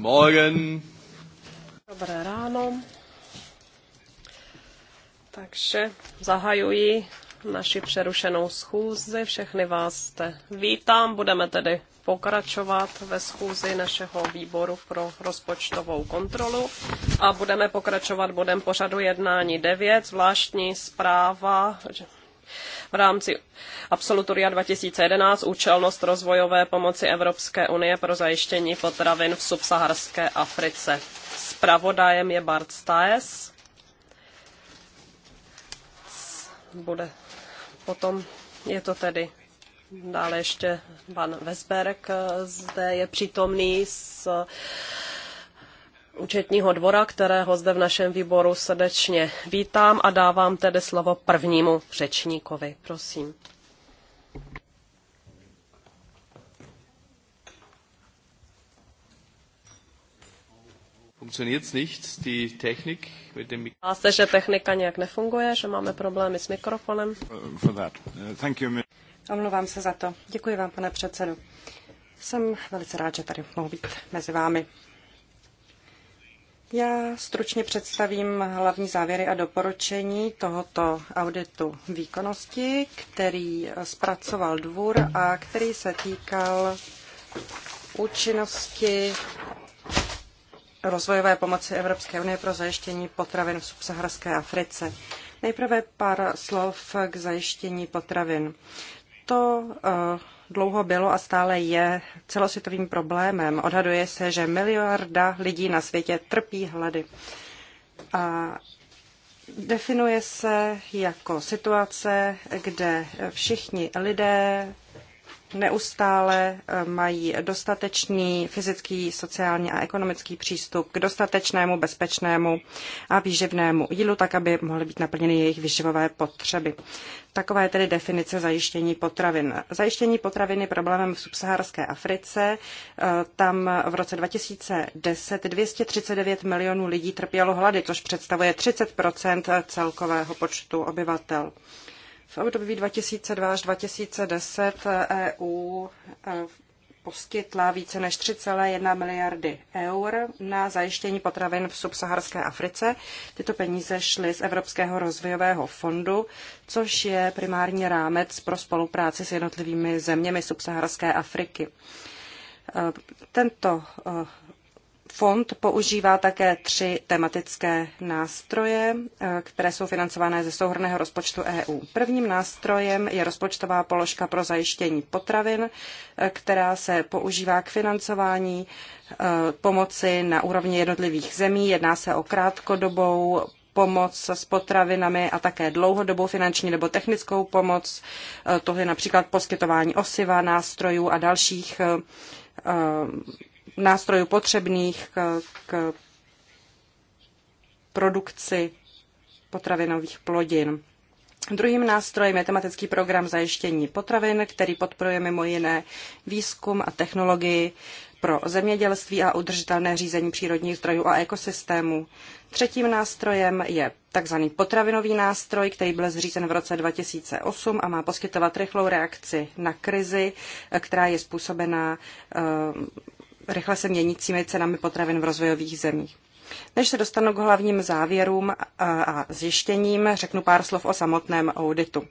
Morgen. Dobré ráno. Takže zahajuji naši přerušenou schůzi. Všechny vás zde vítám. Budeme tedy pokračovat ve schůzi našeho výboru pro rozpočtovou kontrolu a budeme pokračovat bodem pořadu jednání 9, zvláštní zpráva v rámci absolutoria 2011 účelnost rozvojové pomoci Evropské unie pro zajištění potravin v subsaharské Africe. Spravodajem je Bart Staes. Bude potom, je to tedy dále ještě pan Vesberg zde je přítomný s účetního dvora, kterého zde v našem výboru srdečně vítám a dávám tedy slovo prvnímu řečníkovi. Prosím. Funktioniert's se, že technika nějak nefunguje, že máme problémy s mikrofonem. Uh, uh, Omlouvám se za to. Děkuji vám, pane předsedu. Jsem velice rád, že tady mohu být mezi vámi. Já stručně představím hlavní závěry a doporučení tohoto auditu výkonnosti, který zpracoval dvůr a který se týkal účinnosti rozvojové pomoci Evropské unie pro zajištění potravin v subsaharské Africe. Nejprve pár slov k zajištění potravin. To eh, dlouho bylo a stále je celosvětovým problémem. Odhaduje se, že miliarda lidí na světě trpí hlady. A definuje se jako situace, kde všichni lidé neustále eh, mají dostatečný fyzický, sociální a ekonomický přístup k dostatečnému, bezpečnému a výživnému jídlu, tak aby mohly být naplněny jejich výživové potřeby. Taková je tedy definice zajištění potravin. Zajištění potravin je problémem v subsaharské Africe. Eh, tam v roce 2010 239 milionů lidí trpělo hlady, což představuje 30 celkového počtu obyvatel. V období 2002 až 2010 EU eh, poskytla více než 3,1 miliardy eur na zajištění potravin v subsaharské Africe. Tyto peníze šly z Evropského rozvojového fondu, což je primární rámec pro spolupráci s jednotlivými zeměmi subsaharské Afriky. Eh, tento eh, Fond používá také tři tematické nástroje, eh, které jsou financované ze souhrného rozpočtu EU. Prvním nástrojem je rozpočtová položka pro zajištění potravin, eh, která se používá k financování eh, pomoci na úrovni jednotlivých zemí. Jedná se o krátkodobou pomoc s potravinami a také dlouhodobou finanční nebo technickou pomoc. To je například poskytování osiva, nástrojů a dalších nástrojů potřebných k, k produkci potravinových plodin. Druhým nástrojem je tematický program zajištění potravin, který podporuje mimo jiné výzkum a technologii pro zemědělství a udržitelné řízení přírodních zdrojů a ekosystémů. Třetím nástrojem je tzv. potravinový nástroj, který byl zřízen v roce 2008 a má poskytovat rychlou reakci na krizi, která je způsobená eh, rychle se měnícími cenami potravin v rozvojových zemích. Než se dostanu k hlavním závěrům a zjištěním, řeknu pár slov o samotném auditu.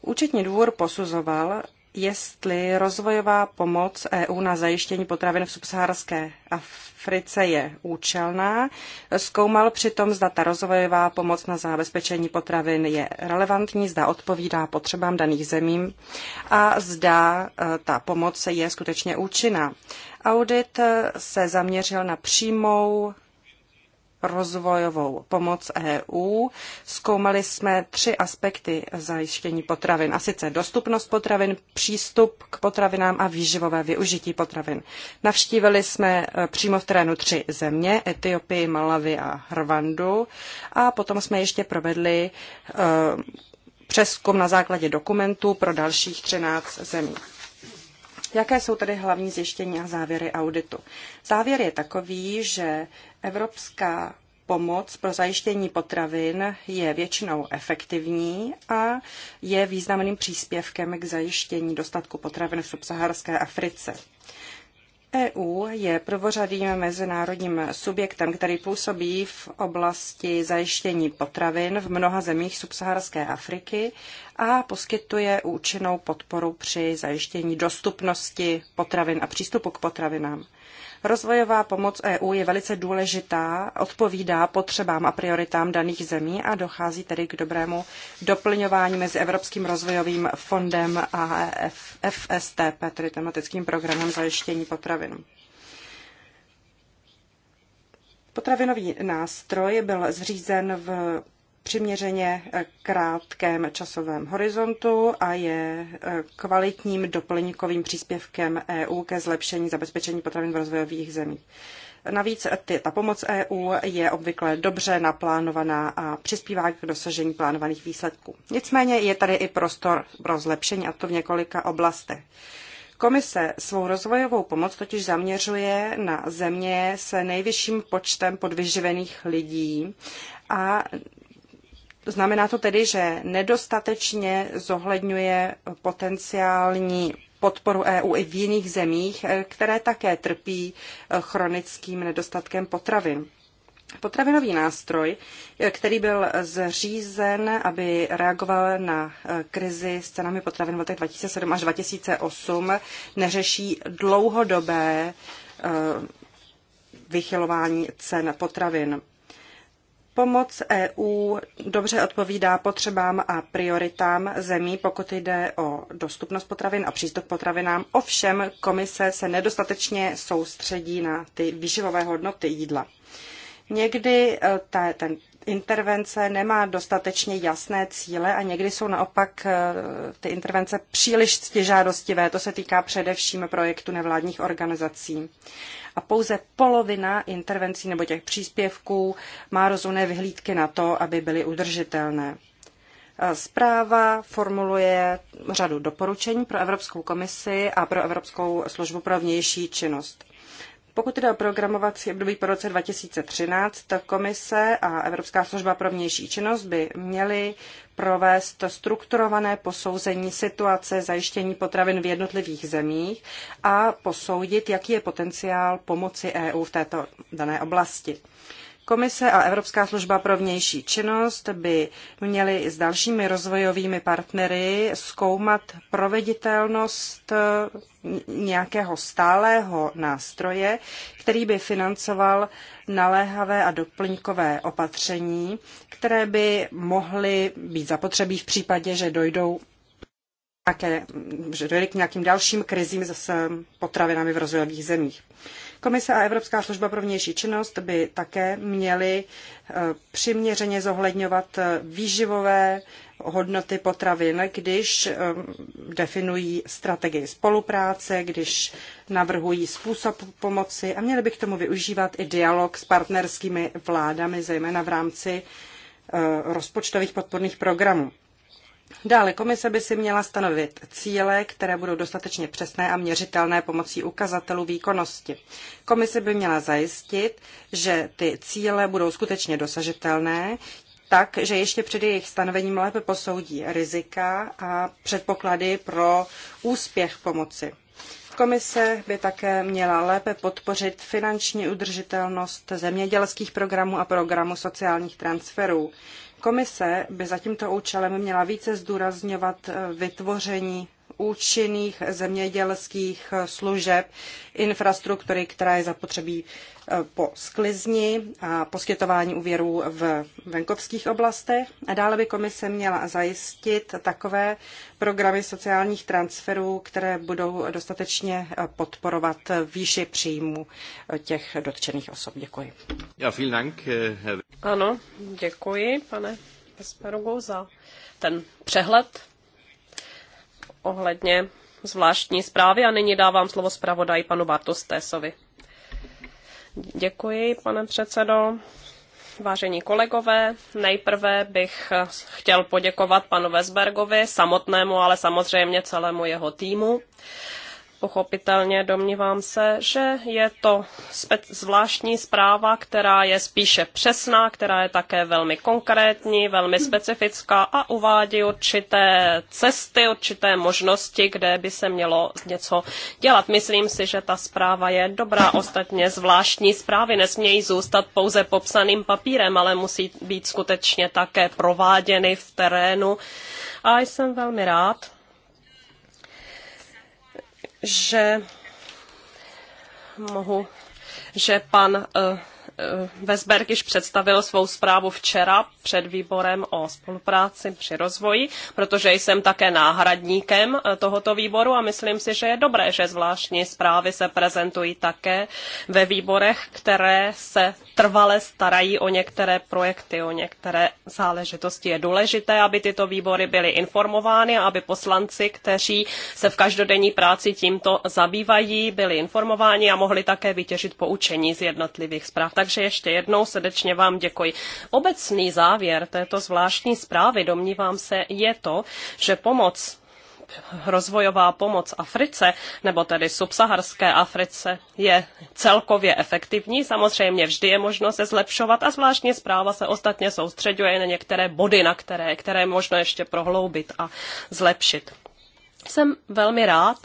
Účetní dvůr posuzoval, jestli rozvojová pomoc EU na zajištění potravin v subsaharské Africe je účelná. Zkoumal přitom, zda ta rozvojová pomoc na zabezpečení potravin je relevantní, zda odpovídá potřebám daných zemím a zda e, ta pomoc je skutečně účinná. Audit e, se zaměřil na přímou rozvojovou pomoc EU. Zkoumali jsme tři aspekty zajištění potravin, a sice dostupnost potravin, přístup k potravinám a výživové využití potravin. Navštívili jsme eh, přímo v terénu tři země, Etiopii, Malawi a Rwandu a potom jsme ještě provedli eh, přeskum na základě dokumentů pro dalších 13 zemí. Jaké jsou tedy hlavní zjištění a závěry auditu? Závěr je takový, že evropská pomoc pro zajištění potravin je většinou efektivní a je významným příspěvkem k zajištění dostatku potravin v subsaharské Africe. EU je prvořadým mezinárodním subjektem, který působí v oblasti zajištění potravin v mnoha zemích subsaharské Afriky a poskytuje účinnou podporu při zajištění dostupnosti potravin a přístupu k potravinám. Rozvojová pomoc EU je velice důležitá, odpovídá potřebám a prioritám daných zemí a dochází tedy k dobrému doplňování mezi Evropským rozvojovým fondem a FSTP, tedy tematickým programem zajištění potravin. Potravinový nástroj byl zřízen v přiměřeně eh, krátkém časovém horizontu a je eh, kvalitním doplňkovým příspěvkem EU ke zlepšení zabezpečení potravin v rozvojových zemích. Navíc ty, ta pomoc EU je obvykle dobře naplánovaná a přispívá k dosažení plánovaných výsledků. Nicméně je tady i prostor pro zlepšení, a to v několika oblastech. Komise svou rozvojovou pomoc totiž zaměřuje na země s nejvyšším počtem podvyživených lidí a Znamená to tedy, že nedostatečně zohledňuje potenciální podporu EU i v jiných zemích, které také trpí chronickým nedostatkem potravin. Potravinový nástroj, který byl zřízen, aby reagoval na krizi s cenami potravin v letech 2007 až 2008, neřeší dlouhodobé eh, vychylování cen potravin. Pomoc EU dobře odpovídá potřebám a prioritám zemí, pokud jde o dostupnost potravin a přístup k potravinám. Ovšem, komise se nedostatečně soustředí na ty výživové hodnoty jídla. Někdy eh, ta, ten intervence nemá dostatečně jasné cíle a někdy jsou naopak eh, ty intervence příliš ctižádostivé. To se týká především projektu nevládních organizací a pouze polovina intervencí nebo těch příspěvků má rozumné vyhlídky na to, aby byly udržitelné. Zpráva formuluje řadu doporučení pro Evropskou komisi a pro Evropskou službu pro vnější činnost. Pokud jde o programovací období po roce 2013, Komise a Evropská služba pro vnější činnost by měly provést strukturované posouzení situace zajištění potravin v jednotlivých zemích a posoudit, jaký je potenciál pomoci EU v této dané oblasti. Komise a Evropská služba pro vnější činnost by měly s dalšími rozvojovými partnery zkoumat proveditelnost nějakého stálého nástroje, který by financoval naléhavé a doplňkové opatření, které by mohly být zapotřebí v případě, že dojdou nějaké, že dojde k nějakým dalším krizím s potravinami v rozvojových zemích. Komise a Evropská služba pro vnější činnost by také měly eh, přiměřeně zohledňovat eh, výživové hodnoty potravin, když eh, definují strategii spolupráce, když navrhují způsob pomoci a měly by k tomu využívat i dialog s partnerskými vládami, zejména v rámci rozpočtových podporných programů. Dále komise by si měla stanovit cíle, které budou dostatečně přesné a měřitelné pomocí ukazatelů výkonnosti. Komise by měla zajistit, že ty cíle budou skutečně dosažitelné, tak, že ještě před jejich stanovením lépe posoudí rizika a předpoklady pro úspěch pomoci. Komise by také měla lépe podpořit finanční udržitelnost zemědělských programů a programů sociálních transferů. Komise by za tímto účelem měla více zdůrazňovat eh, vytvoření účinných zemědělských služeb, infrastruktury, která je zapotřebí e, po sklizni a poskytování úvěrů v venkovských oblastech. A dále by komise měla zajistit takové programy sociálních transferů, které budou dostatečně e, podporovat výši příjmu e, těch dotčených osob. Děkuji. Ja, Dank. Eh, ano, děkuji, pane Vesperovu, za ten přehled ohledně zvláštní zprávy a nyní dávám slovo zpravodaji panu Bartostésovi. Děkuji, pane předsedo. Vážení kolegové, nejprve bych chtěl poděkovat panu Vesbergovi samotnému, ale samozřejmě celému jeho týmu Pochopitelně domnívám se, že je to zvláštní zpráva, která je spíše přesná, která je také velmi konkrétní, velmi specifická a uvádí určité cesty, určité možnosti, kde by se mělo něco dělat. Myslím si, že ta zpráva je dobrá. Ostatně zvláštní zprávy nesmějí zůstat pouze popsaným papírem, ale musí být skutečně také prováděny v terénu. A jsem velmi rád, že mohu, že pan eh, Vesberg eh, již představil svou zprávu včera před výborem o spolupráci při rozvoji, protože jsem také náhradníkem eh, tohoto výboru a myslím si, že je dobré, že zvláštní zprávy se prezentují také ve výborech, které se trvale starají o některé projekty, o některé záležitosti. Je důležité, aby tyto výbory byly informovány a aby poslanci, kteří se v každodenní práci tímto zabývají, byli informováni a mohli také vytěžit poučení z jednotlivých zpráv takže ještě jednou srdečně vám děkuji. Obecný závěr této zvláštní zprávy, domnívám se, je to, že pomoc rozvojová pomoc Africe, nebo tedy subsaharské Africe, je celkově efektivní. Samozřejmě vždy je možno se zlepšovat a zvláštní zpráva se ostatně soustředuje na některé body, na které, které možno ještě prohloubit a zlepšit. Jsem velmi rád,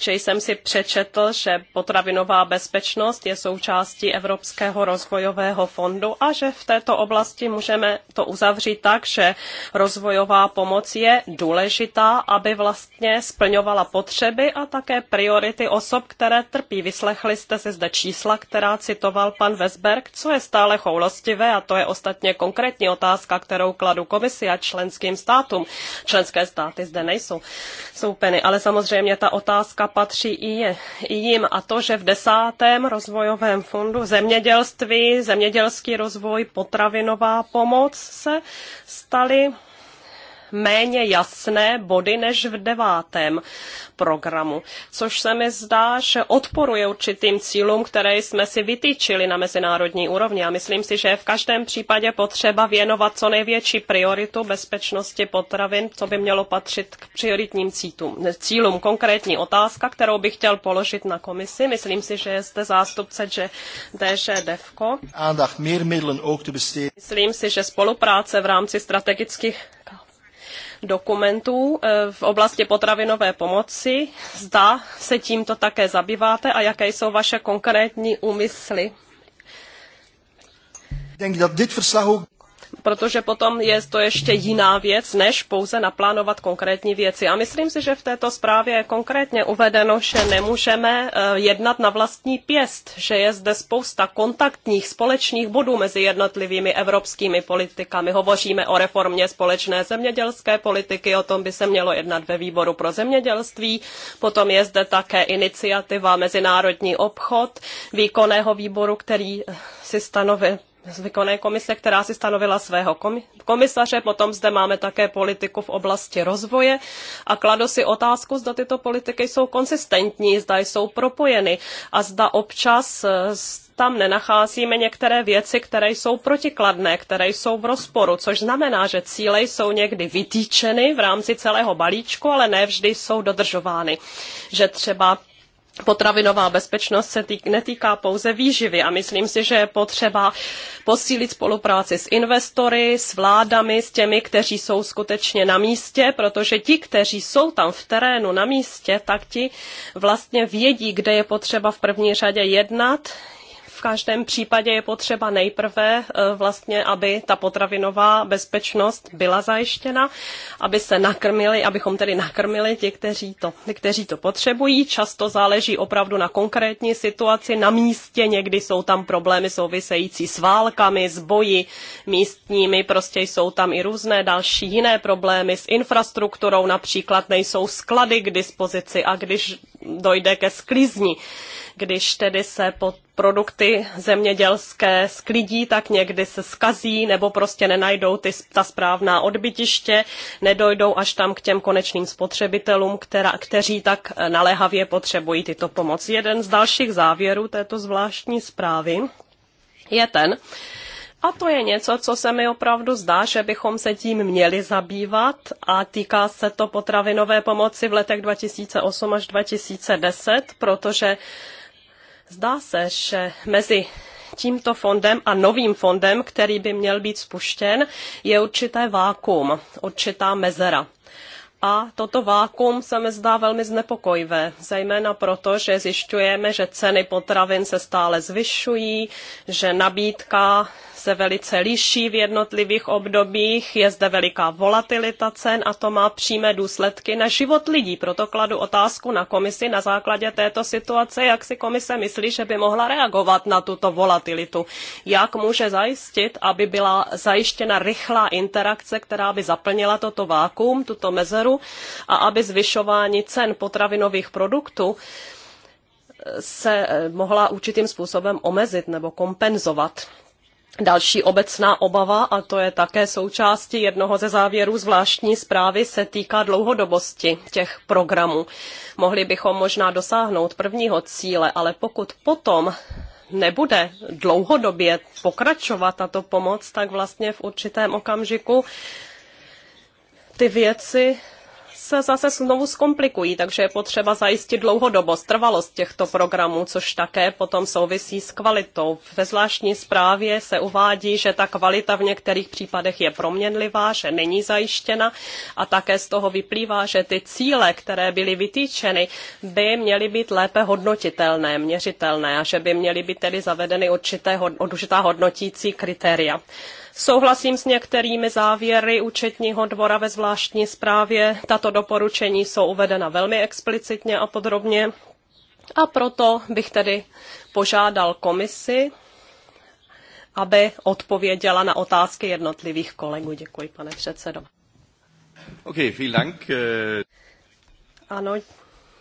že jsem si přečetl, že potravinová bezpečnost je součástí Evropského rozvojového fondu a že v této oblasti můžeme to uzavřít tak, že rozvojová pomoc je důležitá, aby vlastně splňovala potřeby a také priority osob, které trpí. Vyslechli jste si zde čísla, která citoval pan Vesberg, co je stále choulostivé a to je ostatně konkrétní otázka, kterou kladu komisi a členským státům. Členské státy zde nejsou. Jsou zastoupeny, ale samozřejmě ta otázka patří i, je, i jim a to, že v desátém rozvojovém fondu zemědělství, zemědělský rozvoj, potravinová pomoc se staly méně jasné body než v devátém programu, což se mi zdá, že odporuje určitým cílům, které jsme si vytýčili na mezinárodní úrovni. A myslím si, že je v každém případě potřeba věnovat co největší prioritu bezpečnosti potravin, co by mělo patřit k prioritním cílům. Konkrétní otázka, kterou bych chtěl položit na komisi, myslím si, že jste zástupce že DŽ Devko. Myslím si, že spolupráce v rámci strategických dokumentů eh, v oblasti potravinové pomoci. Zda se tímto také zabýváte a jaké jsou vaše konkrétní úmysly protože potom je to ještě jiná věc, než pouze naplánovat konkrétní věci. A myslím si, že v této zprávě je konkrétně uvedeno, že nemůžeme eh, jednat na vlastní pěst, že je zde spousta kontaktních společných bodů mezi jednotlivými evropskými politikami. Hovoříme o reformě společné zemědělské politiky, o tom by se mělo jednat ve výboru pro zemědělství. Potom je zde také iniciativa Mezinárodní obchod výkonného výboru, který si stanovil z komise, která si stanovila svého komisaře. Potom zde máme také politiku v oblasti rozvoje a kladu si otázku, zda tyto politiky jsou konsistentní, zda jsou propojeny a zda občas eh, tam nenacházíme některé věci, které jsou protikladné, které jsou v rozporu, což znamená, že cíle jsou někdy vytýčeny v rámci celého balíčku, ale ne vždy jsou dodržovány. Že třeba Potravinová bezpečnost se týk, netýká pouze výživy a myslím si, že je potřeba posílit spolupráci s investory, s vládami, s těmi, kteří jsou skutečně na místě, protože ti, kteří jsou tam v terénu na místě, tak ti vlastně vědí, kde je potřeba v první řadě jednat, v každém případě je potřeba nejprve e, vlastně, aby ta potravinová bezpečnost byla zajištěna, aby se nakrmili, abychom tedy nakrmili ti, kteří to, kteří to potřebují. Často záleží opravdu na konkrétní situaci, na místě, někdy jsou tam problémy související s válkami, s boji místními, prostě jsou tam i různé další jiné problémy s infrastrukturou, například nejsou sklady k dispozici a když dojde ke sklizni, když tedy se pod produkty zemědělské sklidí, tak někdy se skazí nebo prostě nenajdou ty, ta správná odbytiště, nedojdou až tam k těm konečným spotřebitelům, která, kteří tak eh, naléhavě potřebují tyto pomoc. Jeden z dalších závěrů této zvláštní zprávy je ten, a to je něco, co se mi opravdu zdá, že bychom se tím měli zabývat a týká se to potravinové pomoci v letech 2008 až 2010, protože Zdá se, že mezi tímto fondem a novým fondem, který by měl být spuštěn, je určité vákum, určitá mezera. A toto vákum se mi zdá velmi znepokojivé, zejména proto, že zjišťujeme, že ceny potravin se stále zvyšují, že nabídka se velice liší v jednotlivých obdobích, je zde veliká volatilita cen a to má přímé důsledky na život lidí. Proto kladu otázku na komisi na základě této situace, jak si komise myslí, že by mohla reagovat na tuto volatilitu. Jak může zajistit, aby byla zajištěna rychlá interakce, která by zaplnila toto vákuum, tuto mezeru a aby zvyšování cen potravinových produktů se eh, mohla určitým způsobem omezit nebo kompenzovat. Další obecná obava, a to je také součástí jednoho ze závěrů zvláštní zprávy, se týká dlouhodobosti těch programů. Mohli bychom možná dosáhnout prvního cíle, ale pokud potom nebude dlouhodobě pokračovat tato pomoc, tak vlastně v určitém okamžiku ty věci se zase znovu zkomplikují, takže je potřeba zajistit dlouhodobost, trvalost těchto programů, což také potom souvisí s kvalitou. Ve zvláštní zprávě se uvádí, že ta kvalita v některých případech je proměnlivá, že není zajištěna a také z toho vyplývá, že ty cíle, které byly vytýčeny, by měly být lépe hodnotitelné, měřitelné a že by měly být tedy zavedeny určité, určitá hodnotící kritéria. Souhlasím s některými závěry účetního dvora ve zvláštní zprávě. Tato doporučení jsou uvedena velmi explicitně a podrobně. A proto bych tedy požádal komisi, aby odpověděla na otázky jednotlivých kolegů. Děkuji, pane předsedo. Okay, vielen Dank. Eh. Ano,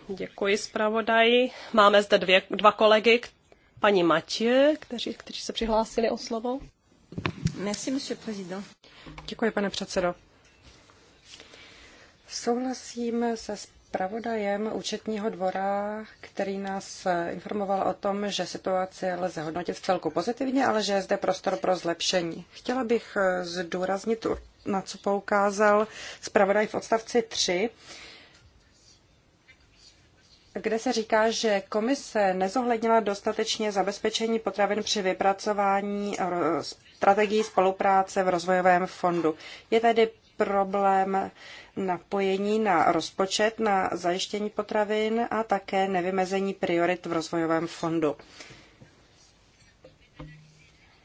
děkuji zpravodaji. Máme zde dvě, dva kolegy, paní Matě, kteří, kteří se přihlásili o slovo. Děkuji, pane předsedo. Souhlasím se zpravodajem účetního dvora, který nás informoval o tom, že situaci lze hodnotit v celku pozitivně, ale že je zde prostor pro zlepšení. Chtěla bych zdůraznit, na co poukázal zpravodaj v odstavci 3, kde se říká, že komise nezohlednila dostatečně zabezpečení potravin při vypracování strategií spolupráce v rozvojovém fondu. Je tedy problém napojení na rozpočet na zajištění potravin a také nevymezení priorit v rozvojovém fondu.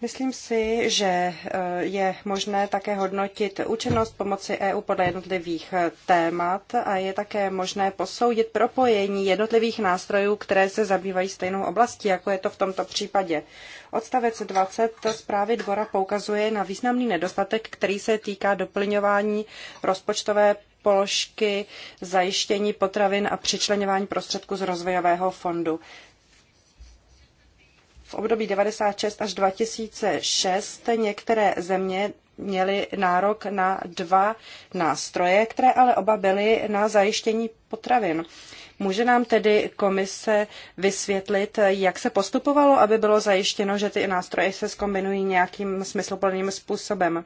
Myslím si, že eh, je možné také hodnotit účinnost pomoci EU podle jednotlivých eh, témat a je také možné posoudit propojení jednotlivých nástrojů, které se zabývají stejnou oblastí, jako je to v tomto případě. Odstavec 20 zprávy dvora poukazuje na významný nedostatek, který se týká doplňování rozpočtové položky zajištění potravin a přičlenování prostředků z rozvojového fondu v období 96 až 2006 některé země měly nárok na dva nástroje, které ale oba byly na zajištění potravin. Může nám tedy komise vysvětlit, jak se postupovalo, aby bylo zajištěno, že ty nástroje se skombinují nějakým smysluplným způsobem?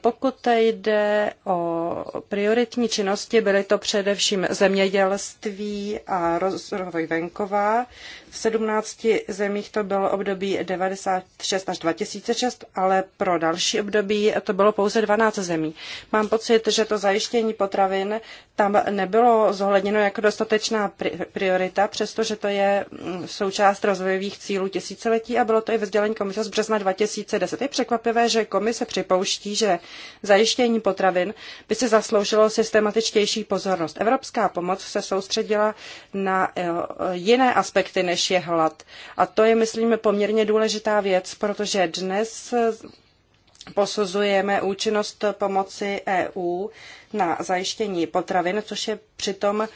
Pokud jde o prioritní činnosti, byly to především zemědělství a rozvoj venkova, v 17 zemích to bylo období 96 až 2006, ale pro další období to bylo pouze 12 zemí. Mám pocit, že to zajištění potravin tam nebylo zohledněno jako dostatečná priorita, přestože to je mm, součást rozvojových cílů tisíciletí a bylo to i ve sdělení komise z března 2010. Je překvapivé, že komise připouští, že zajištění potravin by se zasloužilo systematičtější pozornost. Evropská pomoc se soustředila na eh, jiné aspekty než než je hlad. A to je, myslím, poměrně důležitá věc, protože dnes posuzujeme účinnost pomoci EU na zajištění potravin, což je přitom e,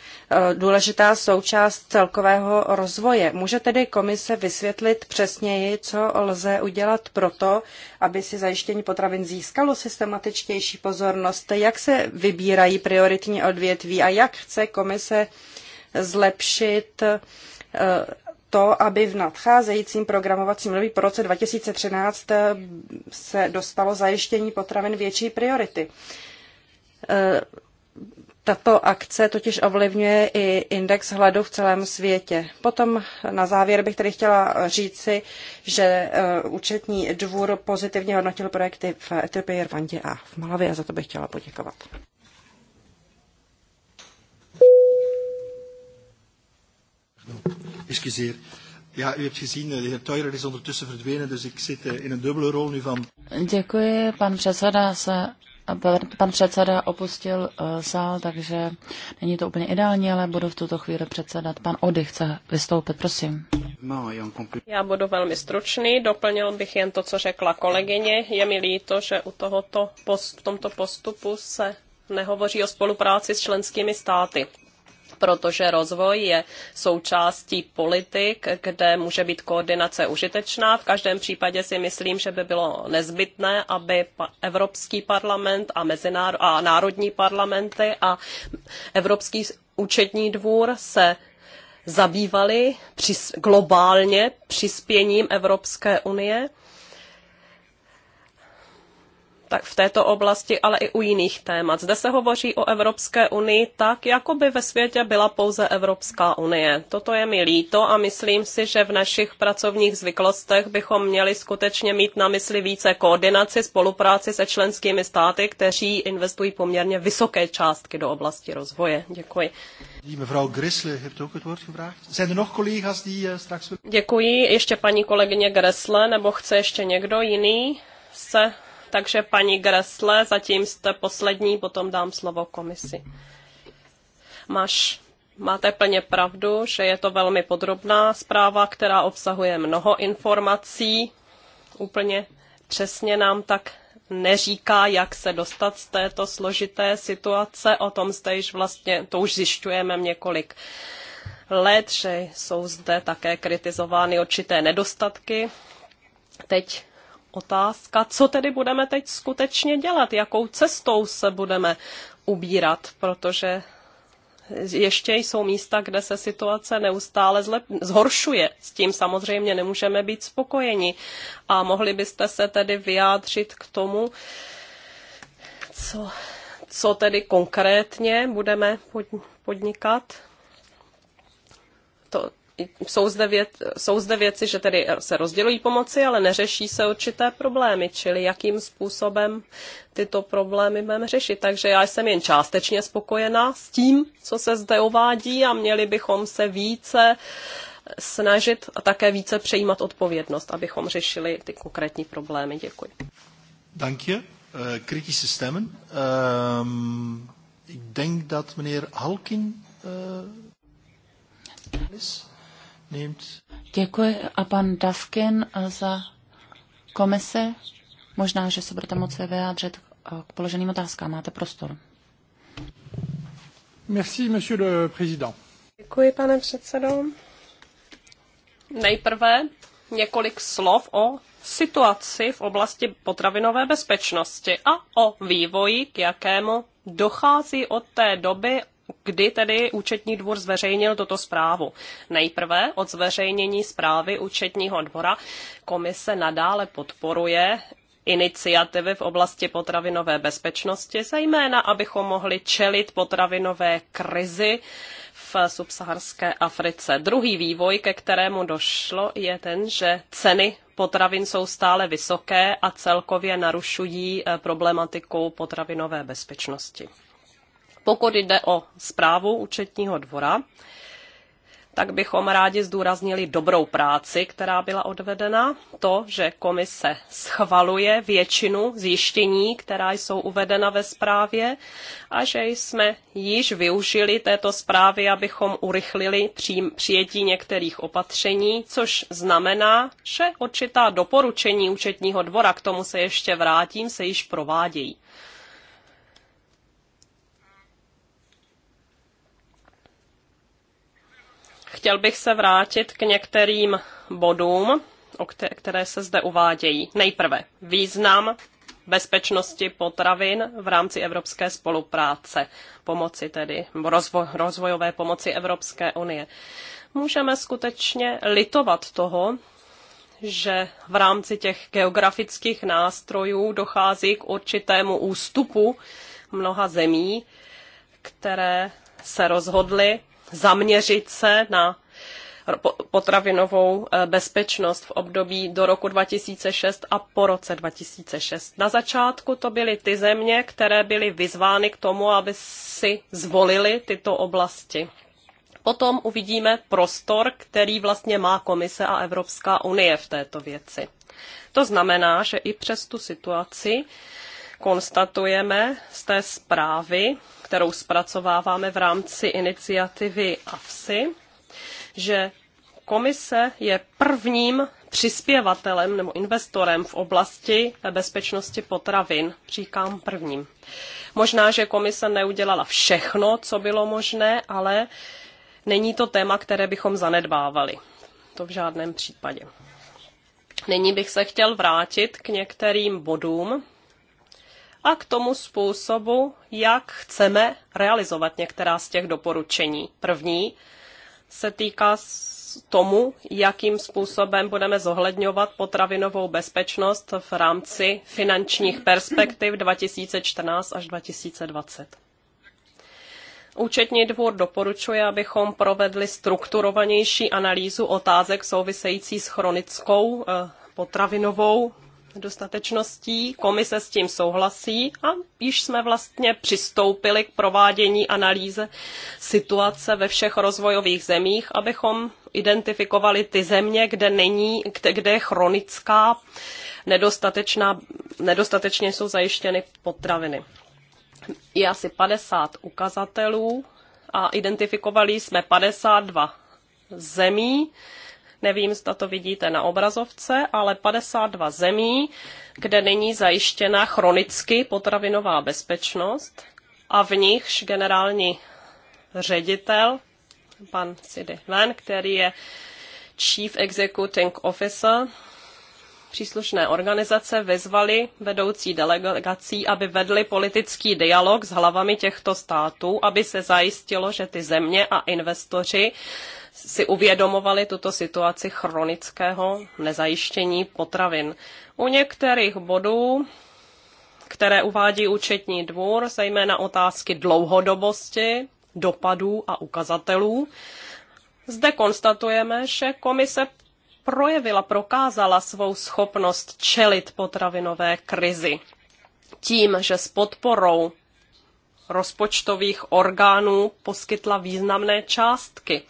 důležitá součást celkového rozvoje. Může tedy komise vysvětlit přesněji, co lze udělat proto, aby si zajištění potravin získalo systematičtější pozornost, jak se vybírají prioritní odvětví a jak chce komise zlepšit e, to, aby v nadcházejícím programovacím období po roce 2013 eh, se dostalo zajištění potravin větší priority. Eh, tato akce totiž ovlivňuje i index hladu v celém světě. Potom na závěr bych tedy chtěla říci, že eh, účetní dvůr pozitivně hodnotil projekty v Etiopii, Rwandě a v Malavě a za to bych chtěla poděkovat. Excuseer. Ja, u hebt gezien, eh, de heer Teurer is ondertussen verdwenen, dus ik zit eh, in een dubbele rol nu van... Děkuji, pan předseda se Pan předseda opustil uh, sál, takže není to úplně ideální, ale budu v tuto chvíli předsedat. Pan Ody chce vystoupit, prosím. Já budu velmi stručný, doplnil bych jen to, co řekla kolegyně. Je mi líto, že u tohoto post, tomto postupu se nehovoří o spolupráci s členskými státy protože rozvoj je součástí politik, kde může být koordinace užitečná. V každém případě si myslím, že by bylo nezbytné, aby Evropský parlament a, mezináro- a národní parlamenty a Evropský účetní dvůr se zabývali přis- globálně přispěním Evropské unie tak v této oblasti, ale i u jiných témat. Zde se hovoří o Evropské unii tak, jako by ve světě byla pouze Evropská unie. Toto je mi líto a myslím si, že v našich pracovních zvyklostech bychom měli skutečně mít na mysli více koordinaci, spolupráci se členskými státy, kteří investují poměrně vysoké částky do oblasti rozvoje. Děkuji. Er eh, Děkuji. Ještě paní kolegyně Gresle, nebo chce ještě někdo jiný se takže paní Gresle, zatím jste poslední, potom dám slovo komisi. Máš, máte plně pravdu, že je to velmi podrobná zpráva, která obsahuje mnoho informací. Úplně přesně nám tak neříká, jak se dostat z této složité situace. O tom zde již vlastně, to už zjišťujeme několik let, že jsou zde také kritizovány určité nedostatky. Teď otázka, co tedy budeme teď skutečně dělat, jakou cestou se budeme ubírat, protože ještě jsou místa, kde se situace neustále zlep, zhoršuje. S tím samozřejmě nemůžeme být spokojeni. A mohli byste se tedy vyjádřit k tomu, co, co tedy konkrétně budeme podnikat? jsou zde, věc, jsou zde věci, že tedy se rozdělují pomoci, ale neřeší se určité problémy, čili jakým způsobem tyto problémy budeme řešit. Takže já jsem jen částečně spokojená s tím, co se zde uvádí a měli bychom se více snažit a také více přejímat odpovědnost, abychom řešili ty konkrétní problémy. Děkuji. Děkuji. Eh, kritische stemmen. Um, ik denk dat meneer Halkin uh, Děkuji a pan Davkin za komise. Možná, že se budete moci vyjádřit eh, k položeným otázkám. Máte prostor. Merci, monsieur le président. Děkuji, pane předsedo. Nejprve několik slov o situaci v oblasti potravinové bezpečnosti a o vývoji, k jakému dochází od té doby, kdy tedy účetní dvůr zveřejnil toto zprávu. Nejprve od zveřejnění zprávy účetního dvora komise nadále podporuje iniciativy v oblasti potravinové bezpečnosti, zejména abychom mohli čelit potravinové krizi v subsaharské Africe. Druhý vývoj, ke kterému došlo, je ten, že ceny potravin jsou stále vysoké a celkově narušují eh, problematiku potravinové bezpečnosti. Pokud jde o zprávu účetního dvora, tak bychom rádi zdůraznili dobrou práci, která byla odvedena, to, že komise schvaluje většinu zjištění, která jsou uvedena ve zprávě a že jsme již využili této zprávy, abychom urychlili přijetí některých opatření, což znamená, že určitá doporučení účetního dvora, k tomu se ještě vrátím, se již provádějí. Chtěl bych se vrátit k některým bodům, o které se zde uvádějí. Nejprve význam bezpečnosti potravin v rámci evropské spolupráce, pomoci tedy rozvoj, rozvojové pomoci Evropské unie. Můžeme skutečně litovat toho, že v rámci těch geografických nástrojů dochází k určitému ústupu mnoha zemí, které se rozhodly zaměřit se na potravinovou eh, bezpečnost v období do roku 2006 a po roce 2006. Na začátku to byly ty země, které byly vyzvány k tomu, aby si zvolili tyto oblasti. Potom uvidíme prostor, který vlastně má Komise a Evropská unie v této věci. To znamená, že i přes tu situaci konstatujeme z té zprávy, kterou zpracováváme v rámci iniciativy AFSI, že komise je prvním přispěvatelem nebo investorem v oblasti bezpečnosti potravin. Říkám prvním. Možná, že komise neudělala všechno, co bylo možné, ale není to téma, které bychom zanedbávali. To v žádném případě. Nyní bych se chtěl vrátit k některým bodům, a k tomu způsobu, jak chceme realizovat některá z těch doporučení. První se týká tomu, jakým způsobem budeme zohledňovat potravinovou bezpečnost v rámci finančních perspektiv 2014 až 2020. Účetní dvůr doporučuje, abychom provedli strukturovanější analýzu otázek související s chronickou eh, potravinovou dostatečností, Komise s tím souhlasí a již jsme vlastně přistoupili k provádění analýze situace ve všech rozvojových zemích, abychom identifikovali ty země, kde není, kde, kde je chronická nedostatečná, nedostatečně jsou zajištěny potraviny. Je asi 50 ukazatelů a identifikovali jsme 52 zemí, Nevím, zda to vidíte na obrazovce, ale 52 zemí, kde není zajištěna chronicky potravinová bezpečnost a v nichž generální ředitel, pan Sidi Van, který je Chief Executing Officer příslušné organizace vyzvali vedoucí delegací, aby vedli politický dialog s hlavami těchto států, aby se zajistilo, že ty země a investoři si uvědomovali tuto situaci chronického nezajištění potravin. U některých bodů, které uvádí účetní dvůr, zejména otázky dlouhodobosti, dopadů a ukazatelů, zde konstatujeme, že komise projevila, prokázala svou schopnost čelit potravinové krizi. Tím, že s podporou rozpočtových orgánů poskytla významné částky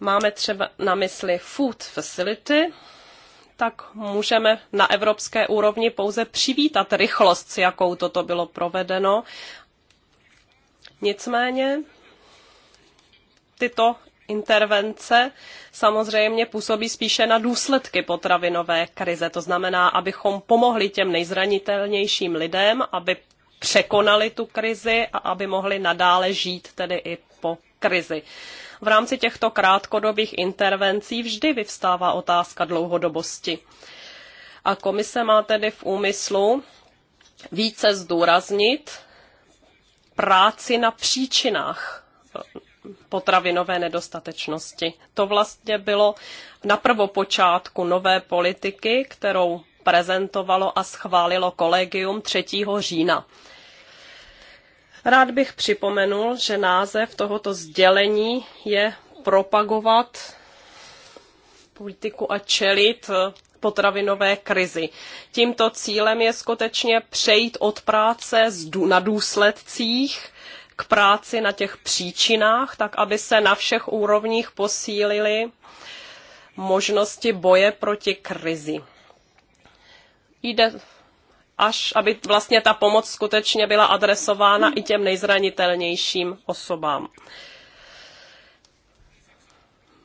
máme třeba na mysli food facility, tak můžeme na evropské úrovni pouze přivítat rychlost, s jakou toto bylo provedeno. Nicméně tyto intervence samozřejmě působí spíše na důsledky potravinové krize. To znamená, abychom pomohli těm nejzranitelnějším lidem, aby překonali tu krizi a aby mohli nadále žít tedy i po krizi. V rámci těchto krátkodobých intervencí vždy vyvstává otázka dlouhodobosti. A komise má tedy v úmyslu více zdůraznit práci na příčinách potravinové nedostatečnosti. To vlastně bylo na prvopočátku nové politiky, kterou prezentovalo a schválilo kolegium 3. října. Rád bych připomenul, že název tohoto sdělení je propagovat politiku a čelit potravinové krizi. Tímto cílem je skutečně přejít od práce na důsledcích k práci na těch příčinách, tak aby se na všech úrovních posílily možnosti boje proti krizi. Jde až aby vlastně ta pomoc skutečně byla adresována i těm nejzranitelnějším osobám.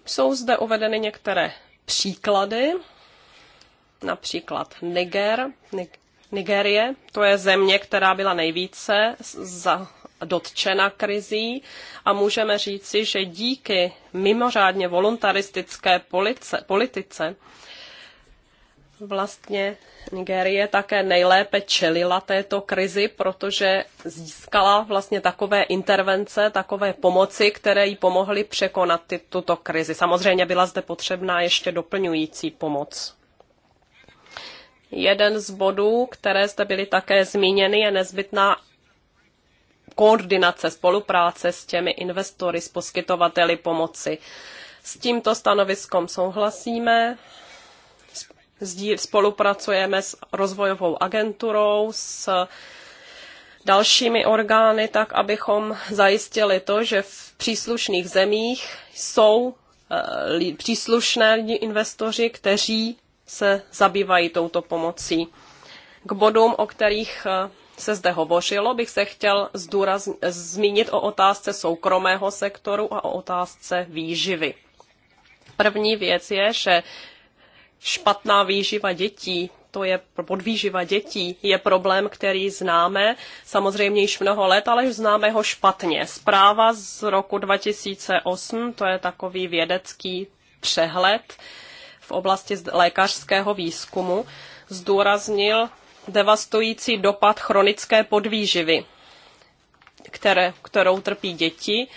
Jsou zde uvedeny některé příklady, například Niger, Nigerie, to je země, která byla nejvíce za, dotčena krizí a můžeme říci, že díky mimořádně voluntaristické police, politice vlastně Nigérie také nejlépe čelila této krizi, protože získala vlastně takové intervence, takové pomoci, které jí pomohly překonat ty, tuto krizi. Samozřejmě byla zde potřebná ještě doplňující pomoc. Jeden z bodů, které zde byly také zmíněny, je nezbytná koordinace, spolupráce s těmi investory, s poskytovateli pomoci. S tímto stanoviskom souhlasíme spolupracujeme s rozvojovou agenturou, s dalšími orgány, tak abychom zajistili to, že v příslušných zemích jsou eh, příslušné investoři, kteří se zabývají touto pomocí. K bodům, o kterých eh, se zde hovořilo, bych se chtěl zdůraz, zmínit o otázce soukromého sektoru a o otázce výživy. První věc je, že špatná výživa dětí, to je podvýživa dětí, je problém, který známe samozřejmě již mnoho let, ale známe ho špatně. Zpráva z roku 2008, to je takový vědecký přehled v oblasti lékařského výzkumu, zdůraznil devastující dopad chronické podvýživy, které, kterou trpí děti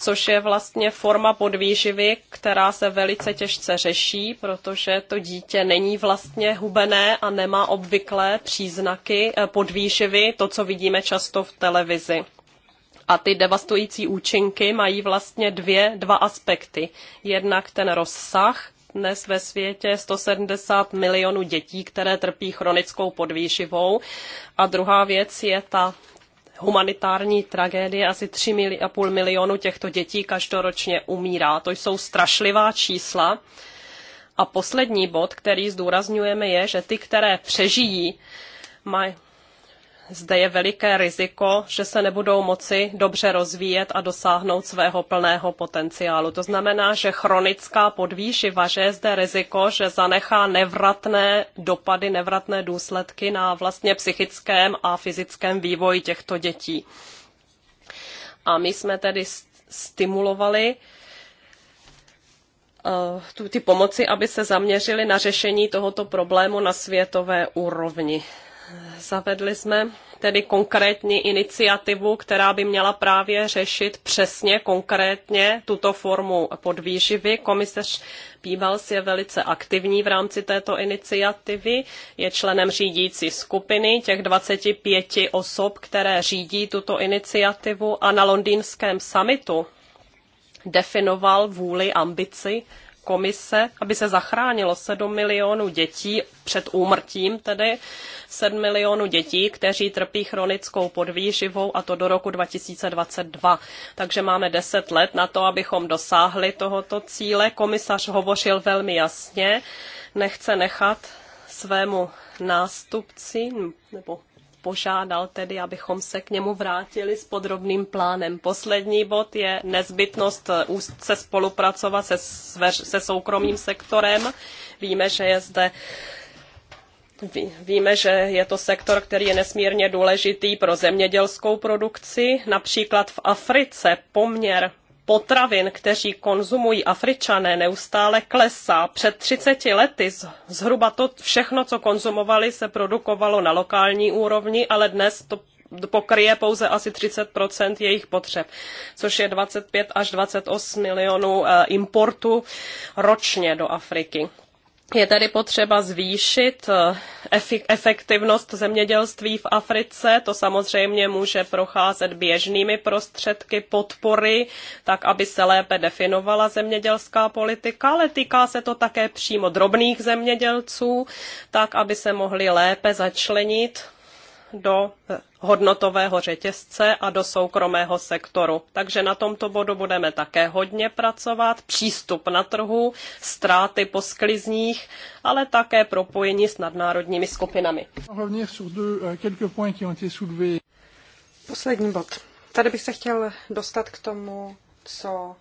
což je vlastně forma podvýživy, která se velice těžce řeší, protože to dítě není vlastně hubené a nemá obvyklé příznaky eh, podvýživy, to, co vidíme často v televizi. A ty devastující účinky mají vlastně dvě, dva aspekty. Jednak ten rozsah, dnes ve světě 170 milionů dětí, které trpí chronickou podvýživou. A druhá věc je ta humanitární tragédie asi 3,5 milionu těchto dětí každoročně umírá. To jsou strašlivá čísla. A poslední bod, který zdůrazňujeme, je, že ty, které přežijí, mají zde je veliké riziko, že se nebudou moci dobře rozvíjet a dosáhnout svého plného potenciálu. To znamená, že chronická podvýživa, že je zde riziko, že zanechá nevratné dopady, nevratné důsledky na vlastně psychickém a fyzickém vývoji těchto dětí. A my jsme tedy stimulovali eh, ty pomoci, aby se zaměřili na řešení tohoto problému na světové úrovni. Zavedli jsme tedy konkrétní iniciativu, která by měla právě řešit přesně, konkrétně tuto formu podvýživy. Komisař Píbals je velice aktivní v rámci této iniciativy, je členem řídící skupiny těch 25 osob, které řídí tuto iniciativu a na londýnském summitu definoval vůli, ambici komise, aby se zachránilo 7 milionů dětí před úmrtím tedy 7 milionů dětí, kteří trpí chronickou podvýživou a to do roku 2022. Takže máme 10 let na to, abychom dosáhli tohoto cíle. Komisař hovořil velmi jasně, nechce nechat svému nástupci nebo požádal tedy, abychom se k němu vrátili s podrobným plánem. Poslední bod je nezbytnost eh, úzce spolupracovat se, se soukromým sektorem. Víme, že je zde Víme, že je to sektor, který je nesmírně důležitý pro zemědělskou produkci. Například v Africe poměr potravin, kteří konzumují Afričané, neustále klesá. Před 30 lety zhruba to všechno, co konzumovali, se produkovalo na lokální úrovni, ale dnes to pokryje pouze asi 30 jejich potřeb, což je 25 až 28 milionů eh, importu ročně do Afriky. Je tedy potřeba zvýšit eh, efektivnost zemědělství v Africe. To samozřejmě může procházet běžnými prostředky podpory, tak aby se lépe definovala zemědělská politika, ale týká se to také přímo drobných zemědělců, tak aby se mohli lépe začlenit do hodnotového řetězce a do soukromého sektoru. Takže na tomto bodu budeme také hodně pracovat. Přístup na trhu, ztráty po sklizních, ale také propojení s nadnárodními skupinami. Eh, Poslední bod. Tady bych se chtěl dostat k tomu, co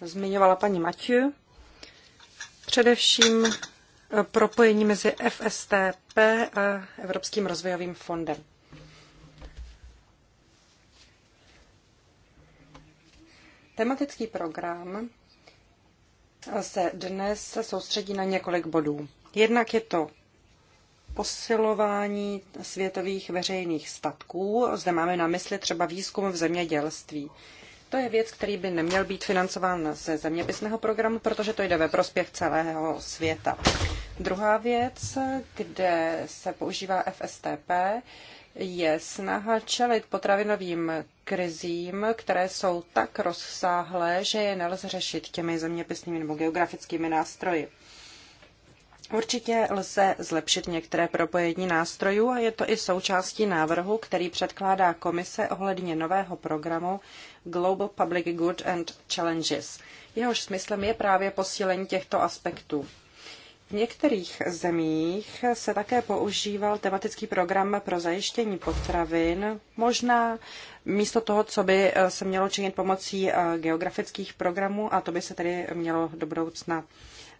zmiňovala paní Matěj. Především propojení mezi FSTP a Evropským rozvojovým fondem. Tematický program se dnes soustředí na několik bodů. Jednak je to posilování světových veřejných statků. Zde máme na mysli třeba výzkum v zemědělství. To je věc, který by neměl být financován ze zeměpisného programu, protože to jde ve prospěch celého světa. Druhá věc, kde se používá FSTP, je snaha čelit potravinovým krizím, které jsou tak rozsáhlé, že je nelze řešit těmi zeměpisnými nebo geografickými nástroji. Určitě lze zlepšit některé propojení nástrojů a je to i součástí návrhu, který předkládá komise ohledně nového programu Global Public Good and Challenges. Jehož smyslem je právě posílení těchto aspektů. V některých zemích se také používal tematický program pro zajištění potravin, možná místo toho, co by eh, se mělo činit pomocí eh, geografických programů, a to by se tedy mělo do budoucna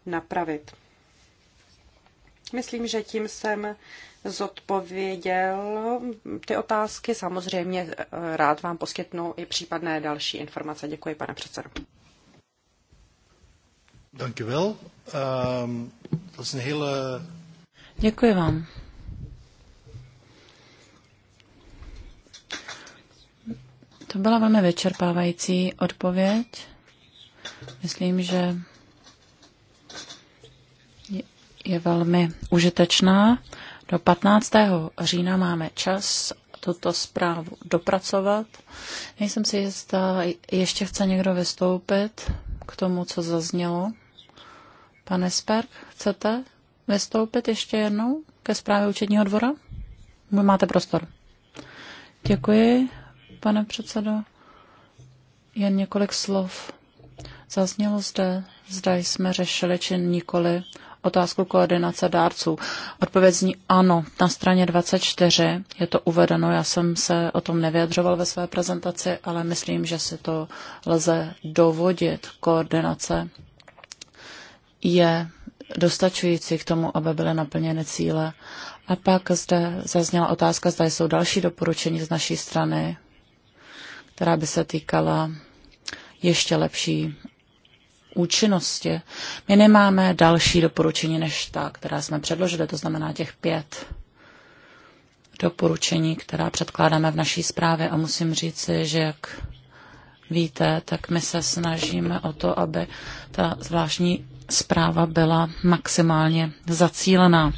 napravit. Myslím, že tím jsem zodpověděl ty otázky. Samozřejmě eh, rád vám poskytnu i případné další informace. Děkuji, pane předsedo. Ehm, Děkuji vám. To byla velmi vyčerpávající odpověď. Myslím, že je velmi užitečná. Do 15. října máme čas tuto zprávu dopracovat. Nejsem si jistá, ještě chce někdo vystoupit k tomu, co zaznělo. Pane Sperk, chcete vystoupit ještě jednou ke zprávě účetního dvora? Máte prostor. Děkuji, pane předsedo. Jen několik slov. Zaznělo zde, zda jsme řešili či nikoli otázku koordinace dárců. Odpověď zní ano. Na straně 24 je to uvedeno. Já jsem se o tom nevyjadřoval ve své prezentaci, ale myslím, že si to lze dovodit. Koordinace je dostačující k tomu, aby byly naplněny cíle. A pak zde zazněla otázka, zda jsou další doporučení z naší strany, která by se týkala ještě lepší účinnosti. My nemáme další doporučení než ta, která jsme předložili, to znamená těch pět doporučení, která předkládáme v naší zprávě a musím říci, že jak víte, tak my se snažíme o to, aby ta zvláštní zpráva byla maximálně zacílená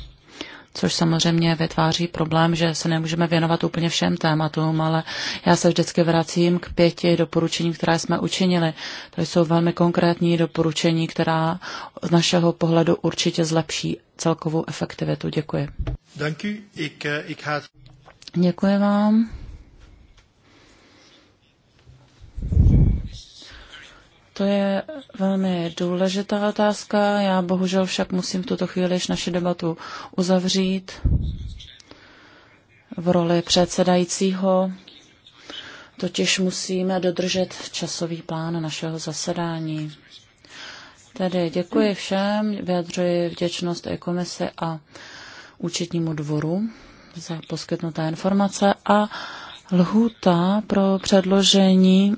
což samozřejmě vytváří problém, že se nemůžeme věnovat úplně všem tématům, ale já se vždycky vracím k pěti doporučení, které jsme učinili. To jsou velmi konkrétní doporučení, která z našeho pohledu určitě zlepší celkovou efektivitu. Děkuji. Eh, Děkuji vám. To je velmi důležitá otázka. Já bohužel však musím v tuto chvíli již naši debatu uzavřít v roli předsedajícího. Totiž musíme dodržet časový plán našeho zasedání. Tedy děkuji všem, vyjadřuji vděčnost i komisi a účetnímu dvoru za poskytnuté informace a lhůta pro předložení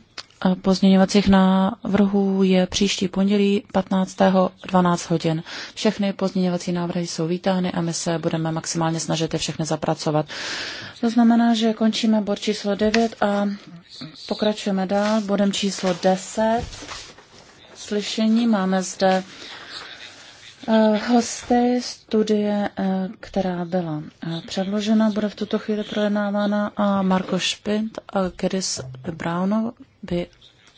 pozměňovacích návrhů je příští pondělí 15.12 hodin. Všechny pozměňovací návrhy jsou vítány a my se budeme maximálně snažit je všechny zapracovat. To znamená, že končíme bod číslo 9 a pokračujeme dál bodem číslo 10. Slyšení máme zde Eh, hosté studie, eh, která byla eh, předložena, bude v tuto chvíli projednávána a Marko Špint a Chris de Brauno by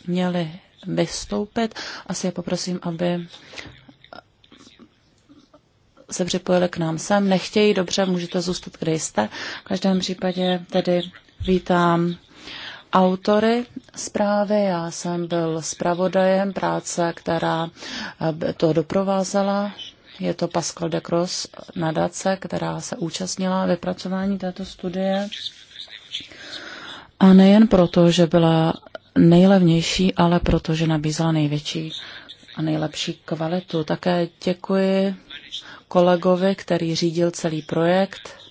měli vystoupit. Asi je poprosím, aby se připojili k nám sem. Nechtějí, dobře, můžete zůstat, kde jste. V každém případě tedy vítám autory zprávy. Já jsem byl zpravodajem práce, která eh, to doprovázela. Je to Pascal de Cross nadace, která se účastnila vypracování této studie. A nejen proto, že byla nejlevnější, ale proto, že nabízela největší a nejlepší kvalitu. Také děkuji kolegovi, který řídil celý projekt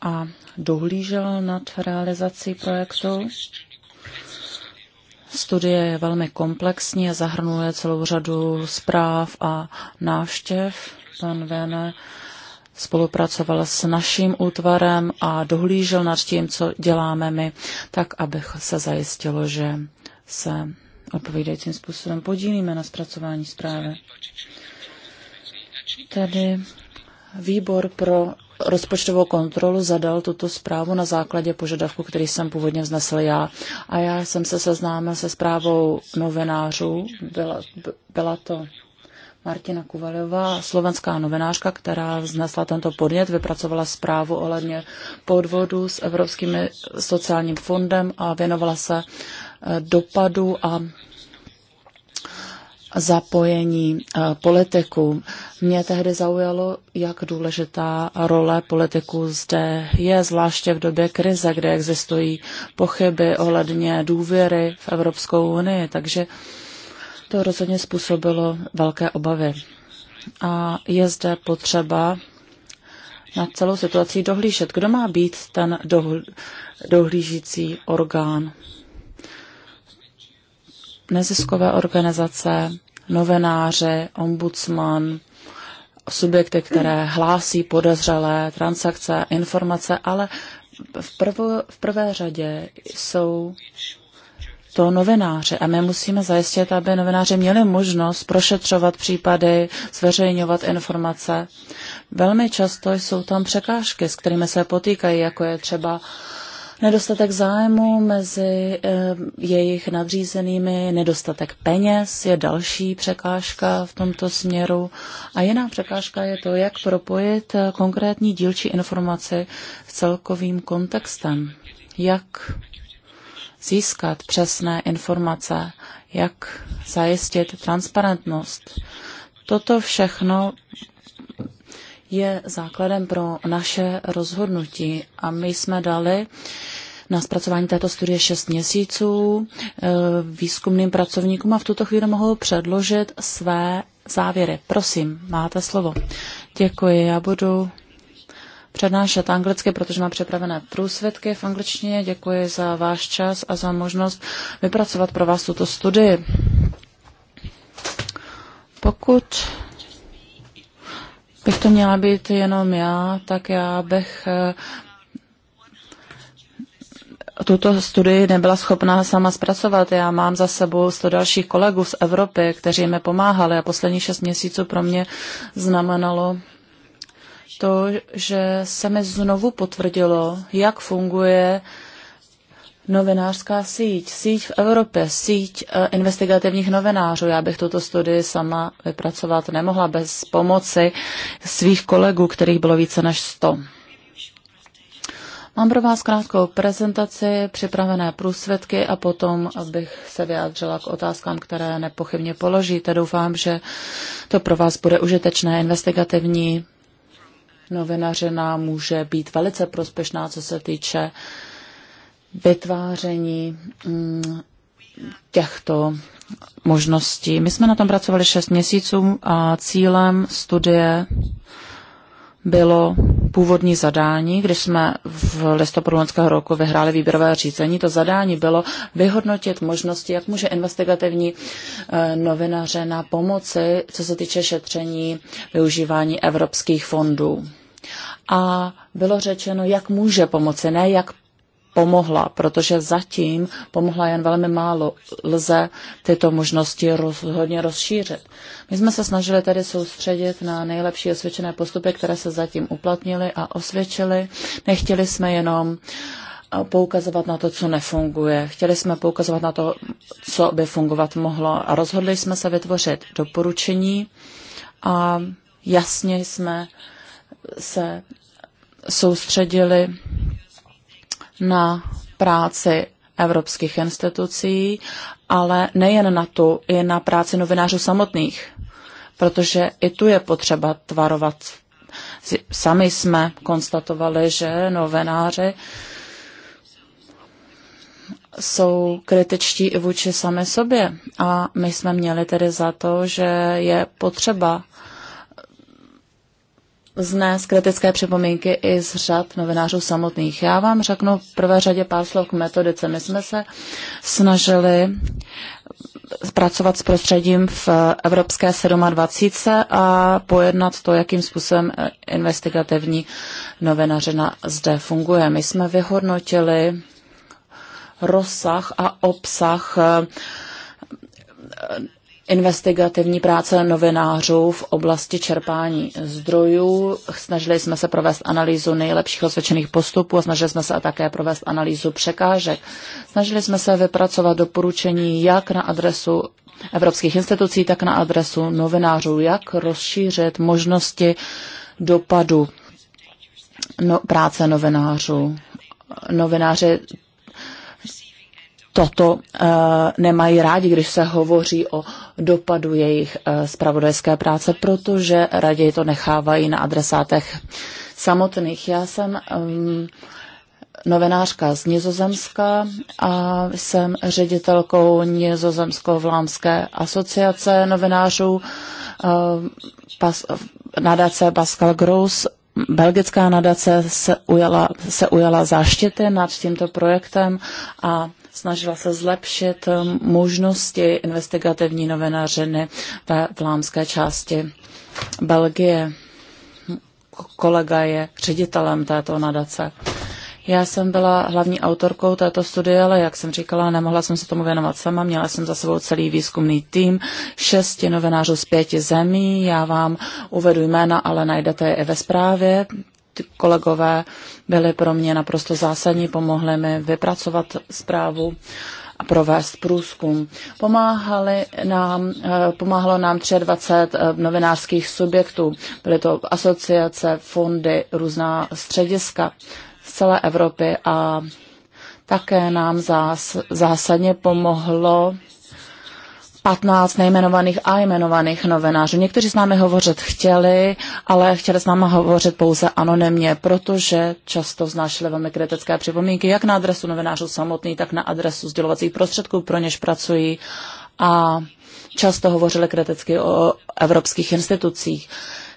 a dohlížel nad realizací projektu. Studie je velmi komplexní a zahrnuje celou řadu zpráv a návštěv. Pan Vene spolupracoval s naším útvarem a dohlížel nad tím, co děláme my, tak abych se zajistilo, že se odpovídajícím způsobem podílíme na zpracování zprávy. Tedy výbor pro rozpočtovou kontrolu zadal tuto zprávu na základě požadavku, který jsem původně vznesl já. A já jsem se seznámil se zprávou novinářů. Byla, byla to Martina Kuvalová, slovenská novinářka, která vznesla tento podnět, vypracovala zprávu ohledně podvodu s Evropským sociálním fondem a věnovala se eh, dopadu a zapojení politiků. Mě tehdy zaujalo, jak důležitá role politiků zde je, zvláště v době krize, kde existují pochyby ohledně důvěry v Evropskou unii, takže to rozhodně způsobilo velké obavy. A je zde potřeba na celou situaci dohlížet. Kdo má být ten dohlížící orgán? Neziskové organizace, Novenáře, ombudsman, subjekty, které hlásí podezřelé transakce, informace, ale v, prvo, v prvé řadě jsou to novináři a my musíme zajistit, aby novináři měli možnost prošetřovat případy, zveřejňovat informace. Velmi často jsou tam překážky, s kterými se potýkají, jako je třeba uh, nedostatek zájmu mezi eh, jejich nadřízenými, nedostatek peněz je další překážka v tomto směru. A jiná překážka je to, jak propojit eh, konkrétní dílčí informaci s celkovým kontextem. Jak získat přesné informace, jak zajistit transparentnost. Toto všechno je základem pro naše rozhodnutí a my jsme dali na zpracování této studie 6 měsíců eh, výzkumným pracovníkům a v tuto chvíli mohou předložit své závěry. Prosím, máte slovo. Děkuji, já budu přednášet anglicky, protože mám připravené průsvědky v angličtině. Děkuji za váš čas a za možnost vypracovat pro vás tuto studii. Pokud bych to měla být jenom já, tak já bych eh, tuto studii nebyla schopná sama zpracovat. Já mám za sebou sto dalších kolegů z Evropy, kteří mi pomáhali a poslední šest měsíců pro mě znamenalo to, že se mi znovu potvrdilo, jak funguje uh, novinářská síť, síť v Evropě, síť eh, investigativních novinářů. Já bych tuto studii sama vypracovat nemohla bez pomoci svých kolegů, kterých bylo více než 100. Mám pro vás krátkou prezentaci, připravené průsvědky a potom bych se vyjádřila k otázkám, které nepochybně položíte. Doufám, že to pro vás bude užitečné, investigativní novinařina může být velice prospěšná, co se týče uh, vytváření mm, těchto možností. My jsme na tom pracovali 6 měsíců a cílem studie bylo původní zadání, když jsme v listopadu loňského roku vyhráli výběrové řízení. To zadání bylo vyhodnotit možnosti, jak může investigativní eh, na pomoci, co se týče šetření využívání evropských fondů. A bylo řečeno, jak může pomoci, ne jak pomohla, protože zatím pomohla jen velmi málo. Lze tyto možnosti roz, hodně rozšířit. My jsme se snažili tedy soustředit na nejlepší osvědčené postupy, které se zatím uplatnily a osvědčily. Nechtěli jsme jenom eh, poukazovat na to, co nefunguje. Chtěli jsme poukazovat na to, co by fungovat mohlo a rozhodli jsme se vytvořit doporučení a jasně jsme se soustředili na práci evropských institucí, ale nejen na tu, i na práci novinářů samotných, protože i tu je potřeba tvarovat. Sami jsme konstatovali, že novináři jsou kritičtí i vůči sami sobě. A my jsme měli tedy za to, že je potřeba z kritické připomínky i z řad novinářů samotných. Já vám řeknu v prvé řadě pár slov k metodice. My jsme se snažili pracovat s prostředím v Evropské 27 a pojednat to, jakým způsobem investigativní novinařina zde funguje. My jsme vyhodnotili rozsah a obsah investigativní práce novinářů v oblasti čerpání zdrojů. Snažili jsme se provést analýzu nejlepších osvědčených postupů a snažili jsme se také provést analýzu překážek. Snažili jsme se vypracovat doporučení jak na adresu evropských institucí, tak na adresu novinářů, jak rozšířit možnosti dopadu no, práce novinářů. Novináři toto uh, nemají rádi, když se hovoří o dopadu jejich spravodajské eh, práce, protože raději to nechávají na adresátech samotných. Já jsem um, novinářka z Nizozemska a jsem ředitelkou Nizozemsko-vlámské asociace novinářů eh, pas, nadace Pascal Gross. Belgická nadace se ujala, se ujala záštity nad tímto projektem a snažila se zlepšit um, možnosti investigativní novinařiny ve vlámské části Belgie. Kolega je ředitelem této nadace. Já jsem byla hlavní autorkou této studie, ale jak jsem říkala, nemohla jsem se tomu věnovat sama. Měla jsem za sebou celý výzkumný tým, šesti novinářů z pěti zemí. Já vám uvedu jména, ale najdete je i ve zprávě kolegové byli pro mě naprosto zásadní, pomohli mi vypracovat zprávu a provést průzkum. Pomáhali nám, eh, pomáhalo nám 23 eh, novinářských subjektů. Byly to asociace, fondy, různá střediska z celé Evropy a také nám zás, zásadně pomohlo 15 nejmenovaných a jmenovaných novinářů. Někteří s námi hovořit chtěli, ale chtěli s námi hovořit pouze anonymně, protože často vznášeli velmi kritické připomínky jak na adresu novinářů samotných, tak na adresu sdělovacích prostředků, pro něž pracují a často hovořili kriticky o evropských institucích.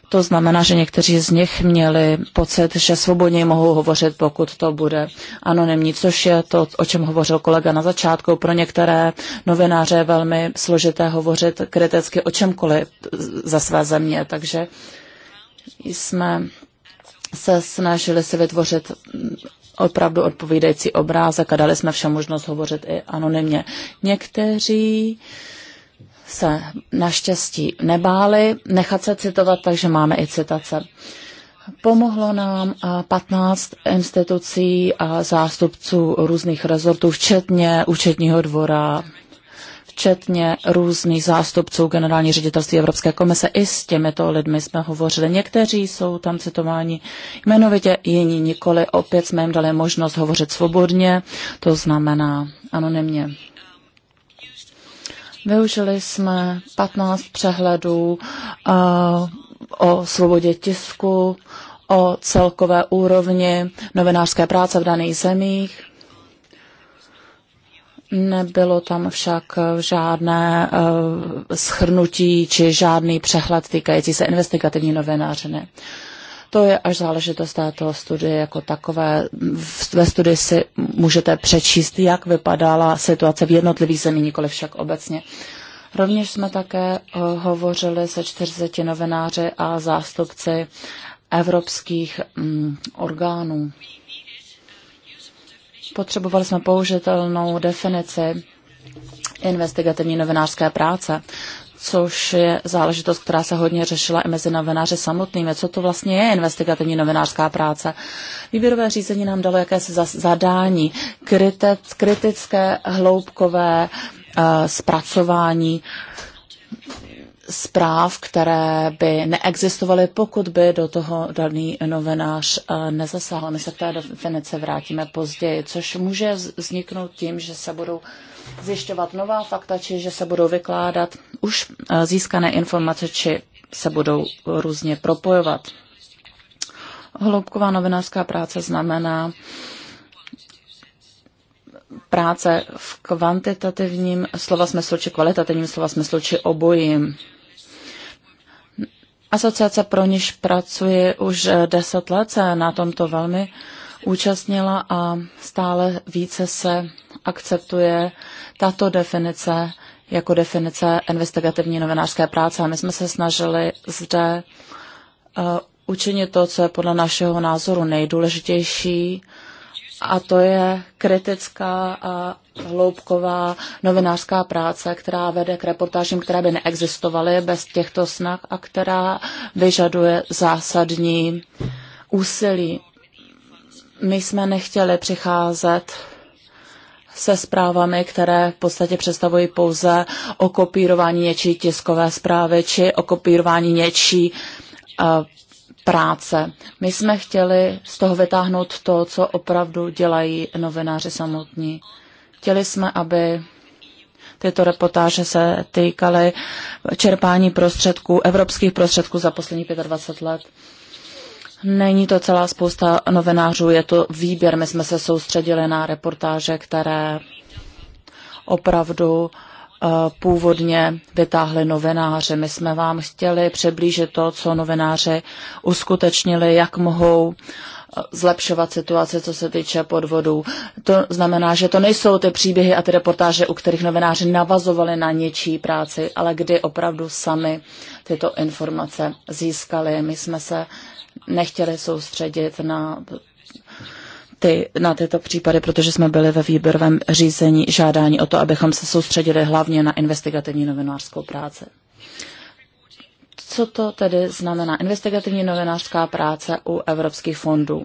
To znamená, že někteří z nich měli pocit, že svobodně mohou hovořit, pokud to bude anonymní, což je to, o čem hovořil kolega na začátku. Pro některé novináře je velmi složité hovořit kriticky o čemkoliv za své země, takže jsme se snažili si vytvořit opravdu odpovídající obrázek a dali jsme všem možnost hovořit i anonymně. Někteří uh, se naštěstí nebáli nechat se citovat, takže máme i citace. Pomohlo nám 15 institucí a zástupců různých rezortů, včetně účetního dvora, včetně různých zástupců generální ředitelství Evropské komise. I s těmito lidmi jsme hovořili. Někteří jsou tam citováni jmenovitě, jiní nikoli. Opět jsme jim dali možnost hovořit svobodně, to znamená anonymně. Využili jsme 15 přehledů eh, o svobodě tisku, o celkové úrovni novinářské práce v daných zemích. Nebylo tam však žádné uh, schrnutí či žádný přehled týkající se investigativní novinářiny. Uh, to je až záležitost této studie jako takové. Ve studii si můžete přečíst, jak vypadala situace v jednotlivých zemích, nikoli však obecně. Rovněž jsme také eh, hovořili se 40 novináři a zástupci evropských mm, orgánů. Potřebovali jsme použitelnou definici investigativní novinářské práce což je záležitost, která se hodně řešila i mezi novináři samotnými. Co to vlastně je investigativní novinářská práce? Výběrové řízení nám dalo jakési zadání, kritec, kritické, hloubkové uh, zpracování zpráv, které by neexistovaly, pokud by do toho daný novinář eh, nezasáhl. My se k té definice vrátíme později, což může vzniknout tím, že se budou zjišťovat nová fakta, či že se budou vykládat už eh, získané informace, či se budou různě propojovat. Hloubková novinářská práce znamená práce v kvantitativním slova smyslu či kvalitativním slova smyslu či obojím. Asociace pro niž pracuji už eh, deset let se na tomto velmi účastnila a stále více se akceptuje tato definice jako definice investigativní novinářské práce. A my jsme se snažili zde eh, učinit to, co je podle našeho názoru nejdůležitější, a to je kritická a hloubková novinářská práce, která vede k reportážím, které by neexistovaly bez těchto snah a která vyžaduje zásadní úsilí. My jsme nechtěli přicházet se zprávami, které v podstatě představují pouze o kopírování něčí tiskové zprávy či o kopírování něčí uh, práce. My jsme chtěli z toho vytáhnout to, co opravdu dělají novináři samotní. Chtěli jsme, aby tyto reportáže se týkaly čerpání prostředků, evropských prostředků za poslední 25 let. Není to celá spousta novinářů, je to výběr. My jsme se soustředili na reportáže, které opravdu uh, Eh, původně vytáhli novináři. My jsme vám chtěli přiblížit to, co novináři uskutečnili, jak mohou eh, zlepšovat situaci, co se týče podvodů. To znamená, že to nejsou ty příběhy a ty reportáže, u kterých novináři navazovali na něčí práci, ale kdy opravdu sami tyto informace získali. My jsme se nechtěli soustředit na ty, na tyto případy, protože jsme byli ve výběrovém řízení žádání o to, abychom se soustředili hlavně na investigativní novinářskou práci. Co to tedy znamená investigativní novinářská práce u evropských fondů?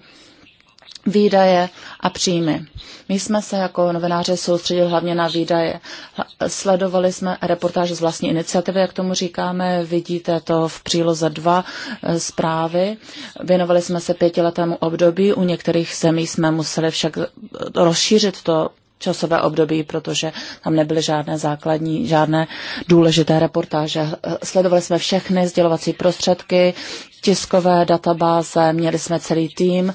výdaje a příjmy. My jsme se jako novináři soustředili hlavně na výdaje. Sledovali jsme reportáže z vlastní iniciativy, jak tomu říkáme, vidíte to v příloze dva eh, zprávy. Věnovali jsme se pětiletému období, u některých zemí jsme museli však eh, rozšířit to časové období, protože tam nebyly žádné základní, žádné důležité reportáže. Sledovali jsme všechny sdělovací prostředky, tiskové databáze, měli jsme celý tým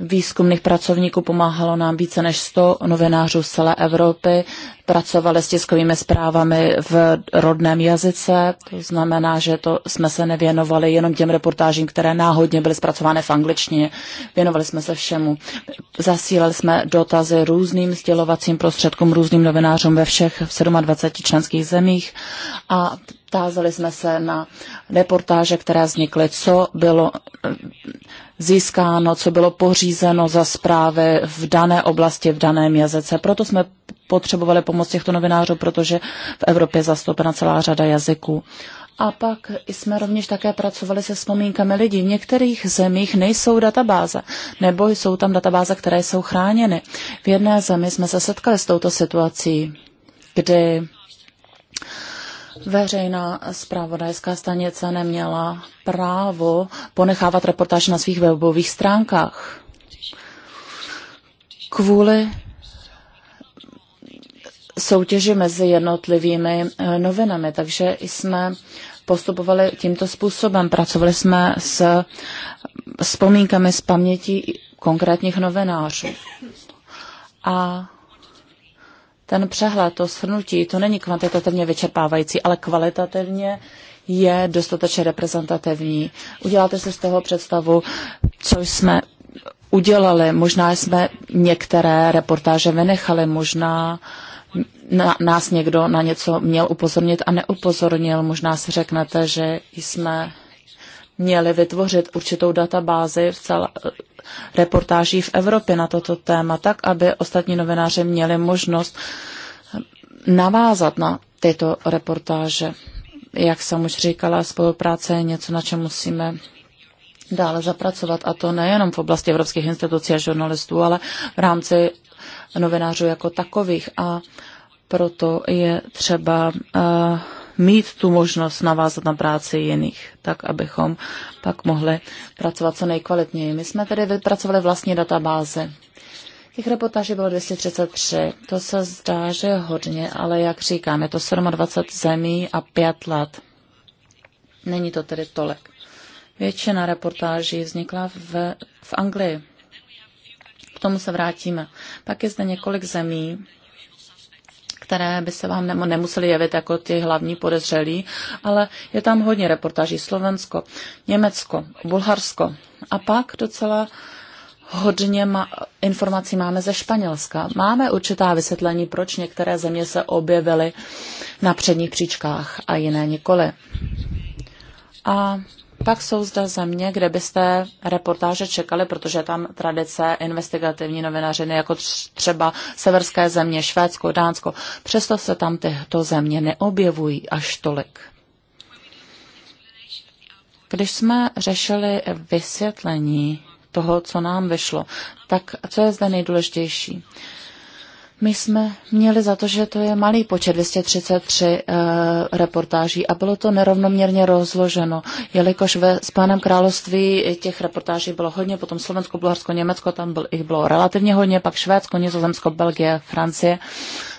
výzkumných pracovníků, pomáhalo nám více než 100 novinářů z celé Evropy, pracovali s tiskovými zprávami v rodném jazyce, to znamená, že to jsme se nevěnovali jenom těm reportážím, které náhodně byly zpracovány v angličtině, věnovali jsme se všemu. Zasílali jsme dotazy různým sdělovacím prostředkům, různým novinářům ve všech 27 členských zemích a tázali jsme se na reportáže, které vznikly, co bylo získáno, co bylo pořízeno za zprávy v dané oblasti, v daném jazyce. Proto jsme potřebovali pomoc těchto novinářů, protože v Evropě je zastoupena celá řada jazyků. A pak jsme rovněž také pracovali se vzpomínkami lidí. V některých zemích nejsou databáze, nebo jsou tam databáze, které jsou chráněny. V jedné zemi jsme se setkali s touto situací, kdy veřejná zpravodajská stanice neměla právo ponechávat reportáž na svých webových stránkách. Kvůli soutěži mezi jednotlivými eh, novinami, takže jsme postupovali tímto způsobem. Pracovali jsme s vzpomínkami z paměti konkrétních novinářů. A ten přehled, to shrnutí, to není kvantitativně vyčerpávající, ale kvalitativně je dostatečně reprezentativní. Uděláte si z toho představu, co jsme udělali. Možná jsme některé reportáže vynechali, možná na, nás někdo na něco měl upozornit a neupozornil. Možná si řeknete, že jsme měli vytvořit určitou databázi v celé, reportáží v Evropě na toto téma, tak aby ostatní novináři měli možnost navázat na tyto reportáže. Jak jsem už říkala, spolupráce je něco, na čem musíme dále zapracovat, a to nejenom v oblasti evropských institucí a žurnalistů, ale v rámci novinářů jako takových. A proto je třeba uh, mít tu možnost navázat na práci jiných, tak abychom pak mohli pracovat co nejkvalitněji. My jsme tedy vypracovali vlastní databáze. Těch reportáží bylo 233. To se zdá, že hodně, ale jak říkám, je to 27 zemí a 5 let. Není to tedy tolik. Většina reportáží vznikla v, v Anglii. K tomu se vrátíme. Pak je zde několik zemí, které by se vám nemuseli jevit jako ty hlavní podezřelí, ale je tam hodně reportáží Slovensko, Německo, Bulharsko a pak docela hodně ma- informací máme ze Španělska. Máme určitá vysvětlení, proč některé země se objevily na předních příčkách a jiné nikoli. A pak jsou zde země, kde byste reportáže čekali, protože tam tradice investigativní novinařiny, jako třeba severské země, Švédsko, Dánsko. Přesto se tam tyto země neobjevují až tolik. Když jsme řešili vysvětlení toho, co nám vyšlo, tak co je zde nejdůležitější? My jsme měli za to, že to je malý počet 233 uh, eh, reportáží a bylo to nerovnoměrně rozloženo, jelikož ve Spáném království těch reportáží bylo hodně, potom Slovensko, Bulharsko, Německo, tam byl, jich bylo relativně hodně, pak Švédsko, Nizozemsko, Belgie, Francie,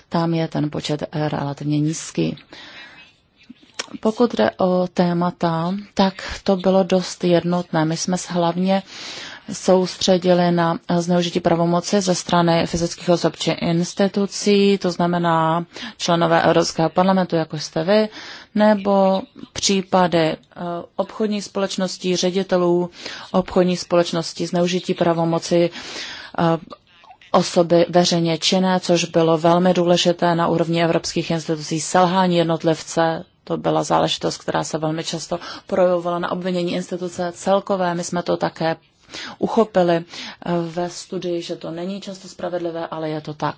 tam je ten počet eh, relativně nízký. Pokud jde o témata, tak to bylo dost jednotné. My jsme hlavně uh, soustředili na zneužití pravomoci ze strany fyzických osob či institucí, to znamená členové Evropského parlamentu, jako jste vy, nebo případy eh, obchodních společností, ředitelů obchodních společností, zneužití pravomoci eh, osoby veřejně činné, což bylo velmi důležité na úrovni evropských institucí, selhání jednotlivce, to byla záležitost, která se velmi často projevovala na obvinění instituce celkové. My jsme to také uchopili eh, ve studii, že to není často spravedlivé, ale je to tak.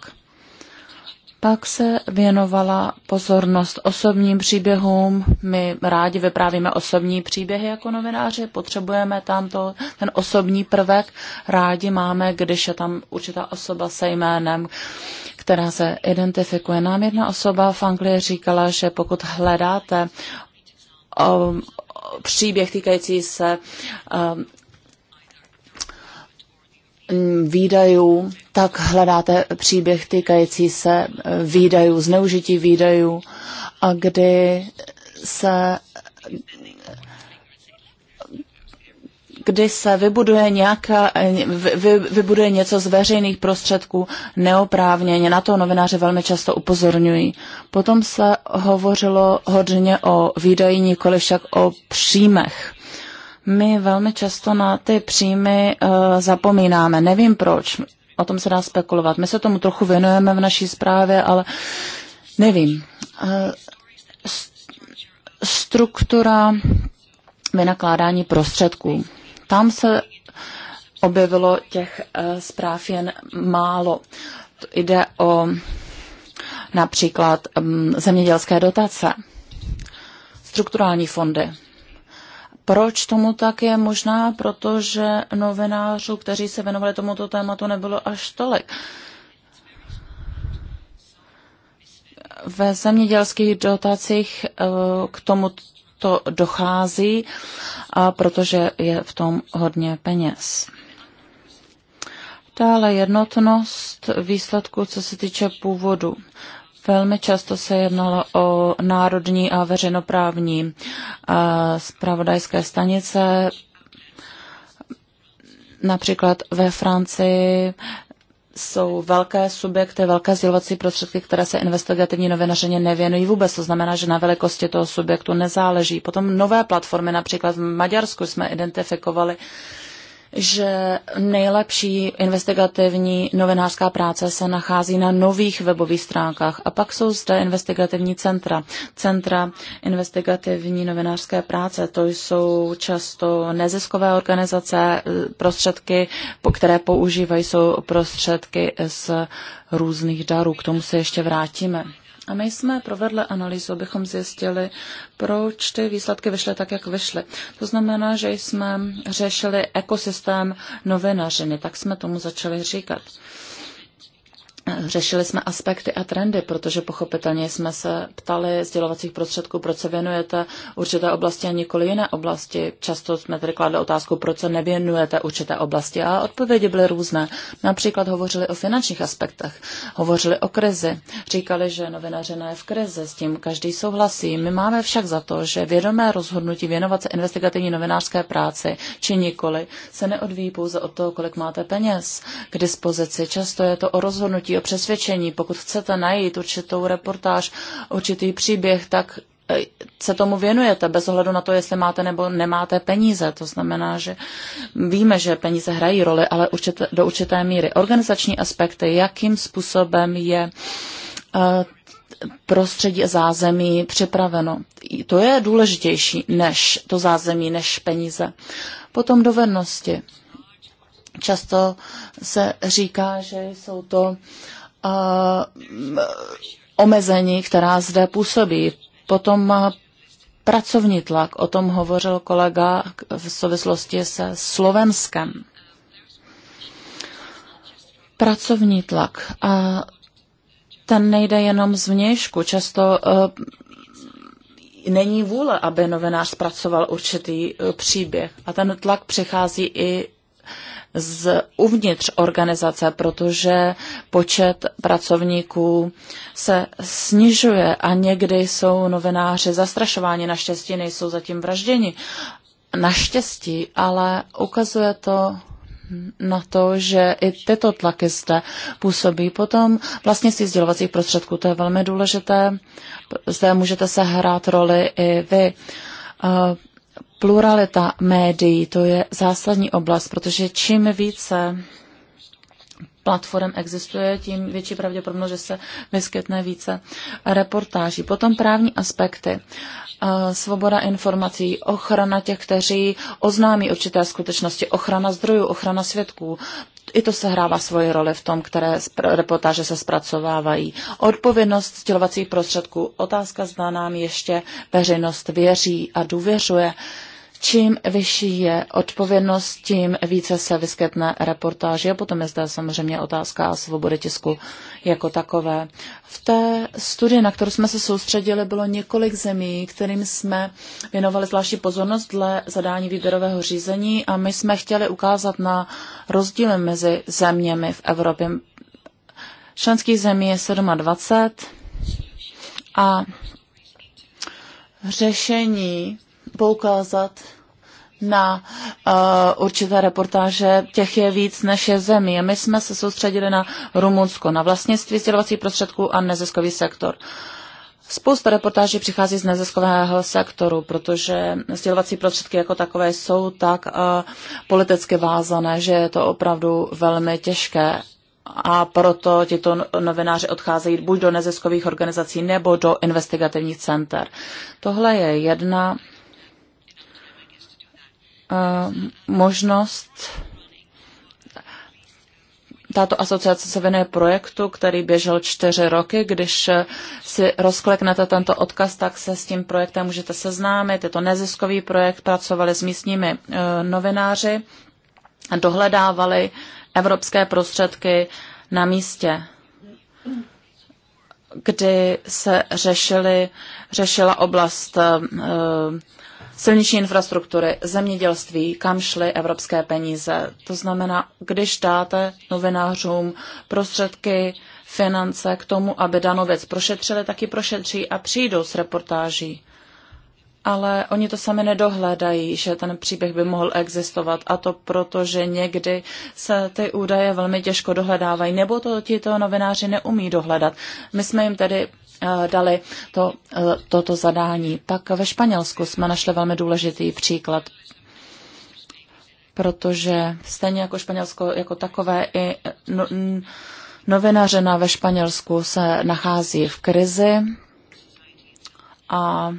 Pak se věnovala pozornost osobním příběhům. My rádi vyprávíme osobní příběhy jako novináři, potřebujeme tam to, ten osobní prvek. Rádi máme, když je tam určitá osoba se jménem, která se identifikuje. Nám jedna osoba v Anglii říkala, že pokud hledáte o, eh, příběh týkající se o, eh, Mm, výdajů, tak hledáte příběh týkající se eh, výdajů, zneužití výdajů a kdy se kdy se vybuduje, nějaká, vy, vybuduje něco z veřejných prostředků neoprávněně. Na to novináři velmi často upozorňují. Potom se hovořilo hodně o výdají, nikoli však o příjmech my velmi často na ty příjmy eh, zapomínáme. Nevím proč, o tom se dá spekulovat. My se tomu trochu věnujeme v naší zprávě, ale nevím. Eh, struktura vynakládání prostředků. Tam se objevilo těch eh, zpráv jen málo. To jde o například mm, zemědělské dotace, strukturální fondy, proč tomu tak je? Možná proto, že novinářů, kteří se věnovali tomuto tématu, nebylo až tolik. Ve zemědělských dotacích eh, k tomu to dochází, a protože je v tom hodně peněz. Dále jednotnost výsledku, co se týče původu. Velmi často se jednalo o národní a veřejnoprávní spravodajské stanice. Například ve Francii jsou velké subjekty, velké sdělovací prostředky, které se investigativní novinařeně nevěnují vůbec. To znamená, že na velikosti toho subjektu nezáleží. Potom nové platformy, například v Maďarsku jsme identifikovali uh, že nejlepší investigativní novinářská práce se nachází na nových webových stránkách. A pak jsou zde investigativní centra. Centra investigativní novinářské práce, to jsou často neziskové organizace, eh, prostředky, které používají, jsou prostředky z různých darů. K tomu se ještě vrátíme. A my jsme provedli analýzu, abychom zjistili, proč ty výsledky vyšly tak, jak vyšly. To znamená, že jsme řešili ekosystém novinařiny, tak jsme tomu začali říkat. Řešili jsme aspekty a trendy, protože pochopitelně jsme se ptali sdělovacích prostředků, proč se věnujete určité oblasti a nikoli jiné oblasti. Často jsme tedy kladli otázku, proč se nevěnujete určité oblasti a odpovědi byly různé. Například hovořili o finančních aspektech, hovořili o krizi, říkali, že novinařina je v krizi, s tím každý souhlasí. My máme však za to, že vědomé rozhodnutí věnovat se investigativní novinářské práci či nikoli se neodvíjí pouze od toho, kolik máte peněz k dispozici. Často je to o rozhodnutí o přesvědčení. Pokud chcete najít určitou reportáž, určitý příběh, tak eh, se tomu věnujete, bez ohledu na to, jestli máte nebo nemáte peníze. To znamená, že víme, že peníze hrají roli, ale určité, do určité míry. Organizační aspekty, jakým způsobem je eh, prostředí a zázemí připraveno. To je důležitější než to zázemí, než peníze. Potom dovednosti. Často se říká, že jsou to uh, omezení, která zde působí. Potom uh, pracovní tlak, o tom hovořil kolega v souvislosti se Slovenskem. Pracovní tlak. A ten nejde jenom z vnějšku. Často uh, není vůle, aby novinář zpracoval určitý uh, příběh. A ten tlak přichází i z uvnitř organizace, protože počet pracovníků se snižuje a někdy jsou novináři zastrašováni, naštěstí nejsou zatím vražděni. Naštěstí, ale ukazuje to na to, že i tyto tlaky zde působí. Potom vlastně si sdělovacích prostředků, to je velmi důležité. Zde můžete se hrát roli i vy pluralita médií, to je zásadní oblast, protože čím více platform existuje, tím větší pravděpodobnost, že se vyskytne více reportáží. Potom právní aspekty. Svoboda informací, ochrana těch, kteří oznámí určité skutečnosti, ochrana zdrojů, ochrana svědků, i to se hrává svoji roli v tom, které reportáže se zpracovávají. Odpovědnost stělovacích prostředků. Otázka, zda nám ještě veřejnost věří a důvěřuje. Uh, Čím vyšší je odpovědnost, tím více se vyskytne reportáži a potom je zde samozřejmě otázka a svobody tisku jako takové. V té studii, na kterou jsme se soustředili, bylo několik zemí, kterým jsme věnovali zvláštní pozornost dle zadání výběrového řízení a my jsme chtěli ukázat na rozdíly mezi zeměmi v Evropě. Členských zemí je 27 a řešení poukázat na uh, určité reportáže, těch je víc než je zemí. My jsme se soustředili na Rumunsko, na vlastnictví sdělovacích prostředků a neziskový sektor. Spousta reportáží přichází z neziskového sektoru, protože sdělovací prostředky jako takové jsou tak uh, politicky vázané, že je to opravdu velmi těžké a proto tito novináři odcházejí buď do neziskových organizací nebo do investigativních center. Tohle je jedna Eh, možnost tato asociace se věnuje projektu, který běžel čtyři roky. Když si rozkliknete tento odkaz, tak se s tím projektem můžete seznámit. Je to neziskový projekt, pracovali s místními eh, novináři a dohledávali evropské prostředky na místě, kdy se řešili, řešila oblast eh, silniční infrastruktury, zemědělství, kam šly evropské peníze. To znamená, když dáte novinářům prostředky, finance k tomu, aby danou věc prošetřili, tak ji prošetří a přijdou s reportáží. Ale oni to sami nedohledají, že ten příběh by mohl existovat a to proto, že někdy se ty údaje velmi těžko dohledávají, nebo to tito novináři neumí dohledat. My jsme jim tedy Eh, dali to, eh, toto zadání. Tak ve Španělsku jsme našli velmi důležitý příklad protože stejně jako Španělsko jako takové i eh, no, novinařena ve Španělsku se nachází v krizi a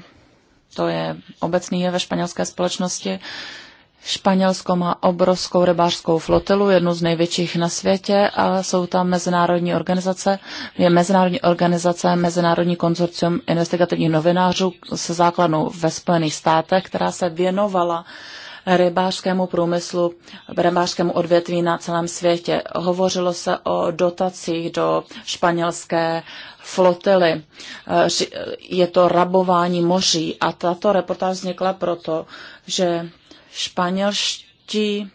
to je obecný je ve španělské společnosti. Uh, Španělsko má obrovskou rybářskou flotilu, jednu z největších na světě a jsou tam mezinárodní organizace, je mezinárodní organizace, mezinárodní konzorcium investigativních novinářů se základnou ve Spojených státech, která se věnovala rybářskému průmyslu, rybářskému odvětví na celém světě. Hovořilo se o dotacích do španělské flotily. Je to rabování moří a tato reportáž vznikla proto, že španělští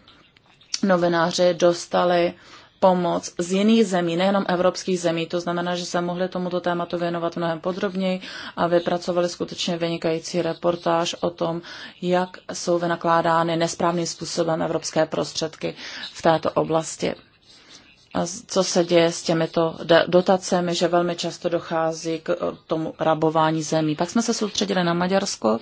novináři dostali pomoc z jiných zemí, nejenom evropských zemí. To znamená, že se mohli tomuto tématu věnovat mnohem podrobněji a vypracovali skutečně vynikající reportáž o tom, jak jsou vynakládány nesprávným způsobem evropské prostředky v této oblasti. A co se děje s těmito dotacemi, že velmi často dochází k eh, tomu rabování zemí. Pak jsme se soustředili na Maďarsko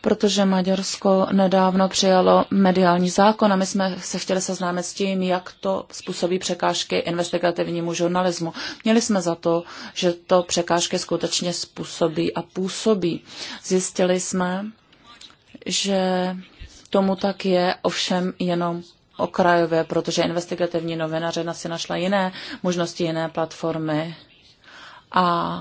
protože Maďarsko nedávno přijalo mediální zákon a my jsme se chtěli seznámit s tím, jak to způsobí překážky investigativnímu žurnalismu. Měli jsme za to, že to překážky skutečně způsobí a působí. Zjistili jsme, že tomu tak je, ovšem jenom okrajově, protože investigativní novinařina si našla jiné možnosti, jiné platformy a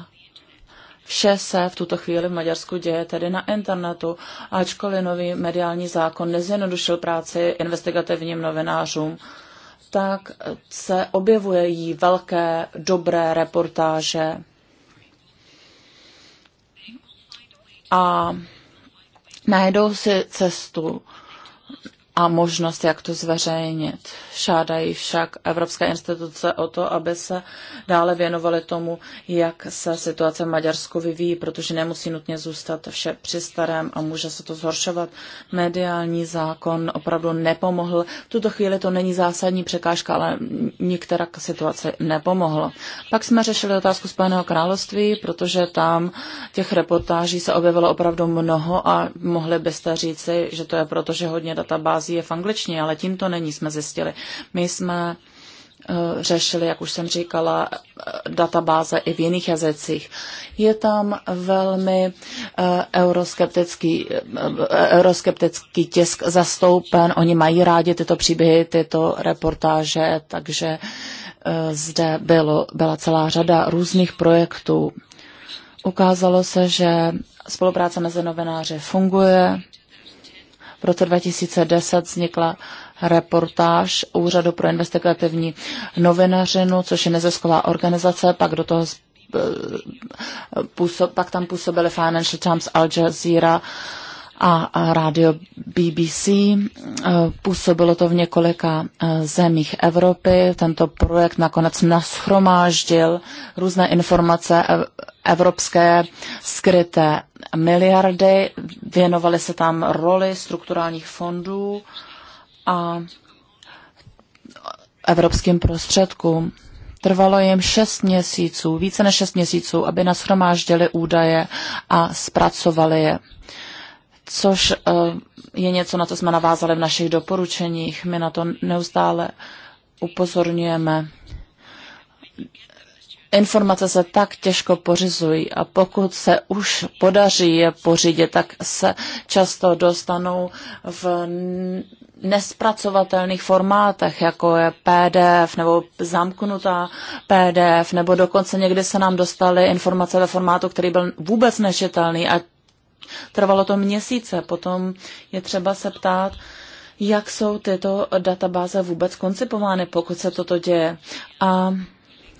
Vše se v tuto chvíli v Maďarsku děje tedy na internetu, ačkoliv nový mediální zákon nezjednodušil práci investigativním novinářům, tak se objevuje jí velké, dobré reportáže. A najdou si cestu a možnost, jak to zveřejnit. Žádají však evropské instituce o to, aby se dále věnovaly tomu, jak se situace v Maďarsku vyvíjí, protože nemusí nutně zůstat vše při starém a může se to zhoršovat. Mediální zákon opravdu nepomohl. V tuto chvíli to není zásadní překážka, ale některá situace nepomohla. Pak jsme řešili otázku Spojeného království, protože tam těch reportáží se objevilo opravdu mnoho a mohli byste říci, že to je proto, že hodně databáz schází je v angličtině, ale tím to není, jsme zjistili. My jsme eh, řešili, jak už jsem říkala, eh, databáze i v jiných jazycích. Je tam velmi eh, euroskeptický, euroskeptický tisk zastoupen, oni mají rádi tyto příběhy, tyto reportáže, takže zde bylo, byla celá řada různých projektů. Ukázalo se, že spolupráce mezi novináři funguje, v roce 2010 vznikla reportáž Úřadu pro investigativní novinařinu, což je nezisková organizace, pak do toho e, působ, pak tam působili Financial Times, Al Jazeera a, Radio rádio BBC. E, působilo to v několika e, zemích Evropy. Tento projekt nakonec naschromáždil různé informace evropské skryté miliardy, věnovaly se tam roli strukturálních fondů a evropským prostředkům. Trvalo jim šest měsíců, více než šest měsíců, aby nashromáždili údaje a zpracovali je. Což eh, je něco, na co jsme navázali v našich doporučeních. My na to neustále upozorňujeme informace se tak těžko pořizují a pokud se už podaří je pořídit, tak se často dostanou v nespracovatelných formátech, jako je PDF nebo zamknutá PDF, nebo dokonce někdy se nám dostaly informace ve formátu, který byl vůbec nečitelný a trvalo to měsíce. Potom je třeba se ptát, jak jsou tyto databáze vůbec koncipovány, pokud se toto děje. A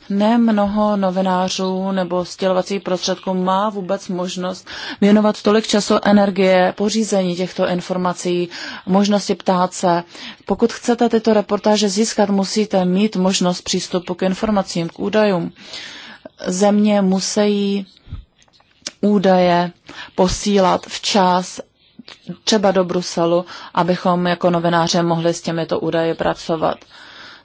ne mnoho novinářů nebo sdělovacích prostředků má vůbec možnost věnovat tolik času, energie, pořízení těchto informací, možnosti ptát se. Pokud chcete tyto reportáže získat, musíte mít možnost přístupu k informacím, k údajům. Země musí údaje posílat včas třeba do Bruselu, abychom jako novináře mohli s těmito údaji pracovat.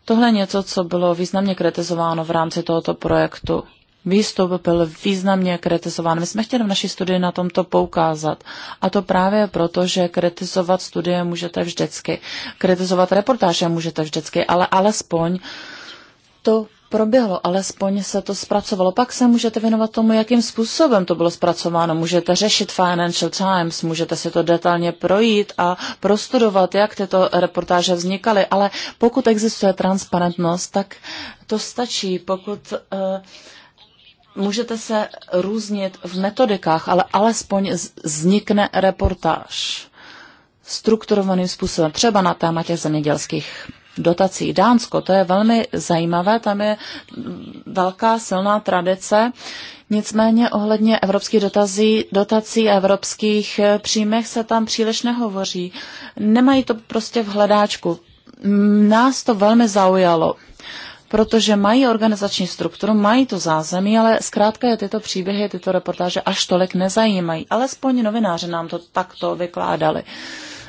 Tohle je něco, co bylo významně kritizováno v rámci tohoto projektu. Výstup byl významně kritizován. My jsme chtěli v naší studii na tomto poukázat. A to právě proto, že kritizovat studie můžete vždycky. Kritizovat reportáže můžete vždycky, ale alespoň to proběhlo, alespoň se to zpracovalo. Pak se můžete věnovat tomu, jakým způsobem to bylo zpracováno. Můžete řešit Financial Times, můžete si to detailně projít a prostudovat, jak tyto reportáže vznikaly, ale pokud existuje transparentnost, tak to stačí. Pokud uh, můžete se různit v metodikách, ale alespoň vznikne reportáž strukturovaným způsobem, třeba na téma těch zemědělských dotací. Dánsko, to je velmi zajímavé, tam je velká silná tradice. Nicméně ohledně evropských dotazí, dotací a evropských eh, příjmech se tam příliš nehovoří. Nemají to prostě v hledáčku. Nás to velmi zaujalo protože mají organizační strukturu, mají to zázemí, ale zkrátka je tyto příběhy, tyto reportáže až tolik nezajímají. Alespoň novináři nám to takto vykládali.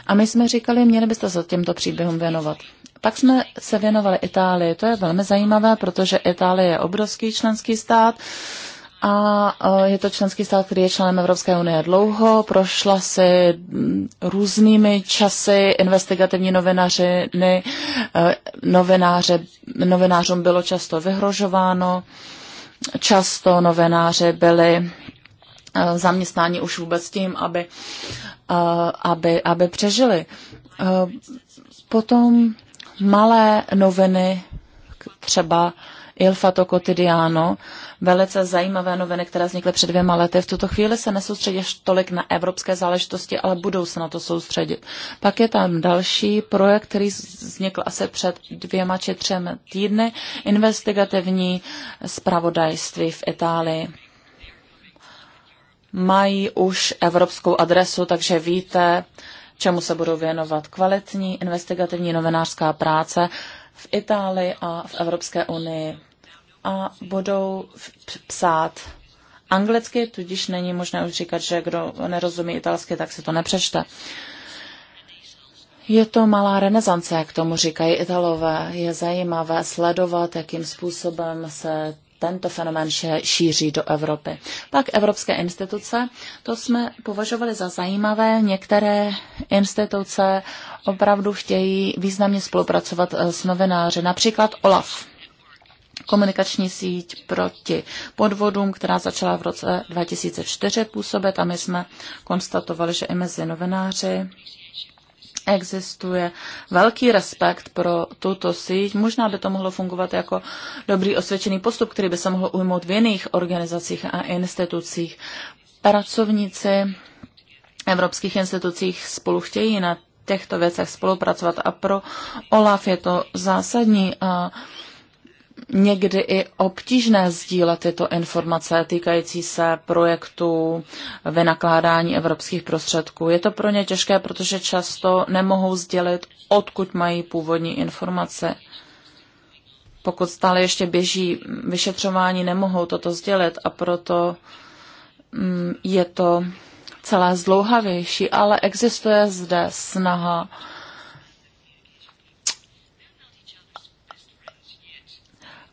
A my jsme říkali, měli byste se tímto příběhům věnovat. Pak jsme se věnovali Itálii. To je velmi zajímavé, protože Itálie je obrovský členský stát a e, je to členský stát, který je členem Evropské unie dlouho, prošla si mm, různými časy, investigativní novinařiny, e, novináře, novinářům bylo často vyhrožováno, často novináři byli e, zaměstnání už vůbec tím, aby, aby, aby přežili. Potom malé noviny, třeba Il Fato Quotidiano, velice zajímavé noviny, které vznikly před dvěma lety. V tuto chvíli se nesoustředíš tolik na evropské záležitosti, ale budou se na to soustředit. Pak je tam další projekt, který vznikl asi před dvěma či třemi týdny, investigativní spravodajství v Itálii. Mají už evropskou adresu, takže víte, čemu se budou věnovat kvalitní investigativní novinářská práce v Itálii a v Evropské unii. A budou psát anglicky, tudíž není možné už říkat, že kdo nerozumí italsky, tak si to nepřečte. Je to malá renesance, jak tomu říkají Italové. Je zajímavé sledovat, jakým způsobem se tento fenomén šíří do Evropy. Pak evropské instituce, to jsme považovali za zajímavé. Některé instituce opravdu chtějí významně spolupracovat eh, s novináři, například OLAF komunikační síť proti podvodům, která začala v roce 2004 působit a my jsme konstatovali, že i mezi novináři existuje velký respekt pro tuto síť. Možná by to mohlo fungovat jako dobrý osvědčený postup, který by se mohl ujmout v jiných organizacích a institucích. Pracovníci evropských institucích spolu chtějí na těchto věcech spolupracovat a pro OLAF je to zásadní. uh, někdy i obtížné sdílet tyto informace týkající se projektů vynakládání evropských prostředků. Je to pro ně těžké, protože často nemohou sdělit, odkud mají původní informace. Pokud stále ještě běží vyšetřování, nemohou toto sdělit a proto mm, je to celé zdlouhavější, ale existuje zde snaha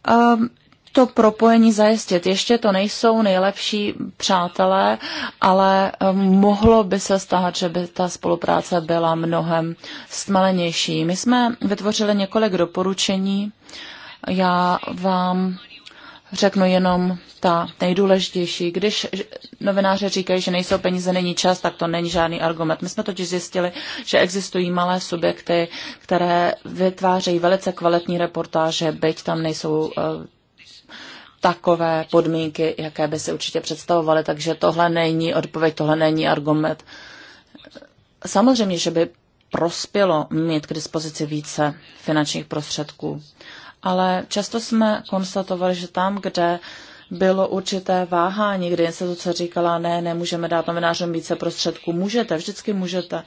Ehm, to propojení zajistit. Ještě to nejsou nejlepší přátelé, ale ehm, mohlo by se stát, že by ta spolupráce byla mnohem stmalenější. My jsme vytvořili několik doporučení. Já vám Řeknu jenom ta nejdůležitější. Když novináři říkají, že nejsou peníze, není čas, tak to není žádný argument. My jsme totiž zjistili, že existují malé subjekty, které vytvářejí velice kvalitní reportáže, byť tam nejsou eh, takové podmínky, jaké by se určitě představovaly. takže tohle není odpověď, tohle není argument. Samozřejmě, že by prospělo mít k dispozici více finančních prostředků ale často jsme konstatovali, že tam, kde bylo určité váhání, kdy co říkala, ne, nemůžeme dát novinářům více prostředků. Můžete, vždycky můžete.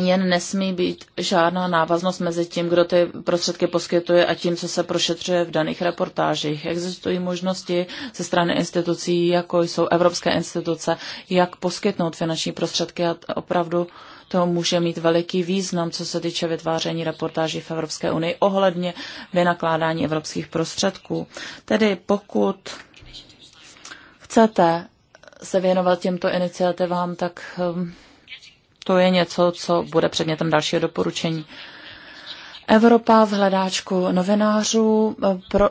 Jen nesmí být žádná návaznost mezi tím, kdo ty prostředky poskytuje a tím, co se prošetřuje v daných reportážích. Existují možnosti ze strany institucí, jako jsou evropské instituce, jak poskytnout finanční prostředky a opravdu uh, to může mít veliký význam, co se týče vytváření reportáží v Evropské unii ohledně vynakládání evropských prostředků. Tedy pokud chcete se věnovat těmto iniciativám, tak hm, to je něco, co bude předmětem dalšího doporučení. Evropa v hledáčku novinářů. Pro,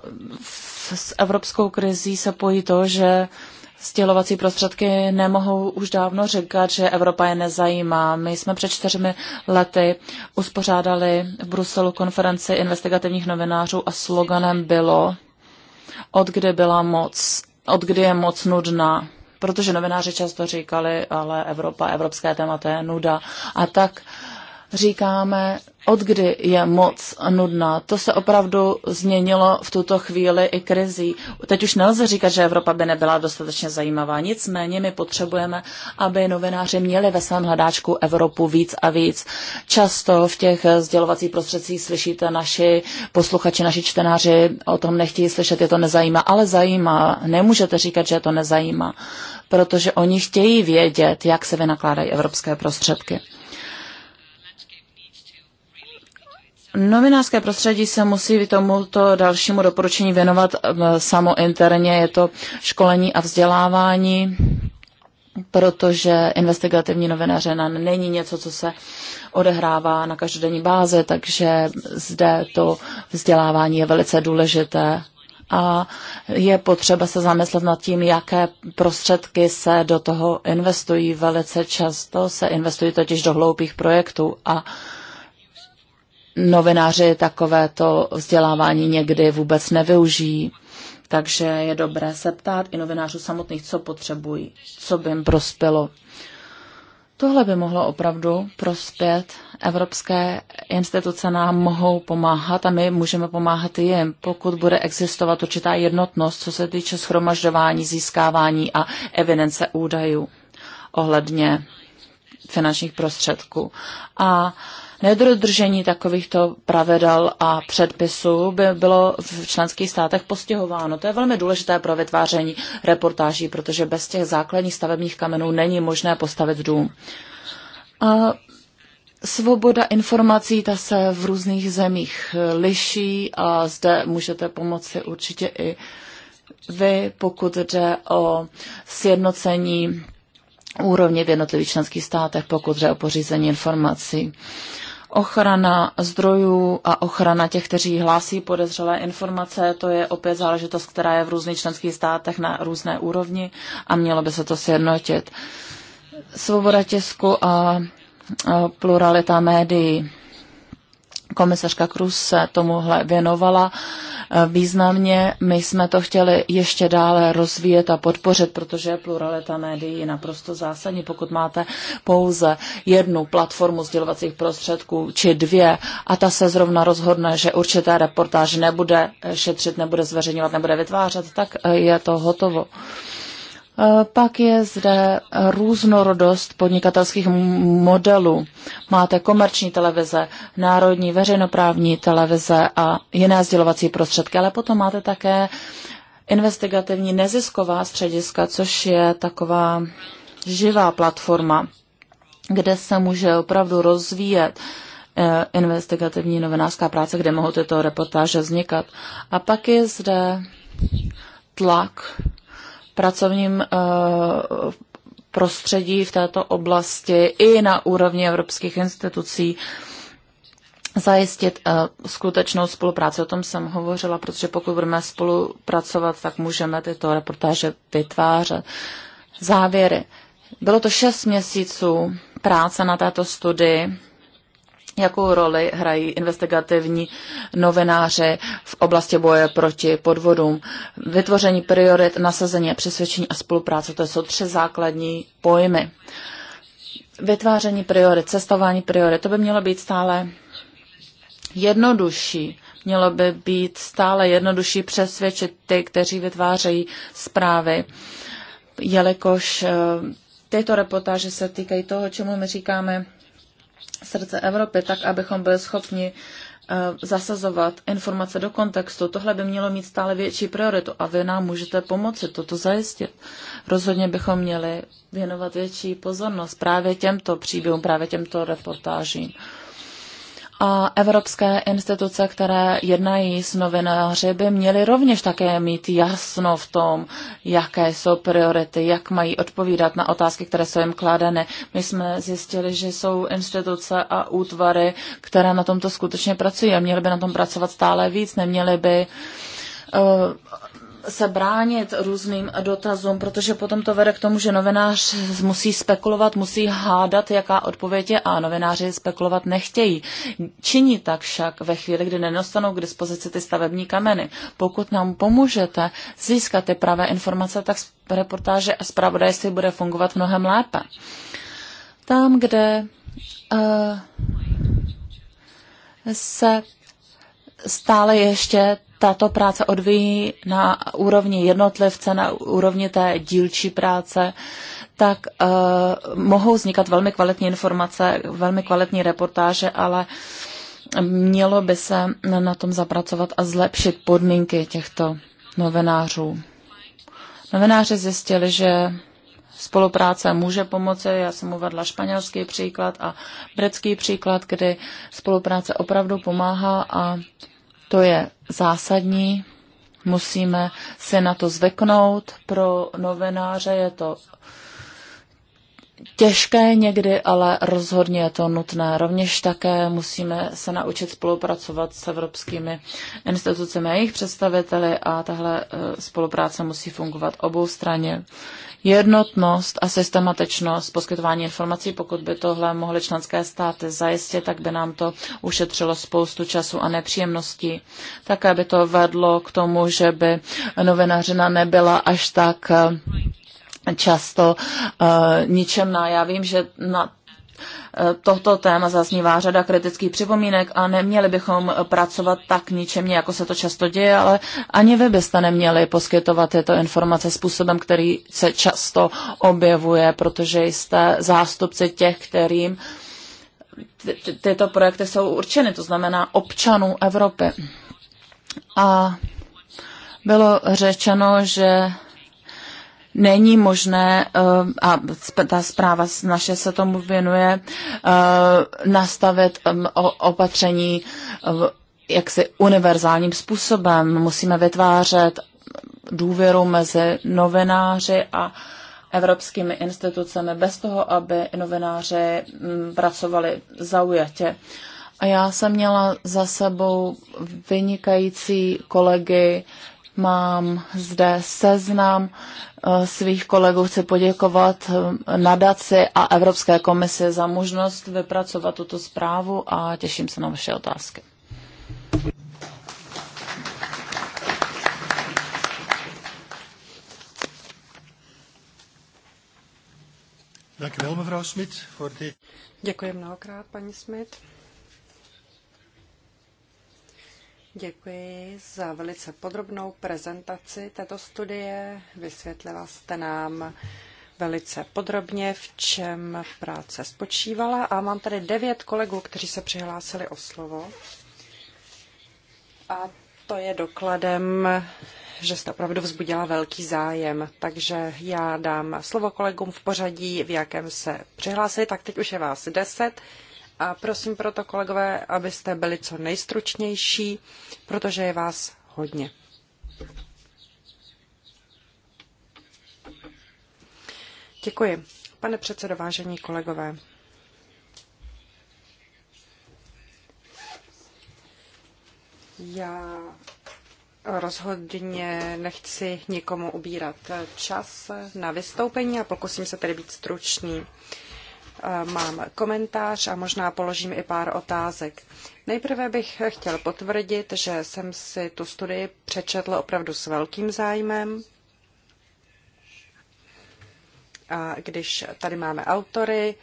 s evropskou krizí se pojí to, že stělovací prostředky nemohou už dávno říkat, že Evropa je nezajímá. My jsme před čtyřmi lety uspořádali v Bruselu konferenci investigativních novinářů a sloganem bylo od kdy byla moc, od kdy je moc nudná. Protože novináři často říkali, ale Evropa, evropské téma, to je nuda. A tak uh, říkáme, od kdy je moc nudná. To se opravdu změnilo v tuto chvíli i krizí. Teď už nelze říkat, že Evropa by nebyla dostatečně zajímavá. Nicméně my potřebujeme, aby novináři měli ve svém hledáčku Evropu víc a víc. Často v těch sdělovacích prostředcích slyšíte naši posluchači, naši čtenáři o tom nechtějí slyšet, je to nezajímá, ale zajímá. Nemůžete říkat, že je to nezajímá, protože oni chtějí vědět, jak se vynakládají evropské prostředky. Novinářské prostředí se musí tomuto dalšímu doporučení věnovat eh, samo interně. Je to školení a vzdělávání, protože investigativní novináře není něco, co se odehrává na každodenní bázi, takže zde to vzdělávání je velice důležité a je potřeba se zamyslet nad tím, jaké prostředky se do toho investují. Velice často se investují totiž do hloupých projektů a uh, novináři takovéto vzdělávání někdy vůbec nevyužijí. Takže je dobré se ptát i novinářů samotných, co potřebují, co by jim prospělo. Tohle by mohlo opravdu prospět. Evropské instituce nám mohou pomáhat a my můžeme pomáhat i jim, pokud bude existovat určitá jednotnost, co se týče schromažďování, získávání a evidence údajů ohledně finančních prostředků. A nedodržení takovýchto pravidel a předpisů by bylo v členských státech postihováno. To je velmi důležité pro vytváření reportáží, protože bez těch základních stavebních kamenů není možné postavit dům. A Svoboda informací, ta se v různých zemích liší a zde můžete pomoci určitě i vy, pokud jde o sjednocení úrovně v jednotlivých členských státech, pokud jde o pořízení informací. Ochrana zdrojů a ochrana těch, kteří hlásí podezřelé informace, to je opět záležitost, která je v různých členských státech na různé úrovni a mělo by se to sjednotit. Svoboda tisku a pluralita médií. Komisařka Krus se tomuhle věnovala Eh, významně. My jsme to chtěli ještě dále rozvíjet a podpořit, protože pluralita médií je naprosto zásadní. Pokud máte pouze jednu platformu sdělovacích prostředků či dvě a ta se zrovna rozhodne, že určité reportáž nebude šetřit, nebude zveřejňovat, nebude vytvářet, tak eh, je to hotovo. Eh, pak je zde různorodost podnikatelských modelů. Máte komerční televize, národní veřejnoprávní televize a jiné sdělovací prostředky, ale potom máte také investigativní nezisková střediska, což je taková živá platforma, kde se může opravdu rozvíjet eh, investigativní novinářská práce, kde mohou tyto reportáže vznikat. A pak je zde tlak pracovním eh, prostředí v této oblasti i na úrovni evropských institucí zajistit eh, skutečnou spolupráci. O tom jsem hovořila, protože pokud budeme spolupracovat, tak můžeme tyto reportáže vytvářet. Závěry. Bylo to šest měsíců práce na této studii jakou roli hrají investigativní novináři v oblasti boje proti podvodům. Vytvoření priorit, nasazení a přesvědčení a spolupráce, to jsou tři základní pojmy. Vytváření priorit, cestování priorit, to by mělo být stále jednodušší. Mělo by být stále jednodušší přesvědčit ty, kteří vytvářejí zprávy, jelikož eh, tyto reportáže se týkají toho, čemu my říkáme srdce Evropy, tak abychom byli schopni eh, zasazovat informace do kontextu. Tohle by mělo mít stále větší prioritu a vy nám můžete pomoci toto zajistit. Rozhodně bychom měli věnovat větší pozornost právě těmto příběhům, právě těmto reportážím a evropské instituce, které jednají s novináři, by měly rovněž také mít jasno v tom, jaké jsou priority, jak mají odpovídat na otázky, které jsou jim kládeny. My jsme zjistili, že jsou instituce a útvary, které na tomto skutečně pracují a měly by na tom pracovat stále víc, neměly by uh, se bránit různým dotazům, protože potom to vede k tomu, že novinář musí spekulovat, musí hádat, jaká odpověď je a novináři spekulovat nechtějí. Činí tak však ve chvíli, kdy nedostanou k dispozici ty stavební kameny. Pokud nám pomůžete získat ty pravé informace, tak reportáže a zpravodajství bude fungovat mnohem lépe. Tam, kde uh, se stále ještě tato práce odvíjí na úrovni jednotlivce, na úrovni té dílčí práce, tak uh, mohou vznikat velmi kvalitní informace, velmi kvalitní reportáže, ale mělo by se na tom zapracovat a zlepšit podmínky těchto novinářů. Novináři zjistili, že spolupráce může pomoci. Já jsem uvedla španělský příklad a britský příklad, kdy spolupráce opravdu pomáhá a to je zásadní, musíme se na to zveknout. Pro novenáře je to těžké někdy, ale rozhodně je to nutné. Rovněž také musíme se naučit spolupracovat s evropskými institucemi a jejich představiteli a tahle eh, spolupráce musí fungovat obou straně. Jednotnost a systematičnost poskytování informací, pokud by tohle mohly členské státy zajistit, tak by nám to ušetřilo spoustu času a nepříjemností. Také by to vedlo k tomu, že by novinařina nebyla až tak eh, často uh, eh, ničemná. No já vím, že na eh, tohoto téma zaznívá řada kritických připomínek a neměli bychom pracovat tak ničemně, jako se to často děje, ale ani vy byste neměli poskytovat tyto informace způsobem, který se často objevuje, protože jste zástupci těch, kterým tyto projekty jsou určeny, to znamená občanů Evropy. A bylo řečeno, že není možné, eh, a ta zpráva naše se tomu věnuje, eh, nastavit opatření eh, jaksi univerzálním způsobem. Musíme vytvářet důvěru mezi novináři a evropskými institucemi bez toho, aby novináři mm, pracovali zaujatě. A já jsem měla za sebou vynikající kolegy Mám zde seznam eh, svých kolegů. Chci poděkovat eh, nadaci a Evropské komisi za možnost vypracovat tuto zprávu a těším se na vaše otázky. Děkuji mnohokrát, paní Smith. Děkuji za velice podrobnou prezentaci této studie. Vysvětlila jste nám velice podrobně, v čem práce spočívala. A mám tady devět kolegů, kteří se přihlásili o slovo. A to je dokladem, že jste opravdu vzbudila velký zájem. Takže já dám slovo kolegům v pořadí, v jakém se přihlásili. Tak teď už je vás deset. A prosím proto, kolegové, abyste byli co nejstručnější, protože je vás hodně. Děkuji. Pane předsedo, vážení kolegové. Já rozhodně nechci nikomu ubírat čas na vystoupení a pokusím se tedy být stručný. Eh, mám komentář a možná položím i pár otázek. Nejprve bych chtěl potvrdit, že jsem si tu studii přečetl opravdu s velkým zájmem. A když tady máme autory,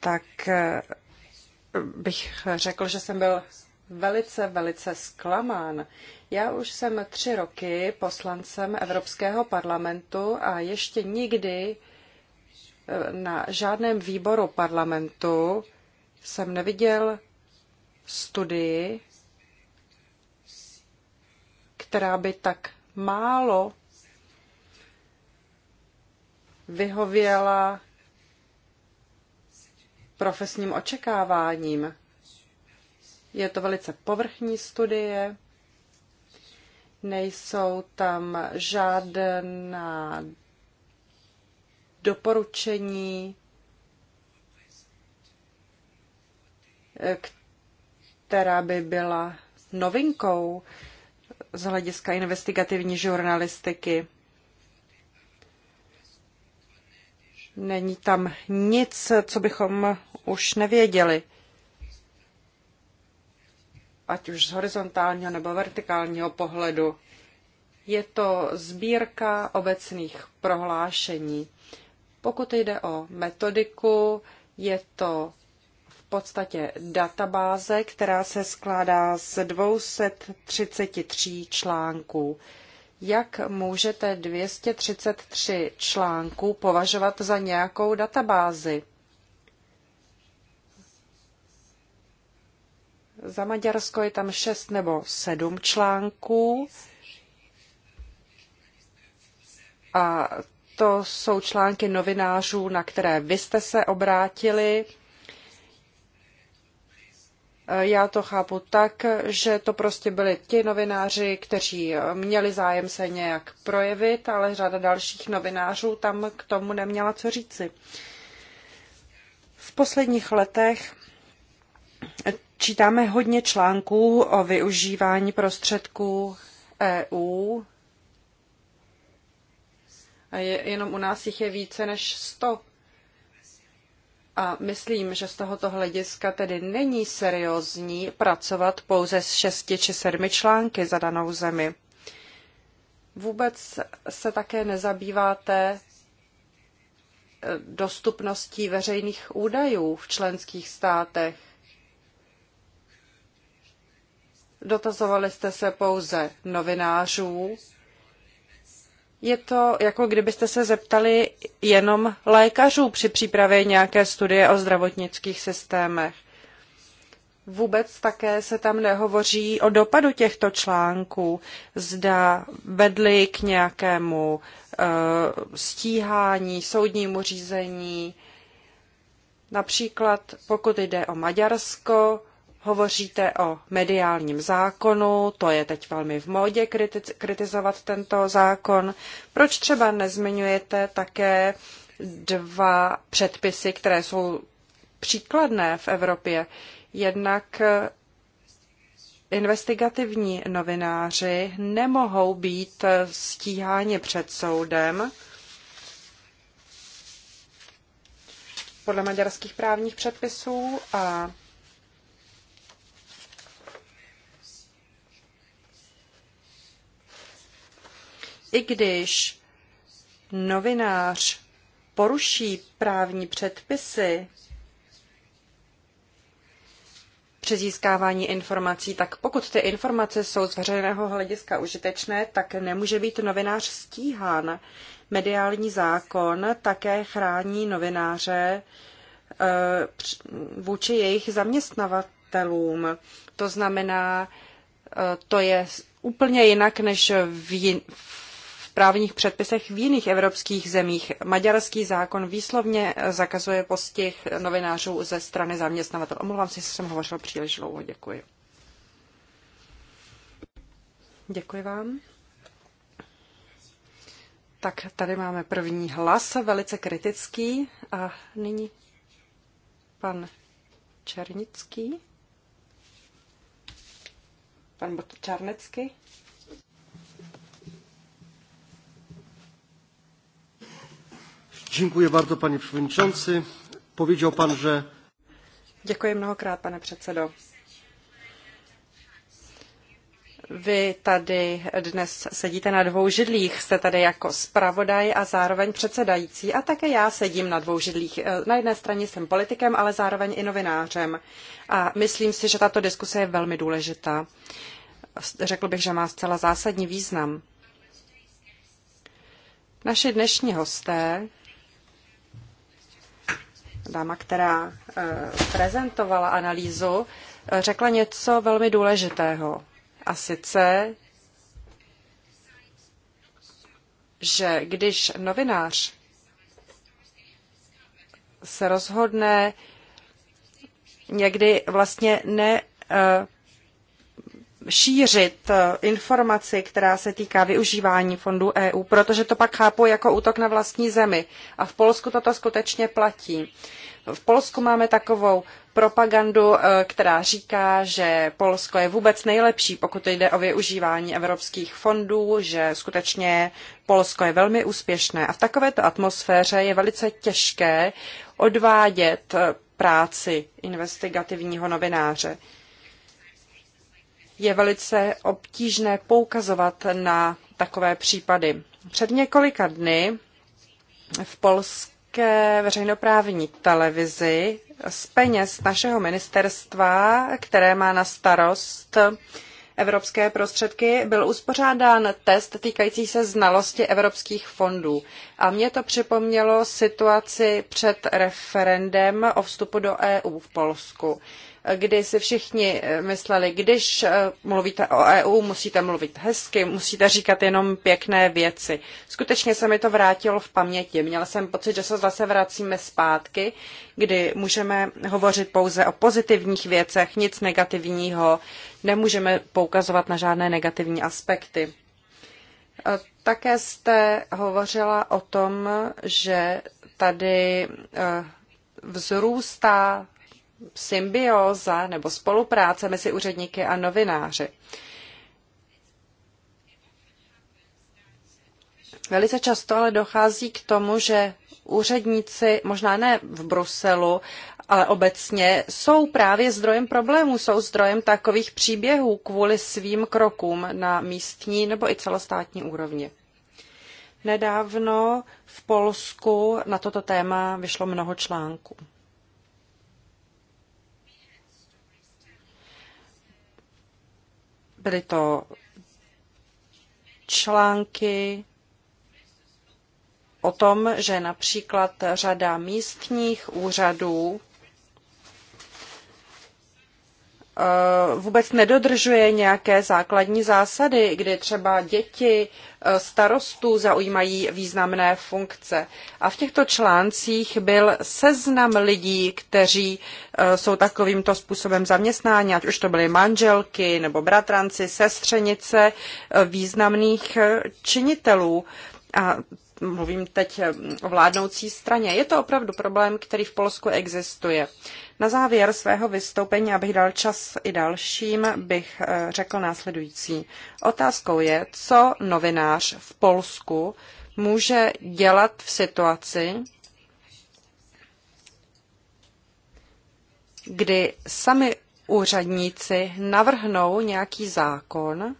tak eh, bych řekl, že jsem byl velice, velice zklamán. Já už jsem tři roky poslancem Evropského parlamentu a ještě nikdy na žádném výboru parlamentu jsem neviděl studii, která by tak málo vyhověla profesním očekáváním. Je to velice povrchní studie, nejsou tam žádná doporučení, která by byla novinkou z hlediska investigativní žurnalistiky. Není tam nic, co bychom už nevěděli, ať už z horizontálního nebo vertikálního pohledu. Je to sbírka obecných prohlášení. Pokud jde o metodiku, je to v podstatě databáze, která se skládá z 233 článků. Jak můžete 233 článků považovat za nějakou databázi? Za Maďarsko je tam šest nebo sedm článků. A to jsou články novinářů, na které vy jste se obrátili. Já to chápu tak, že to prostě byli ti novináři, kteří měli zájem se nějak projevit, ale řada dalších novinářů tam k tomu neměla co říci. V posledních letech čítáme hodně článků o využívání prostředků EU a je, jenom u nás jich je více než 100. A myslím, že z tohoto hlediska tedy není seriózní pracovat pouze s šesti či sedmi články za danou zemi. Vůbec se také nezabýváte eh, dostupností veřejných údajů v členských státech. Dotazovali jste se pouze novinářů, je to jako kdybyste se zeptali jenom lékařů při přípravě nějaké studie o zdravotnických systémech. Vůbec také se tam nehovoří o dopadu těchto článků, zda vedli k nějakému uh, stíhání, soudnímu řízení. Například pokud jde o Maďarsko, Hovoříte o mediálním zákonu, to je teď velmi v módě kritizovat tento zákon. Proč třeba nezmiňujete také dva předpisy, které jsou příkladné v Evropě? Jednak eh, investigativní novináři nemohou být stíháni před soudem podle maďarských právních předpisů a i když novinář poruší právní předpisy při získávání informací, tak pokud ty informace jsou z veřejného hlediska užitečné, tak nemůže být novinář stíhán. Mediální zákon také chrání novináře eh, vůči jejich zaměstnavatelům. To znamená, eh, to je úplně jinak než v, právních předpisech v jiných evropských zemích. Maďarský zákon výslovně eh, zakazuje postih novinářů ze strany zaměstnavatelů. Omlouvám se, že jsem hovořil příliš dlouho. Děkuji. Děkuji vám. Tak tady máme první hlas, velice kritický. A nyní pan Černický. Pan Čarnecký. Děkuji pane předsedající. Pověděl pan, že... Děkuji mnohokrát, pane předsedo. Vy tady dnes sedíte na dvou židlích, jste tady jako zpravodaj a zároveň předsedající a také já sedím na dvou židlích. Eh, na jedné straně jsem politikem, ale zároveň i novinářem a myslím si, že tato diskuse je velmi důležitá. Řekl bych, že má zcela zásadní význam. Naši dnešní hosté dáma, která eh, prezentovala analýzu, eh, řekla něco velmi důležitého. A sice, že když novinář se rozhodne někdy vlastně ne eh, šířit eh, informaci, která se týká využívání fondů EU, protože to pak chápou jako útok na vlastní zemi. A v Polsku toto skutečně platí. V Polsku máme takovou propagandu, eh, která říká, že Polsko je vůbec nejlepší, pokud jde o využívání evropských fondů, že skutečně Polsko je velmi úspěšné. A v takovéto atmosféře je velice těžké odvádět eh, práci investigativního novináře je velice obtížné poukazovat na takové případy. Před několika dny v polské veřejnoprávní televizi z peněz našeho ministerstva, které má na starost evropské prostředky, byl uspořádán test týkající se znalosti evropských fondů. A mě to připomnělo situaci před referendem o vstupu do EU v Polsku kdy si všichni eh, mysleli, když eh, mluvíte o EU, musíte mluvit hezky, musíte říkat jenom pěkné věci. Skutečně se mi to vrátilo v paměti. Měla jsem pocit, že se zase vracíme zpátky, kdy můžeme hovořit pouze o pozitivních věcech, nic negativního, nemůžeme poukazovat na žádné negativní aspekty. Eh, také jste hovořila o tom, že tady vzrůstá symbioza nebo spolupráce mezi úředníky a novináři. Velice často ale dochází k tomu, že úředníci, možná ne v Bruselu, ale obecně jsou právě zdrojem problémů, jsou zdrojem takových příběhů kvůli svým krokům na místní nebo i celostátní úrovni. Nedávno v Polsku na toto téma vyšlo mnoho článků. Byly to články o tom, že například řada místních úřadů Eh, vůbec nedodržuje nějaké základní zásady, kdy třeba děti eh, starostů zaujímají významné funkce. A v těchto článcích byl seznam lidí, kteří eh, jsou takovýmto způsobem zaměstnáni, ať už to byly manželky nebo bratranci, sestřenice významných činitelů. A mluvím teď eh, o vládnoucí straně. Je to opravdu problém, který v Polsku existuje. Na závěr svého vystoupení, abych dal čas i dalším, bych eh, řekl následující. Otázkou je, co novinář v Polsku může dělat v situaci, kdy sami úředníci navrhnou nějaký zákon,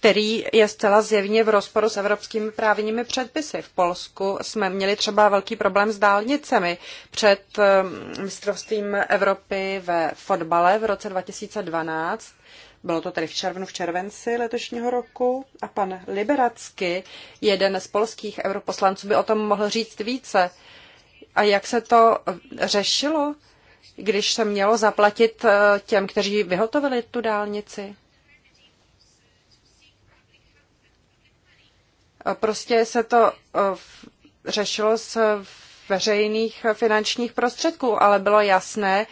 který je zcela zjevně v rozporu s evropskými právními předpisy. V Polsku jsme měli třeba velký problém s dálnicemi před um, mistrovstvím Evropy ve fotbale v roce 2012. Bylo to tedy v červnu, v červenci letošního roku a pan Liberacky, jeden z polských europoslanců, by o tom mohl říct více. A jak se to řešilo, když se mělo zaplatit uh, těm, kteří vyhotovili tu dálnici? Prostě se to eh, řešilo z veřejných finančních prostředků, ale bylo jasné,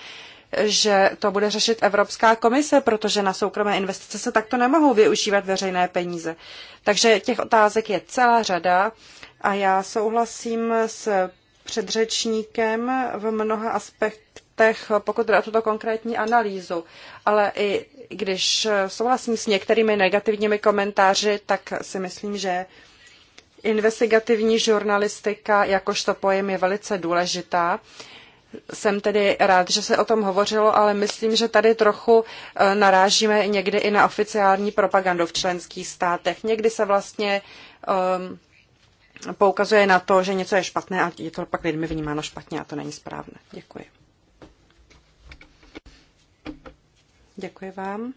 že to bude řešit Evropská komise, protože na soukromé investice se takto nemohou využívat veřejné peníze. Takže těch otázek je celá řada a já souhlasím s předřečníkem v mnoha aspektech, pokud jde o tuto konkrétní analýzu. Ale i když souhlasím s některými negativními komentáři, tak si myslím, že investigativní žurnalistika jakožto pojem je velice důležitá. Jsem tedy rád, že se o tom hovořilo, ale myslím, že tady trochu eh, narážíme někdy i na oficiální propagandu v členských státech. Někdy se vlastně um, poukazuje na to, že něco je špatné a je to pak lidmi vnímáno špatně a to není správné. Děkuji. Děkuji vám.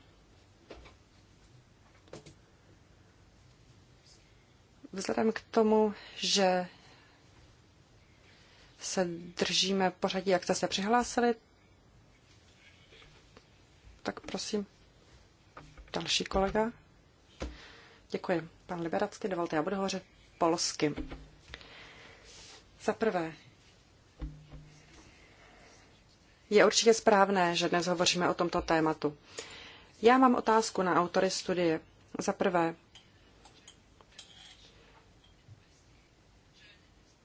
Vzhledem k tomu, že se držíme pořadí, jak jste se přihlásili, tak prosím, další kolega. Děkuji. Pan Liberacky, dovolte, já budu hovořit polsky. Za prvé, je určitě správné, že dnes hovoříme o tomto tématu. Já mám otázku na autory studie. Za prvé,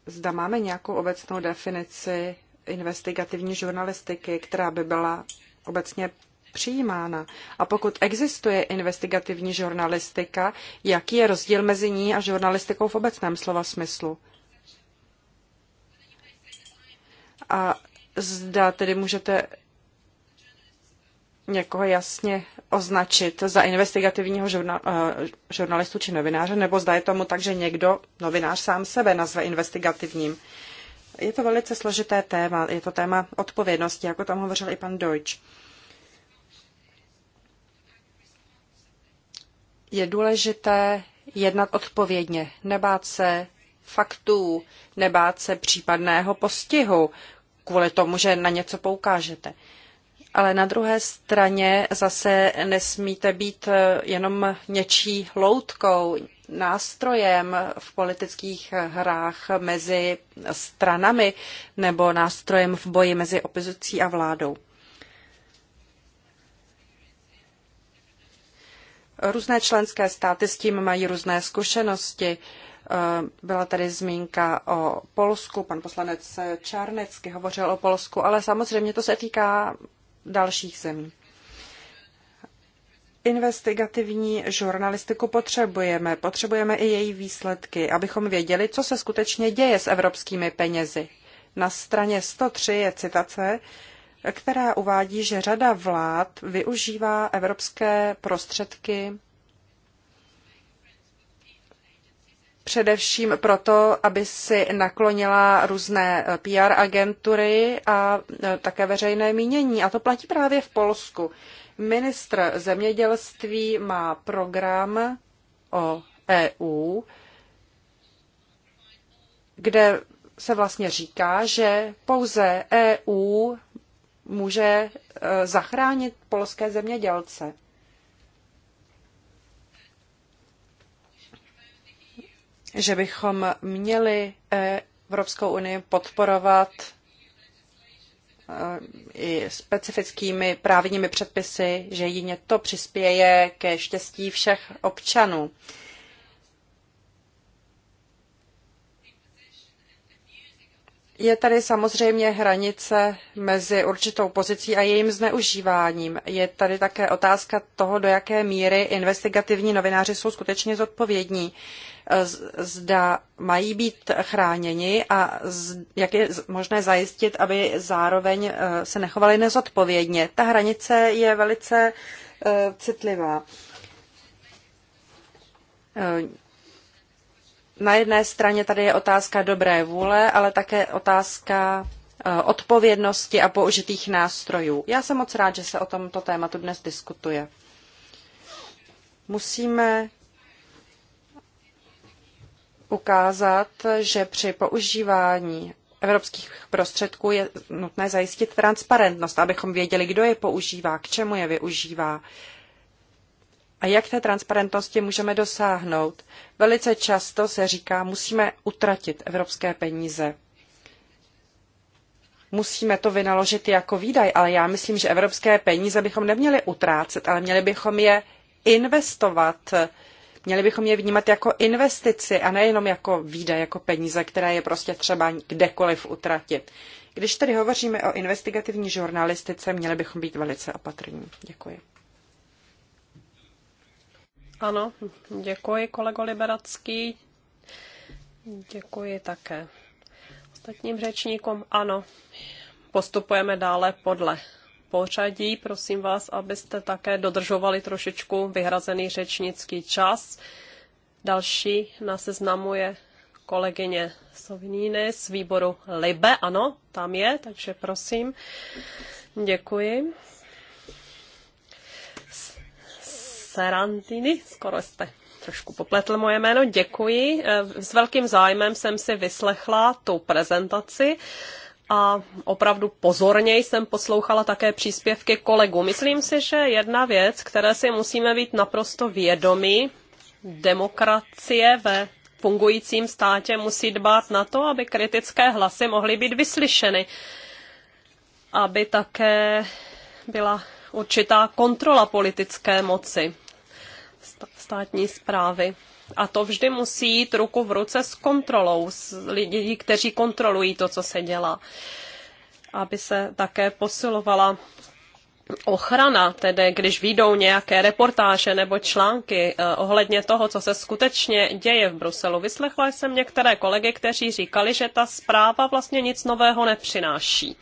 zda máme nějakou obecnou definici investigativní žurnalistiky, která by byla obecně přijímána. A pokud existuje investigativní žurnalistika, jaký je rozdíl mezi ní a žurnalistikou v obecném slova smyslu? A zda tedy můžete někoho jasně označit za investigativního eh, žurnalistu či novináře, nebo zda je tomu tak, že někdo, novinář sám sebe nazve investigativním. Je to velice složité téma, je to téma odpovědnosti, jako tam hovořil i pan Deutsch. Je důležité jednat odpovědně, nebát se faktů, nebát se případného postihu kvůli tomu, že na něco poukážete. Uh, ale na druhé straně zase nesmíte být eh, jenom něčí loutkou, nástrojem v politických hrách mezi stranami nebo nástrojem v boji mezi opozicí a vládou. Různé členské státy s tím mají různé zkušenosti. Eh, byla tady zmínka o Polsku, pan poslanec Čárnecky hovořil o Polsku, ale samozřejmě to se týká dalších zemí. Investigativní žurnalistiku potřebujeme. Potřebujeme i její výsledky, abychom věděli, co se skutečně děje s evropskými penězi. Na straně 103 je citace, která uvádí, že řada vlád využívá evropské prostředky především proto, aby si naklonila různé eh, PR agentury a eh, také veřejné mínění. A to platí právě v Polsku. Ministr zemědělství má program o EU, kde se vlastně říká, že pouze EU může eh, zachránit polské zemědělce. že bychom měli eh, Evropskou unii podporovat eh, i specifickými právními předpisy, že jině to přispěje ke štěstí všech občanů. Je tady samozřejmě hranice mezi určitou pozicí a jejím zneužíváním. Je tady také otázka toho, do jaké míry investigativní novináři jsou skutečně zodpovědní zda mají být chráněni a jak je možné zajistit, aby zároveň eh, se nechovali nezodpovědně. Ta hranice je velice eh, citlivá. Eh, na jedné straně tady je otázka dobré vůle, ale také otázka odpovědnosti a použitých nástrojů. Já jsem moc rád, že se o tomto tématu dnes diskutuje. Musíme ukázat, že při používání evropských prostředků je nutné zajistit transparentnost, abychom věděli, kdo je používá, k čemu je využívá. A jak té transparentnosti můžeme dosáhnout? Velice často se říká, musíme utratit evropské peníze. Musíme to vynaložit jako výdaj, ale já myslím, že evropské peníze bychom neměli utrácet, ale měli bychom je investovat Měli bychom je vnímat jako investici a nejenom jako výdaj, jako peníze, které je prostě třeba kdekoliv utratit. Když tedy hovoříme o investigativní žurnalistice, měli bychom být velice opatrní. Děkuji. Ano, děkuji kolego Liberacký. Děkuji také ostatním řečníkům. Ano, postupujeme dále podle pořadí. Prosím vás, abyste také dodržovali trošičku vyhrazený řečnický čas. Další na seznamu je kolegyně Soviníny z výboru Libe. Ano, tam je, takže prosím. Děkuji. Serantini, skoro jste trošku popletl moje jméno, děkuji. E, s velkým zájmem jsem si vyslechla tu prezentaci a opravdu pozorně jsem poslouchala také příspěvky kolegů. Myslím si, že jedna věc, které si musíme být naprosto vědomi, demokracie ve fungujícím státě musí dbát na to, aby kritické hlasy mohly být vyslyšeny, aby také byla určitá kontrola politické moci státní zprávy. A to vždy musí jít ruku v ruce s kontrolou, s lidí, kteří kontrolují to, co se dělá. Aby se také posilovala ochrana, tedy když výjdou nějaké reportáže nebo články eh, ohledně toho, co se skutečně děje v Bruselu. Vyslechla jsem některé kolegy, kteří říkali, že ta zpráva vlastně nic nového nepřináší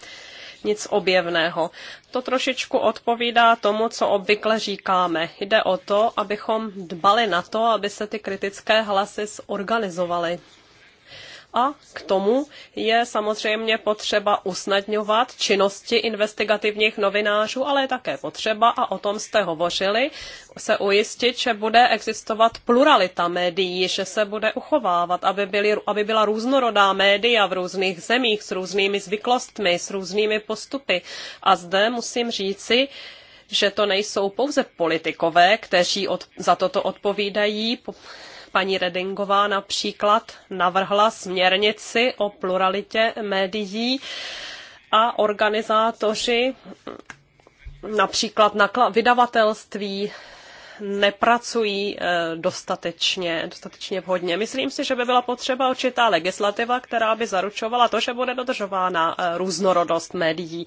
nic objevného. To trošičku odpovídá tomu, co obvykle říkáme. Jde o to, abychom dbali na to, aby se ty kritické hlasy zorganizovaly a k tomu je samozřejmě potřeba usnadňovat činnosti investigativních novinářů, ale je také potřeba, a o tom jste hovořili, se ujistit, že bude existovat pluralita médií, že se bude uchovávat, aby, byly, aby byla různorodá média v různých zemích s různými zvyklostmi, s různými postupy. A zde musím říci, že to nejsou pouze politikové, kteří od, za toto odpovídají, Paní Redingová například navrhla směrnici o pluralitě médií a organizátoři například nakla- vydavatelství nepracují eh, dostatečně, dostatečně vhodně. Myslím si, že by byla potřeba určitá legislativa, která by zaručovala to, že bude dodržována eh, různorodost médií.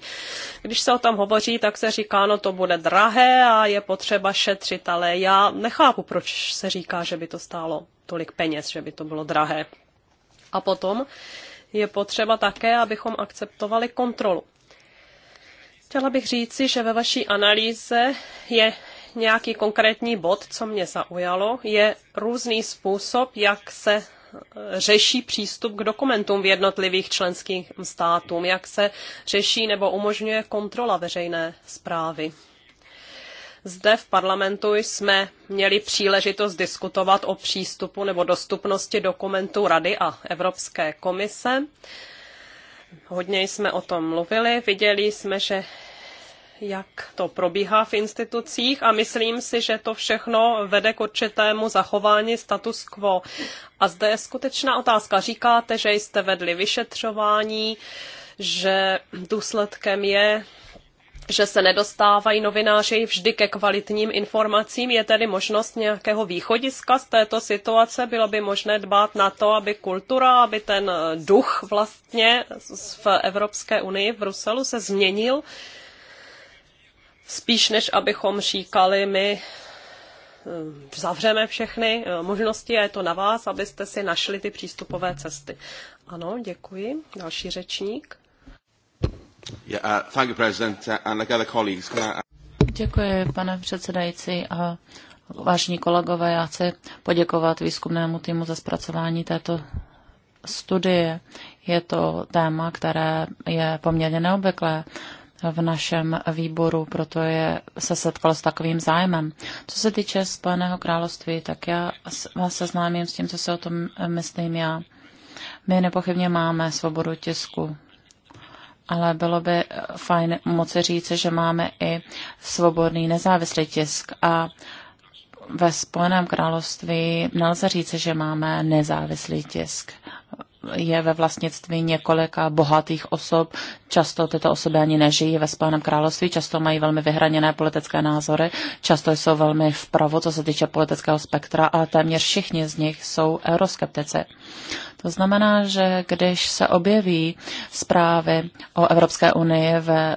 Když se o tom hovoří, tak se říká, no to bude drahé a je potřeba šetřit, ale já nechápu, proč se říká, že by to stálo tolik peněz, že by to bylo drahé. A potom je potřeba také, abychom akceptovali kontrolu. Chtěla bych říci, že ve vaší analýze je nějaký konkrétní bod, co mě zaujalo, je různý způsob, jak se řeší přístup k dokumentům v jednotlivých členských státům, jak se řeší nebo umožňuje kontrola veřejné zprávy. Zde v parlamentu jsme měli příležitost diskutovat o přístupu nebo dostupnosti dokumentů Rady a Evropské komise. Hodně jsme o tom mluvili. Viděli jsme, že jak to probíhá v institucích a myslím si, že to všechno vede k určitému zachování status quo. A zde je skutečná otázka. Říkáte, že jste vedli vyšetřování, že důsledkem je že se nedostávají novináři vždy ke kvalitním informacím. Je tedy možnost nějakého východiska z této situace? Bylo by možné dbát na to, aby kultura, aby ten duch vlastně v Evropské unii, v Bruselu se změnil? Spíš než abychom říkali, my eh, zavřeme všechny eh, možnosti a je to na vás, abyste si našli ty přístupové cesty. Ano, děkuji. Další řečník. Děkuji, pane předsedající a vážní kolegové. Já chci poděkovat výzkumnému týmu za zpracování této studie. Je to téma, které je poměrně neobvyklé v našem výboru, proto je se setkal s takovým zájmem. Co se týče Spojeného království, tak já vás seznámím s tím, co se o tom myslím já. My nepochybně máme svobodu tisku, ale bylo by fajn moci říct, že máme i svobodný nezávislý tisk a ve Spojeném království nelze říct, že máme nezávislý tisk je ve vlastnictví několika bohatých osob. Často tyto osoby ani nežijí ve Spojeném království, často mají velmi vyhraněné politické názory, často jsou velmi vpravo, co se týče politického spektra a téměř všichni z nich jsou euroskeptici. To znamená, že když se objeví zprávy o Evropské unii ve eh,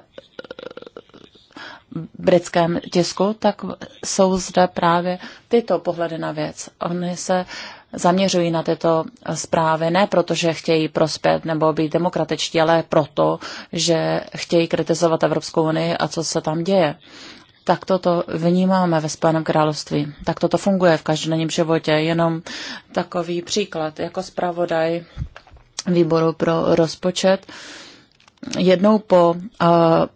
britském tisku, tak jsou zde právě tyto pohledy na věc. Oni se uh, zaměřují na tyto zprávy ne proto, že chtějí prospět nebo být demokratičtí, ale proto, že chtějí kritizovat Evropskou unii a co se tam děje. Tak toto vnímáme ve Spojeném království. Tak toto funguje v každodenním životě. Jenom takový příklad. Jako zpravodaj výboru pro rozpočet jednou po uh,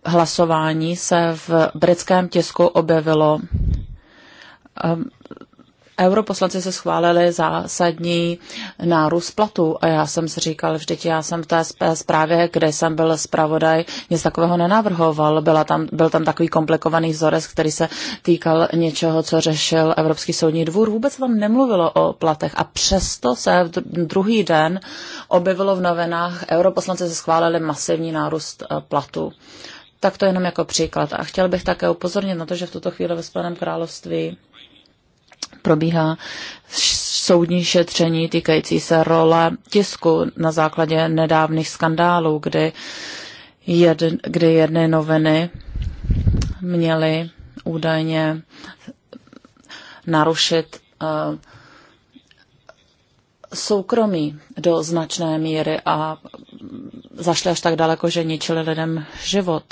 hlasování se v britském tisku objevilo uh, europoslanci se schválili zásadní nárůst platu a já jsem si říkal, vždyť já jsem v té zprávě, kde jsem byl zpravodaj, nic takového nenavrhoval. Byla tam, byl tam takový komplikovaný vzorec, který se týkal něčeho, co řešil Evropský soudní dvůr. Vůbec tam nemluvilo o platech a přesto se druhý den objevilo v novinách, europoslanci se schválili masivní nárůst eh, platu. Tak to jenom jako příklad. A chtěl bych také upozornit na to, že v tuto chvíli ve Spojeném království probíhá soudní šetření týkající se role tisku na základě nedávných skandálů, kdy, jedn, kdy jedny noviny měly údajně narušit uh, soukromí do značné míry a zašli až tak daleko, že ničili lidem život.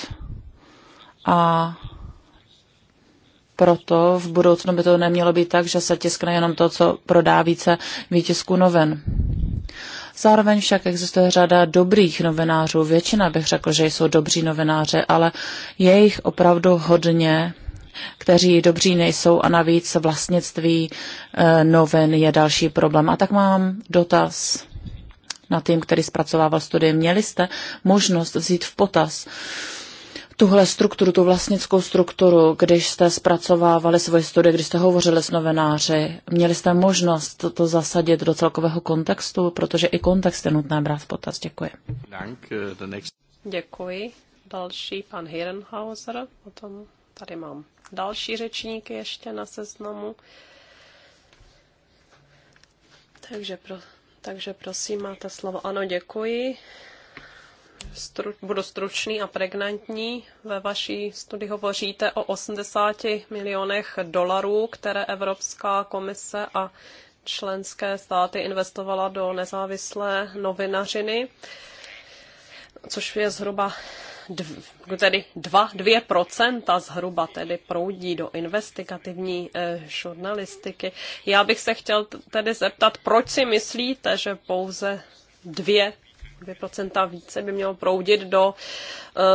A proto v budoucnu by to nemělo být tak, že se tiskne jenom to, co prodá více výtisku novin. Zároveň však existuje řada dobrých novinářů. Většina bych řekl, že jsou dobří novináři, ale je jich opravdu hodně, kteří dobří nejsou a navíc vlastnictví e, novin je další problém. A tak mám dotaz na tým, který zpracovával studie. Měli jste možnost vzít v potaz tuhle strukturu, tu vlastnickou strukturu, když jste zpracovávali svoje studie, když jste hovořili s novináři, měli jste možnost to zasadit do celkového kontextu, protože i kontext je nutné brát v potaz. Děkuji. Eh, děkuji. Další pan Hirnhauser, potom tady mám další řečníky ještě na seznamu. Takže, pro, takže prosím, máte slovo. Ano, děkuji stru, budu stručný a pregnantní. Ve vaší studii hovoříte o 80 milionech dolarů, které Evropská komise a členské státy investovala do nezávislé novinařiny, což je zhruba dv, tedy 2, 2% zhruba tedy proudí do investigativní eh, žurnalistiky. Já bych se chtěl tedy zeptat, proč si myslíte, že pouze dvě 2% více by mělo proudit do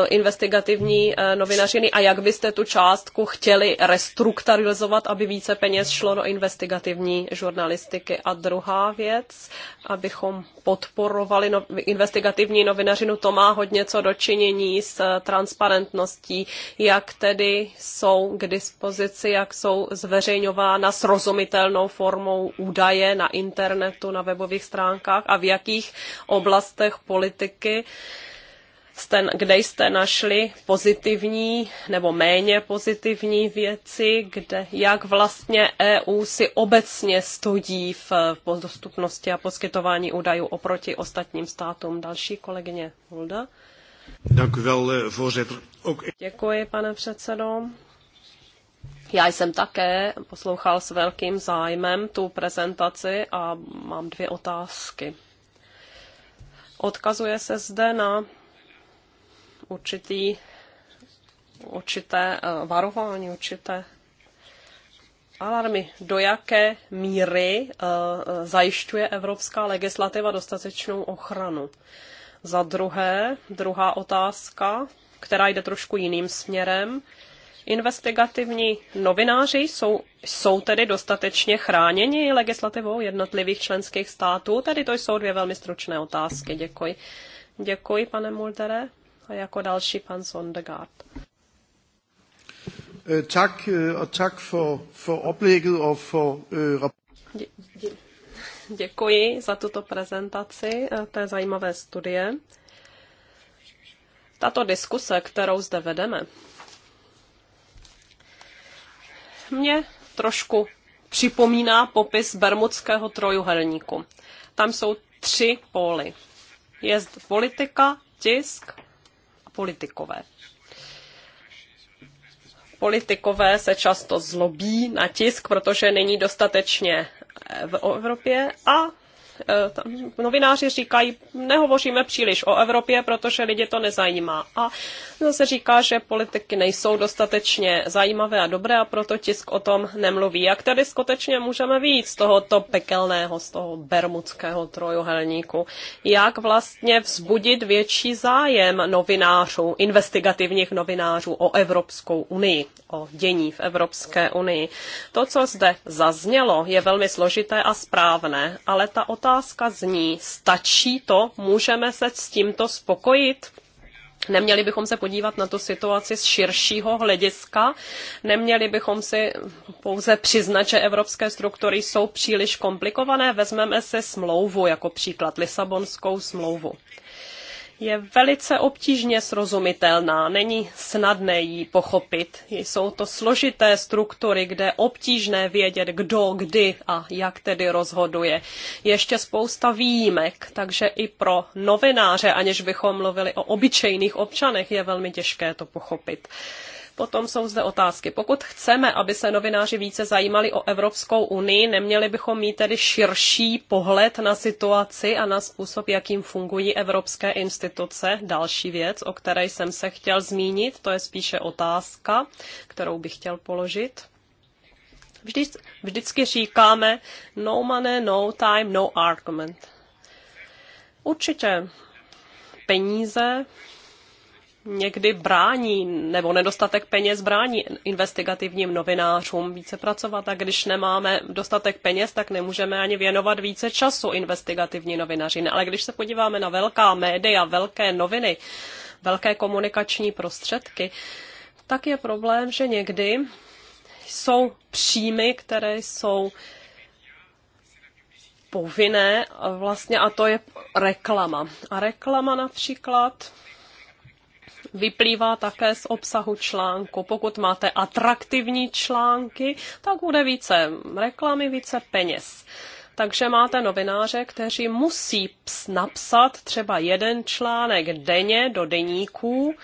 eh, investigativní eh, novinařiny a jak byste tu částku chtěli restrukturalizovat, aby více peněz šlo do investigativní žurnalistiky. A druhá věc, abychom podporovali no, investigativní novinařinu, to má hodně co dočinění s eh, transparentností, jak tedy jsou k dispozici, jak jsou zveřejňována srozumitelnou formou údaje na internetu, na webových stránkách a v jakých oblastech oblastech politiky, jste, kde jste našli pozitivní nebo méně pozitivní věci, kde, jak vlastně EU si obecně stojí v dostupnosti a poskytování údajů oproti ostatním státům. Další kolegyně Hulda. Eh, Děkuji, pane předsedo. Já jsem také poslouchal s velkým zájmem tu prezentaci a mám dvě otázky. Odkazuje se zde na určitý, určité eh, varování, určité alarmy. Do jaké míry eh, zajišťuje evropská legislativa dostatečnou ochranu? Za druhé, druhá otázka, která jde trošku jiným směrem, Investigativní novináři jsou, jsou tedy dostatečně chráněni legislativou jednotlivých členských států? Tedy to jsou dvě velmi stručné otázky. Děkuji. Děkuji, pane Muldere. A jako další pan Sondegaard. Øh, tak a øh, tak for, for for øh, Děkuji za tuto prezentaci eh, té zajímavé studie. Tato diskuse, kterou zde vedeme, mě trošku připomíná popis Bermudského trojuhelníku. Tam jsou tři póly. Je politika, tisk a politikové. Politikové se často zlobí na tisk, protože není dostatečně v Evropě a Eh, novináři říkají, nehovoříme příliš o Evropě, protože lidi to nezajímá. A se říká, že politiky nejsou dostatečně zajímavé a dobré a proto tisk o tom nemluví. Jak tedy skutečně můžeme víc z tohoto pekelného, z toho bermudského trojuhelníku? Jak vlastně vzbudit větší zájem novinářů, investigativních novinářů o Evropskou unii, o dění v Evropské unii? To, co zde zaznělo, je velmi složité a správné, ale ta otázka otázka zní, stačí to? Můžeme se s tímto spokojit? Neměli bychom se podívat na tu situaci z širšího hlediska, neměli bychom si pouze přiznat, že evropské struktury jsou příliš komplikované. Vezmeme si smlouvu jako příklad, Lisabonskou smlouvu je velice obtížně srozumitelná, není snadné ji pochopit. Jsou to složité struktury, kde obtížné vědět, kdo, kdy a jak tedy rozhoduje. Ještě spousta výjimek, takže i pro novináře, aniž bychom mluvili o obyčejných občanech, je velmi těžké to pochopit. Potom jsou zde otázky. Pokud chceme, aby se novináři více zajímali o Evropskou unii, neměli bychom mít tedy širší pohled na situaci a na způsob, jakým fungují evropské instituce. Další věc, o které jsem se chtěl zmínit, to je spíše otázka, kterou bych chtěl položit vždy, vždycky říkáme no money, no time, no argument. Určitě peníze někdy brání, nebo nedostatek peněz brání investigativním novinářům více pracovat. A když nemáme dostatek peněz, tak nemůžeme ani věnovat více času investigativní novinařině. Ale když se podíváme na velká média, velké noviny, velké komunikační prostředky, tak je problém, že někdy jsou příjmy, které jsou povinné vlastně a to je reklama. A reklama například vyplývá také z obsahu článku. Pokud máte atraktivní články, tak bude více reklamy, více peněz. Takže máte novináře, kteří musí napsat třeba jeden článek denně do deníků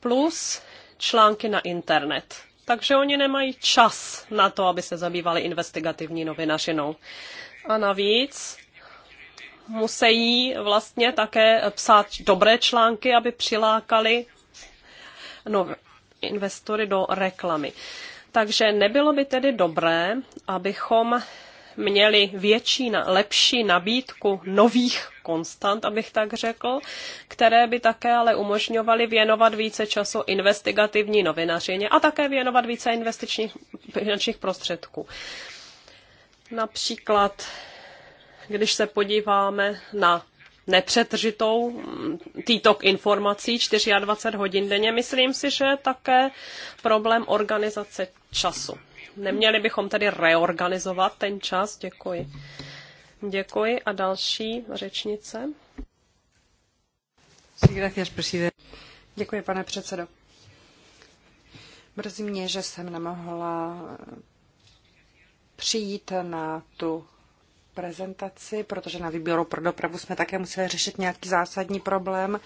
plus články na internet. Takže oni nemají čas na to, aby se zabývali investigativní novinařinou. A navíc musí vlastně také psát dobré články, aby přilákali no, investory do reklamy. Takže nebylo by tedy dobré, abychom měli větší, lepší nabídku nových konstant, abych tak řekl, které by také ale umožňovaly věnovat více času investigativní novinařině a také věnovat více investičních finančních prostředků. Například, když se podíváme na nepřetržitou mm, týtok informací 24 hodin denně. Myslím si, že je také problém organizace času. Neměli bychom tedy reorganizovat ten čas. Děkuji. Děkuji a další řečnice. Děkuji, pane předsedo. Mrzí mě, že jsem nemohla přijít na tu prezentaci, protože na výběru pro dopravu jsme také museli řešit nějaký zásadní problém,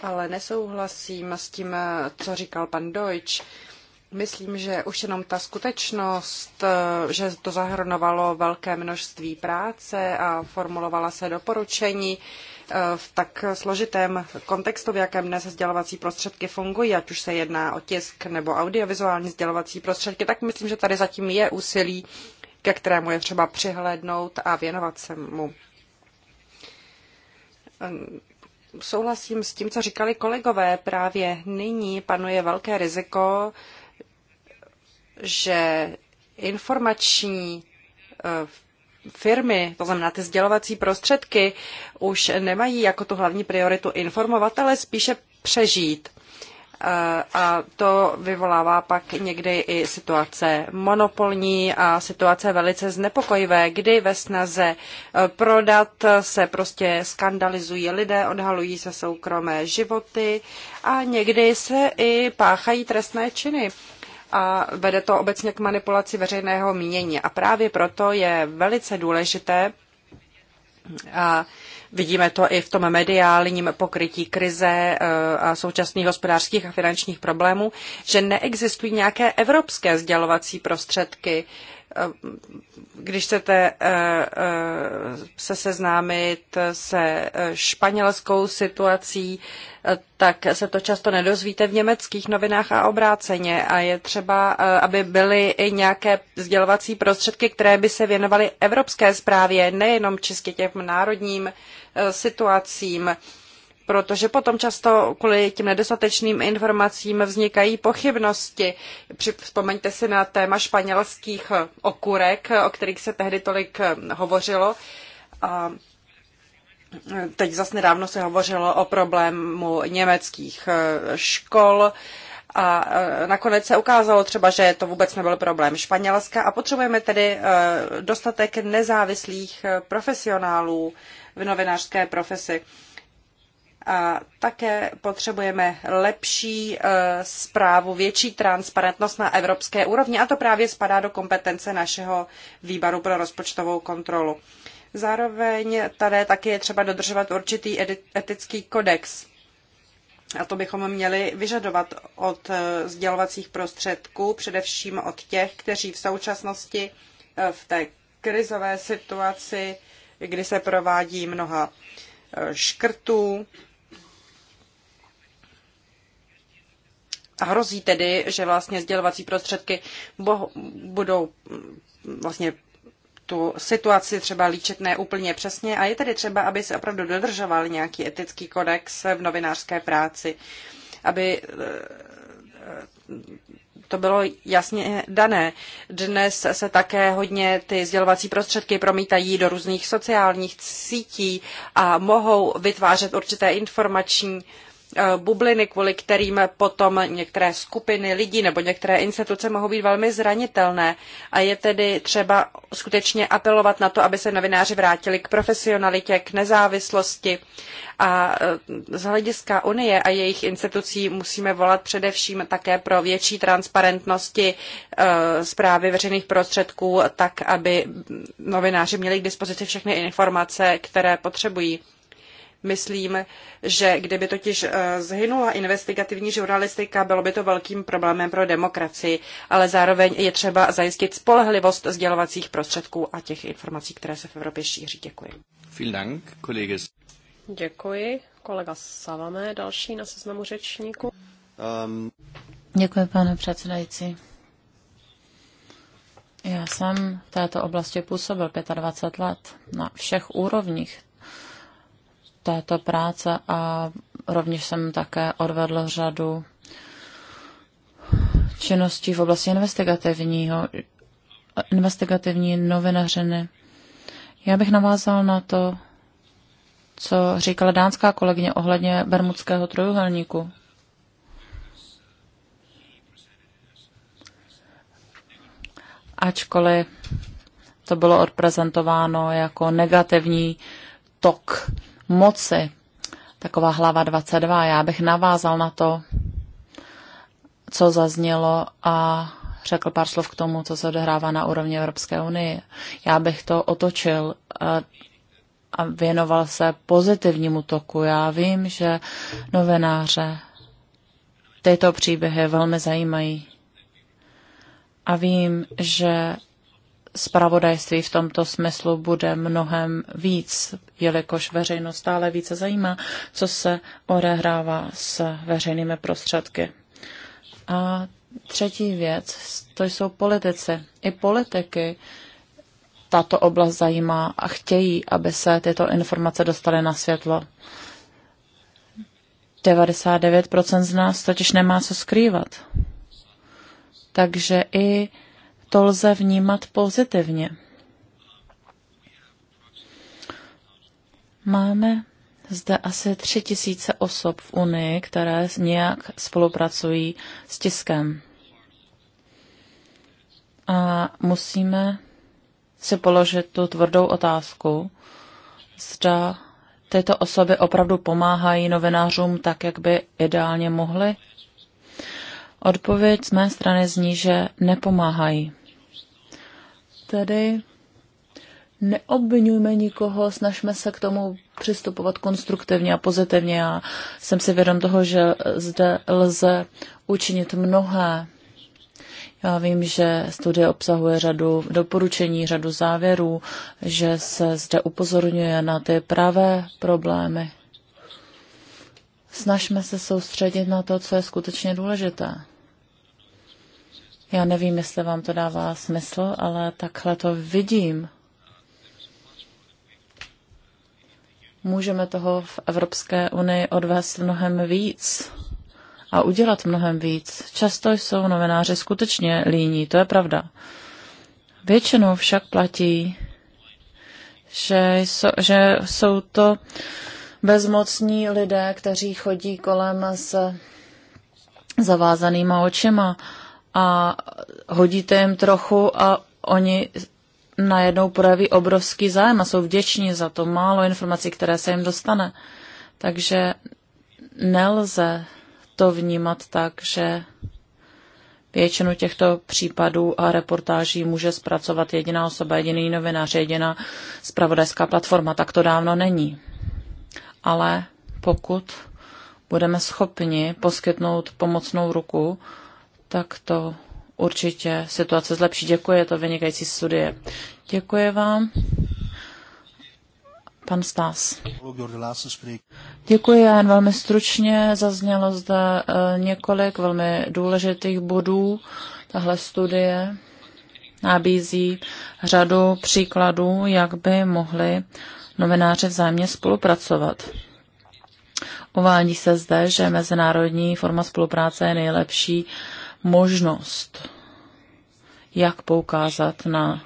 ale nesouhlasím s tím, co říkal pan Deutsch. Myslím, že už jenom ta skutečnost, že to zahrnovalo velké množství práce a formulovala se doporučení v tak složitém kontextu, v jakém dnes sdělovací prostředky fungují, ať už se jedná o tisk nebo audiovizuální sdělovací prostředky, tak myslím, že tady zatím je úsilí ke kterému je třeba přihlédnout a věnovat se mu. Ehm, souhlasím s tím, co říkali kolegové. Právě nyní panuje velké riziko, že informační ehm, firmy, to znamená ty sdělovací prostředky, už nemají jako tu hlavní prioritu informovat, ale spíše přežít. Eh, a to vyvolává pak někdy i situace monopolní a situace velice znepokojivé, kdy ve snaze eh, prodat se prostě skandalizují lidé, odhalují se soukromé životy a někdy se i páchají trestné činy a vede to obecně k manipulaci veřejného mínění. A právě proto je velice důležité, a vidíme to i v tom mediálním pokrytí krize e, a současných hospodářských a finančních problémů, že neexistují nějaké evropské sdělovací prostředky, Eh, když chcete eh, eh, se seznámit se španělskou situací, tak se to často nedozvíte v německých novinách a obráceně. A je třeba, aby byly i nějaké sdělovací prostředky, které by se věnovaly evropské zprávě, nejenom čistě těm národním situacím protože potom často kvůli těm nedostatečným informacím vznikají pochybnosti. Vzpomeňte si na téma španělských eh, okurek, eh, o kterých se tehdy tolik eh, hovořilo. A teď zase nedávno se hovořilo o problému německých škol. A nakonec se ukázalo třeba, že to vůbec nebyl problém Španělska a potřebujeme tedy dostatek nezávislých profesionálů v novinářské profesi a také potřebujeme lepší eh, zprávu, větší transparentnost na evropské úrovni a to právě spadá do kompetence našeho výboru pro rozpočtovou kontrolu. Zároveň tady také je třeba dodržovat určitý etický kodex. A to bychom měli vyžadovat od eh, sdělovacích prostředků, především od těch, kteří v současnosti eh, v té krizové situaci, kdy se provádí mnoha škrtů, a hrozí tedy, že vlastně sdělovací prostředky boh, budou mm, vlastně tu situaci třeba líčit ne úplně přesně a je tedy třeba, aby se opravdu dodržoval nějaký etický kodex v novinářské práci, aby e, e, to bylo jasně dané. Dnes se také hodně ty sdělovací prostředky promítají do různých sociálních sítí a mohou vytvářet určité informační uh, Eh, bubliny, kvůli kterým potom některé skupiny lidí nebo některé instituce mohou být velmi zranitelné. A je tedy třeba skutečně apelovat na to, aby se novináři vrátili k profesionalitě, k nezávislosti. A eh, z hlediska Unie a jejich institucí musíme volat především také pro větší transparentnosti eh, zprávy veřejných prostředků, tak aby novináři měli k dispozici všechny informace, které potřebují. Myslím, že kdyby totiž eh, zhynula investigativní žurnalistika, bylo by to velkým problémem pro demokracii, ale zároveň je třeba zajistit spolehlivost sdělovacích prostředků a těch informací, které se v Evropě šíří. Děkuji. Děkuji. Kolega Savamé, další na seznamu řečníků. Um... Děkuji, pane předsedající. Já jsem v této oblasti působil 25 let na všech úrovních této práce a rovněž jsem také odvedl řadu činností v oblasti investigativního, investigativní novinařiny. Já bych navázal na to, co říkala dánská kolegyně ohledně Bermudského trojuhelníku. Ačkoliv to bylo odprezentováno jako negativní tok moci. Taková hlava 22. Já bych navázal na to, co zaznělo a řekl pár slov k tomu, co se odehrává na úrovni Evropské unie. Já bych to otočil eh, a věnoval se pozitivnímu toku. Já vím, že novináře tyto příběhy velmi zajímají. A vím, že spravodajství v tomto smyslu bude mnohem víc, jelikož veřejnost stále více zajímá, co se odehrává s veřejnými prostředky. A třetí věc, to jsou politici. I politiky tato oblast zajímá a chtějí, aby se tyto informace dostaly na světlo. 99% z nás totiž nemá co skrývat. Takže i to lze vnímat pozitivně. Máme zde asi tři tisíce osob v Unii, které nějak spolupracují s tiskem. A musíme si položit tu tvrdou otázku, zda tyto osoby opravdu pomáhají novinářům tak, jak by ideálně mohly? Odpověď z mé strany zní, že nepomáhají tedy neobvinujme nikoho, snažme se k tomu přistupovat konstruktivně a pozitivně. Já jsem si vědom toho, že zde lze učinit mnohé. Já vím, že studie obsahuje řadu doporučení, řadu závěrů, že se zde upozorňuje na ty pravé problémy. Snažme se soustředit na to, co je skutečně důležité. Já nevím, jestli vám to dává smysl, ale takhle to vidím. Můžeme toho v Evropské unii odvést mnohem víc a udělat mnohem víc. Často jsou novináři skutečně líní, to je pravda. Většinou však platí, že jsou, že jsou to bezmocní lidé, kteří chodí kolem s zavázanýma očima a hodíte jim trochu a oni najednou projeví obrovský zájem a jsou vděční za to málo informací, které se jim dostane. Takže nelze to vnímat tak, že většinu těchto případů a reportáží může zpracovat jediná osoba, jediný novinář, jediná zpravodajská platforma. Tak to dávno není. Ale pokud budeme schopni poskytnout pomocnou ruku, tak to určitě situace zlepší. Děkuji, je to vynikající studie. Děkuji vám. Pan Stas. Děkuji, jen velmi stručně. Zaznělo zde eh, několik velmi důležitých bodů. Tahle studie nabízí řadu příkladů, jak by mohli novináři vzájemně spolupracovat. Uvádí se zde, že mezinárodní forma spolupráce je nejlepší možnost, jak poukázat na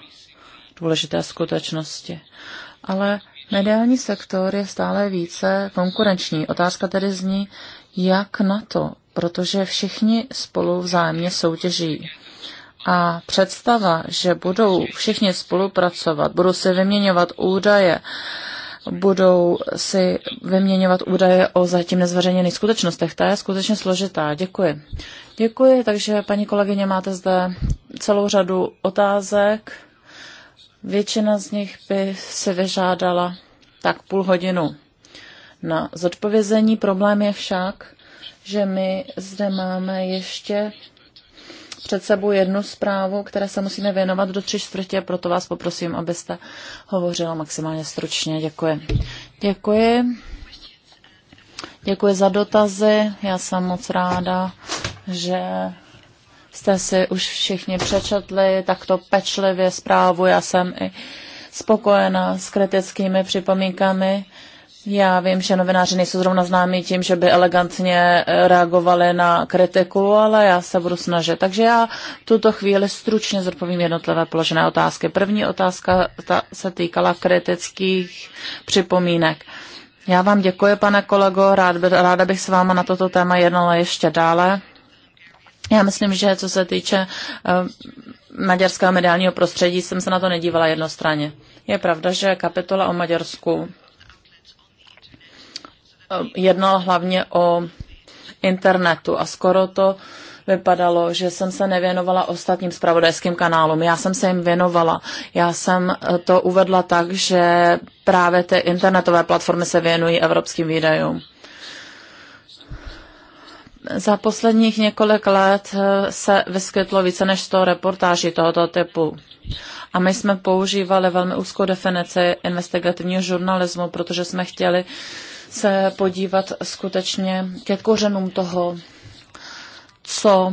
důležité skutečnosti. Ale mediální sektor je stále více konkurenční. Otázka tedy zní, jak na to, protože všichni spolu vzájemně soutěží. A představa, že budou všichni spolupracovat, budou si vyměňovat údaje, budou si vyměňovat údaje o zatím nezveřejněných skutečnostech, ta je skutečně složitá. Děkuji. Děkuji, takže paní kolegyně, máte zde celou řadu otázek. Většina z nich by si vyžádala tak půl hodinu na zodpovězení. Problém je však, že my zde máme ještě před sebou jednu zprávu, které se musíme věnovat do tři čtvrtě, proto vás poprosím, abyste hovořila maximálně stručně. Děkuji. Děkuji. Děkuji za dotazy, já jsem moc ráda, že jste si už všichni přečetli takto pečlivě zprávu. Já jsem i spokojena s kritickými připomínkami. Já vím, že novináři nejsou zrovna známí tím, že by elegantně eh, reagovali na kritiku, ale já se budu snažit. Takže já v tuto chvíli stručně zodpovím jednotlivé položené otázky. První otázka ta se týkala kritických připomínek. Já vám děkuji, pane kolego, rád by, ráda bych s váma na toto téma jednala ještě dále. Já myslím, že co se týče eh, maďarského mediálního prostředí, jsem se na to nedívala jednostranně. Je pravda, že kapitola o Maďarsku eh, jednal hlavně o internetu a skoro to vypadalo, že jsem se nevěnovala ostatním spravodajským kanálům. Já jsem se jim věnovala. Já jsem eh, to uvedla tak, že právě ty internetové platformy se věnují evropským výdajům. Za posledních několik let eh, se vyskytlo více než 100 reportáží tohoto typu. A my jsme používali velmi úzkou definici investigativního žurnalismu, protože jsme chtěli se podívat skutečně ke kořenům toho, co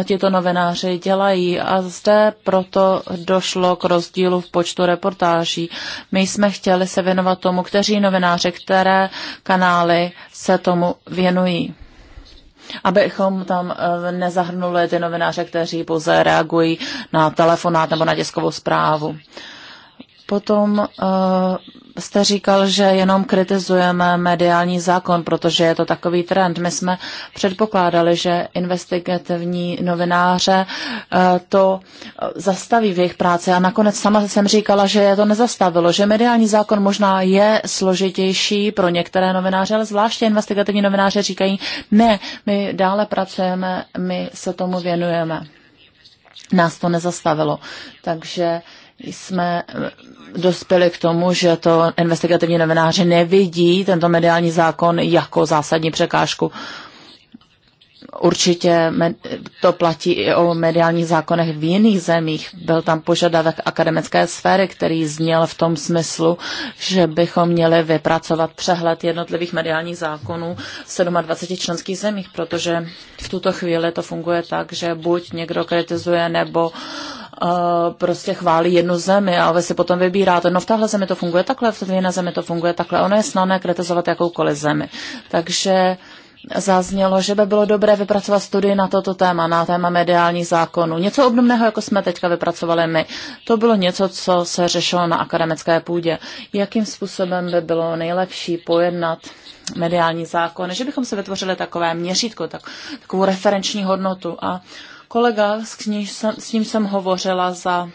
eh, tito novináři dělají. A zde proto došlo k rozdílu v počtu reportáží. My jsme chtěli se věnovat tomu, kteří novináři, které kanály se tomu věnují abychom tam eh, nezahrnuli ty novináře, kteří pouze reagují na telefonát nebo na tiskovou zprávu. Potom uh, jste říkal, že jenom kritizujeme mediální zákon, protože je to takový trend. My jsme předpokládali, že investigativní novináře uh, to eh, zastaví v jejich práci a nakonec sama jsem říkala, že je to nezastavilo, že mediální zákon možná je složitější pro některé novináře, ale zvláště investigativní novináře říkají, ne, my dále pracujeme, my se tomu věnujeme. Nás to nezastavilo. Takže uh, jsme eh, dospěli k tomu, že to investigativní novináři nevidí tento mediální zákon jako zásadní překážku. Určitě to platí i o mediálních zákonech v jiných zemích. Byl tam požadavek akademické sféry, který zněl v tom smyslu, že bychom měli vypracovat přehled jednotlivých mediálních zákonů v 27 členských zemích, protože v tuto chvíli to funguje tak, že buď někdo kritizuje nebo uh, prostě chválí jednu zemi a vy si potom vybíráte, no v téhle zemi to funguje takhle, v té jiné zemi to funguje takhle. Ono je snadné kritizovat jakoukoliv zemi. Takže zaznělo, že by bylo dobré vypracovat studii na toto téma, na téma mediálních zákonů. Něco obdobného, jako jsme teďka vypracovali my. To bylo něco, co se řešilo na akademické půdě. Jakým způsobem by bylo nejlepší pojednat mediální zákon, že bychom se vytvořili takové měřítko, tak, takovou referenční hodnotu. A uh, Kolega, s, kníž jsem, s ním jsem hovořila za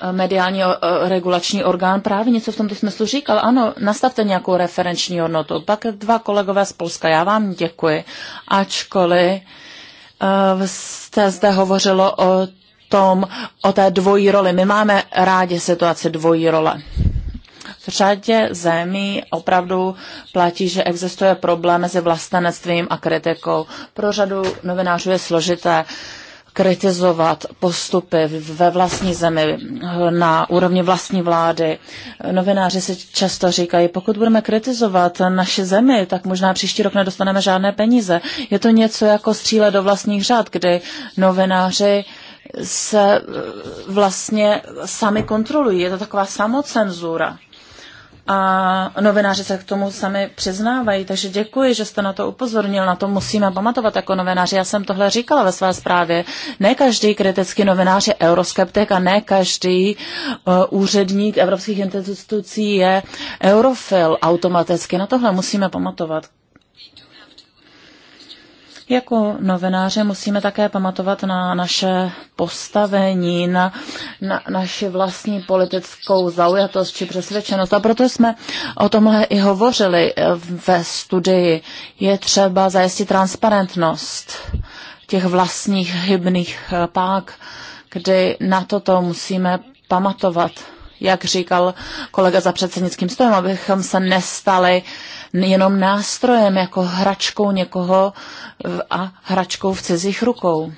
eh, mediální eh, regulační orgán právě něco v tomto smyslu říkal. Ano, nastavte nějakou referenční hodnotu. Pak dva kolegové z Polska, já vám děkuji. Ačkoliv eh, jste zde hovořilo o tom, o té dvojí roli. My máme rádi situaci dvojí role. V řadě zemí opravdu platí, že existuje problém mezi vlastenectvím a kritikou. Pro řadu novinářů je složité kritizovat postupy ve vlastní zemi, na úrovni vlastní vlády. Novináři si často říkají, pokud budeme kritizovat naše zemi, tak možná příští rok nedostaneme žádné peníze. Je to něco jako stříle do vlastních řád, kdy novináři se e, vlastně sami kontrolují. Je to taková samocenzura a novináři se k tomu sami přiznávají, takže děkuji, že jste na to upozornil, na to musíme pamatovat jako novináři. Já jsem tohle říkala ve své zprávě. Ne každý kritický novinář je euroskeptik a ne každý uh, úředník evropských institucí je eurofil automaticky. Na tohle musíme pamatovat. Jako novináře musíme také pamatovat na naše postavení, na, na naši vlastní politickou zaujatost či přesvědčenost. A proto jsme o tomhle i hovořili eh, ve studii. Je třeba zajistit transparentnost těch vlastních hybných eh, pák, kdy na toto musíme pamatovat jak říkal kolega za předsednickým stojem, abychom se nestali jenom nástrojem, jako hračkou někoho a hračkou v cizích rukou.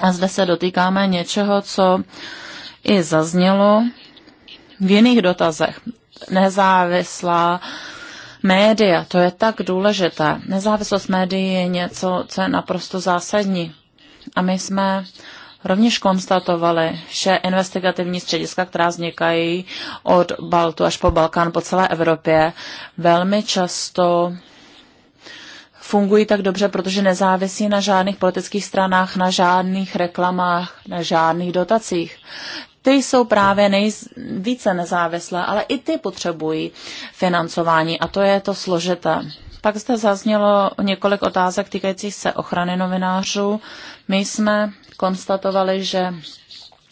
A zde se dotýkáme něčeho, co i zaznělo v jiných dotazech. Nezávislá média, to je tak důležité. Nezávislost médií je něco, co je naprosto zásadní. A my jsme rovněž konstatovali, že investigativní střediska, která vznikají od Baltu až po Balkán po celé Evropě, velmi často fungují tak dobře, protože nezávisí na žádných politických stranách, na žádných reklamách, na žádných dotacích. Ty jsou právě nejvíce nezávislé, ale i ty potřebují financování a to je to složité. Pak zde zaznělo několik otázek týkajících se ochrany novinářů. My jsme konstatovali, že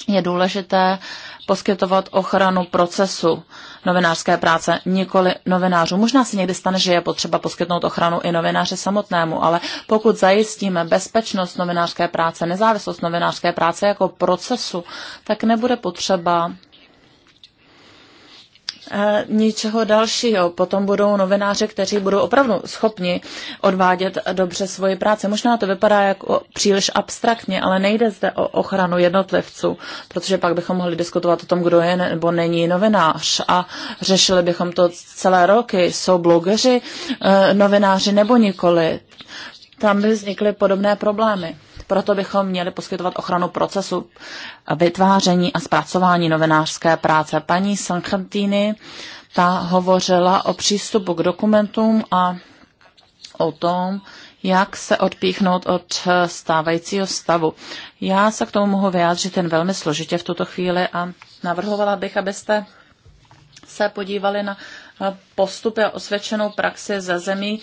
je důležité poskytovat ochranu procesu novinářské práce, nikoli novinářů. Možná se někdy stane, že je potřeba poskytnout ochranu i novináře samotnému, ale pokud zajistíme bezpečnost novinářské práce, nezávislost novinářské práce jako procesu, tak nebude potřeba Eh, ničeho dalšího. Potom budou novináři, kteří budou opravdu schopni odvádět dobře svoji práci. Možná to vypadá jako příliš abstraktně, ale nejde zde o ochranu jednotlivců, protože pak bychom mohli diskutovat o tom, kdo je nebo není novinář a řešili bychom to celé roky. Jsou blogeři eh, novináři nebo nikoli. Tam by vznikly podobné problémy. Proto bychom měli poskytovat ochranu procesu vytváření a zpracování novinářské práce. Paní Sanchantini, ta hovořila o přístupu k dokumentům a o tom, jak se odpíchnout od stávajícího stavu. Já se k tomu mohu vyjádřit jen velmi složitě v tuto chvíli a navrhovala bych, abyste se podívali na postupy a osvědčenou praxi ze zemí,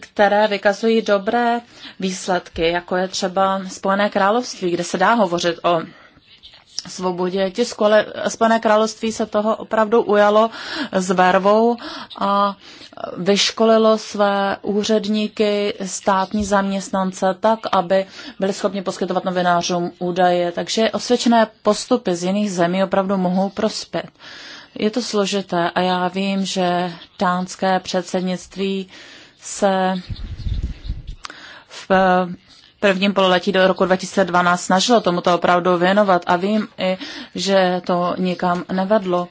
které vykazují dobré výsledky, jako je třeba Spojené království, kde se dá hovořit o svobodě tisku, ale Spojené království se toho opravdu ujalo s vervou a vyškolilo své úředníky, státní zaměstnance tak, aby byli schopni poskytovat novinářům údaje. Takže osvědčené postupy z jiných zemí opravdu mohou prospět. Je to složité a já vím, že dánské předsednictví se v eh, prvním pololetí do roku 2012 snažilo tomuto opravdu věnovat a vím i, že to nikam nevedlo.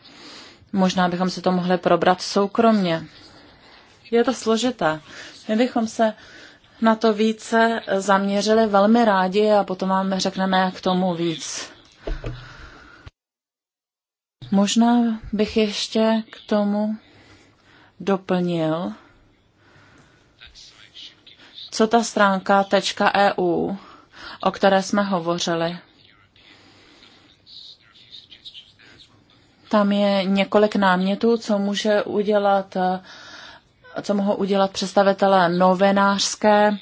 Možná bychom se to mohli probrat soukromně. Je to složité. My bychom se na to více zaměřili velmi rádi a potom vám řekneme k tomu víc. Možná bych ještě k tomu doplnil, co ta stránka .eu, e o které jsme hovořili. Tam je několik námětů, co může udělat, co mohou udělat představitelé novinářské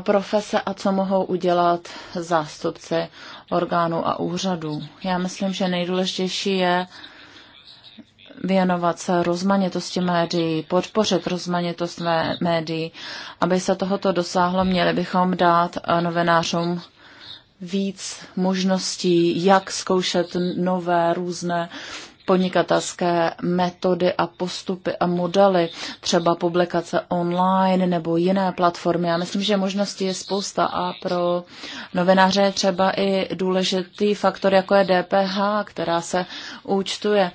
profese a co mohou udělat zástupci orgánů a úřadů. Já myslím, že nejdůležitější je věnovat se rozmanitosti médií, podpořit rozmanitost médií. Aby se tohoto dosáhlo, měli bychom dát eh, novinářům víc možností, jak zkoušet nové různé podnikatelské metody a postupy a modely, třeba publikace online nebo jiné platformy. Já myslím, že možností je spousta a pro novináře je třeba i důležitý faktor, jako je DPH, která se účtuje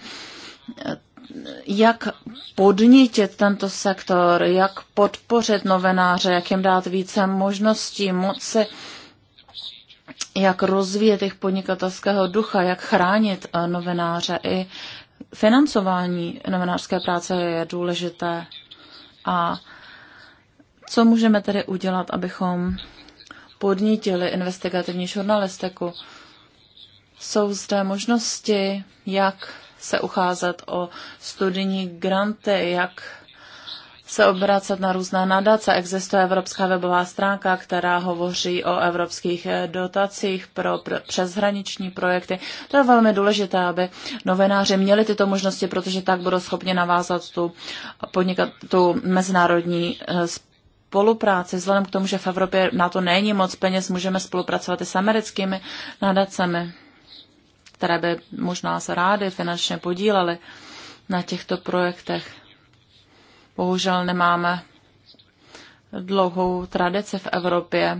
jak podnítit tento sektor, jak podpořit novináře, jak jim dát více možností, moci jak rozvíjet jejich podnikatelského ducha, jak chránit eh, novináře. I financování novinářské práce je důležité. A co můžeme tedy udělat, abychom podnítili investigativní žurnalistiku? Jsou zde možnosti, jak se ucházet o studijní granty, jak se obracet na různé nadace. Existuje Evropská webová stránka, která hovoří o evropských eh, dotacích pro přeshraniční projekty. To je velmi důležité, aby novináři měli tyto možnosti, protože tak budou schopni navázat tu, podnikat, tu mezinárodní eh, spolupráci. Vzhledem k tomu, že v Evropě na to není moc peněz, můžeme spolupracovat i s americkými nadacemi, které by možná se rády finančně podílely na těchto projektech. Bohužel nemáme dlouhou tradici v Evropě,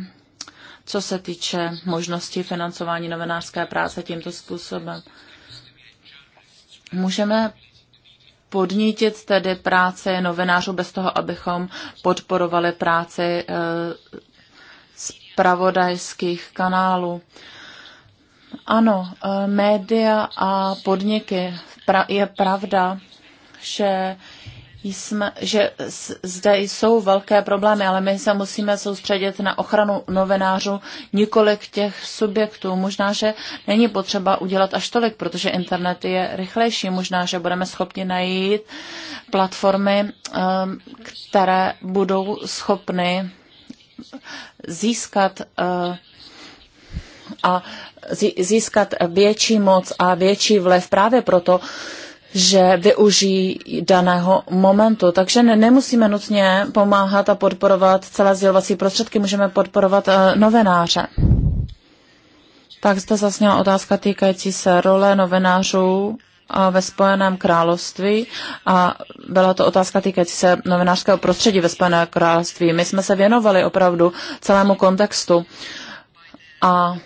co se týče možnosti financování novinářské práce tímto způsobem. Můžeme podnítit tedy práci novinářů bez toho, abychom podporovali práci eh, zpravodajských kanálů. Ano, eh, média a podniky. Je pravda, že jsme, že zde jsou velké problémy, ale my se musíme soustředit na ochranu novinářů, několik těch subjektů. Možná, že není potřeba udělat až tolik, protože internet je rychlejší. Možná, že budeme schopni najít platformy, ehm, které budou schopny získat eh, a získat větší moc a větší vliv právě proto, že využijí daného momentu. Takže ne, nemusíme nutně pomáhat a podporovat celé sdělovací prostředky, můžeme podporovat uh, novináře. Tak zde zasněla otázka týkající se role novinářů eh, ve Spojeném království a byla to otázka týkající se novinářského prostředí ve Spojeném království. My jsme se věnovali opravdu celému kontextu a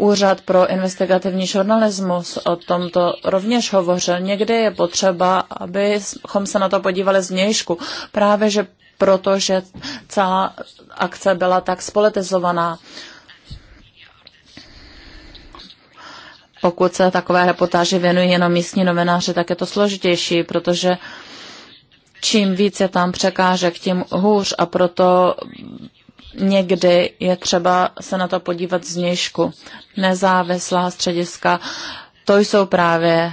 Úřad pro investigativní žurnalismus o tomto rovněž hovořil. Někdy je potřeba, abychom se na to podívali zvnějšku. Právě, že protože celá akce byla tak spolitizovaná. Pokud se takové reportáži věnují jenom místní novináři, tak je to složitější, protože čím více tam překážek, tím hůř a proto někdy je třeba se na to podívat z nějšku, Nezávislá střediska, to jsou právě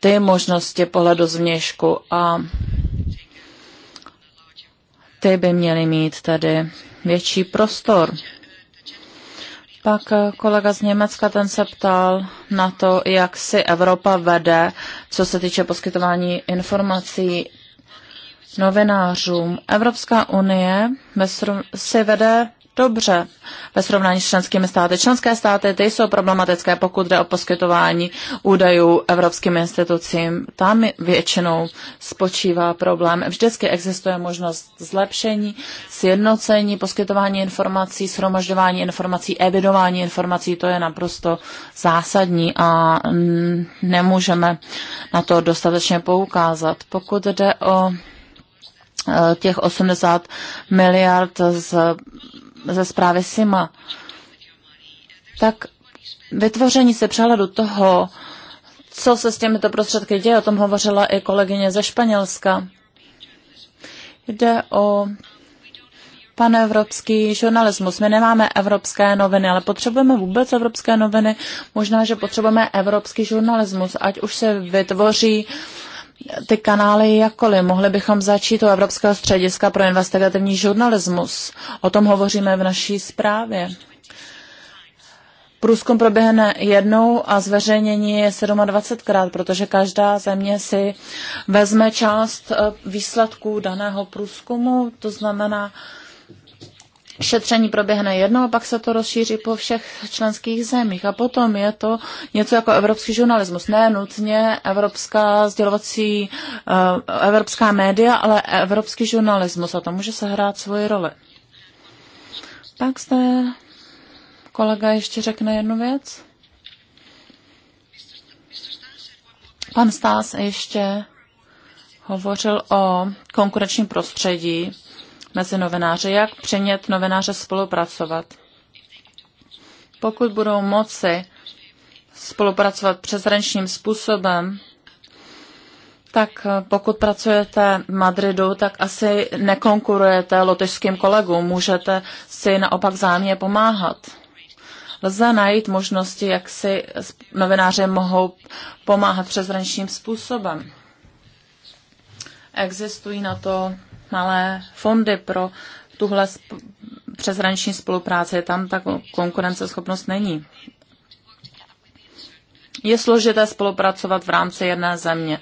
ty možnosti pohledu z zvnějšku a ty by měly mít tedy větší prostor. Pak kolega z Německa, ten se ptal na to, jak si Evropa vede, co se týče poskytování informací novinářům. Evropská unie si vede dobře ve srovnání s členskými státy. Členské státy ty jsou problematické, pokud jde o poskytování údajů evropským institucím. Tam většinou spočívá problém. Vždycky existuje možnost zlepšení, sjednocení, poskytování informací, shromažďování informací, evidování informací. To je naprosto zásadní a nemůžeme na to dostatečně poukázat. Pokud jde o Eh, těch 80 miliard z, ze zprávy SIMA, tak vytvoření se přehledu toho, co se s těmito prostředky děje, o tom hovořila i kolegyně ze Španělska. Jde o panevropský žurnalismus. My nemáme evropské noviny, ale potřebujeme vůbec evropské noviny. Možná, že potřebujeme evropský žurnalismus, ať už se vytvoří uh, ty kanály jakkoliv. Mohli bychom začít u Evropského střediska pro investigativní žurnalismus. O tom hovoříme v naší zprávě. Průzkum proběhne jednou a zveřejnění je 27krát, protože každá země si vezme část eh, výsledků daného průzkumu, to znamená, šetření proběhne jednou a pak se to rozšíří po všech členských zemích. A potom je to něco jako evropský žurnalismus. Ne nutně evropská sdělovací, eh, evropská média, ale evropský žurnalismus. A to může se hrát svoji roli. Pak zde kolega ještě řekne jednu věc. Pan Stás ještě hovořil o konkurenčním prostředí mezi novináři, jak přenět novináře spolupracovat. Pokud budou moci spolupracovat přezrančním způsobem, tak pokud pracujete v Madridu, tak asi nekonkurujete lotyšským kolegům, můžete si naopak zájemně pomáhat. Lze najít možnosti, jak si novináři mohou pomáhat přezrančním způsobem. Existují na to malé fondy pro tuhle přeshraniční spolupráci. Tam ta konkurenceschopnost není. Je složité spolupracovat v rámci jedné země.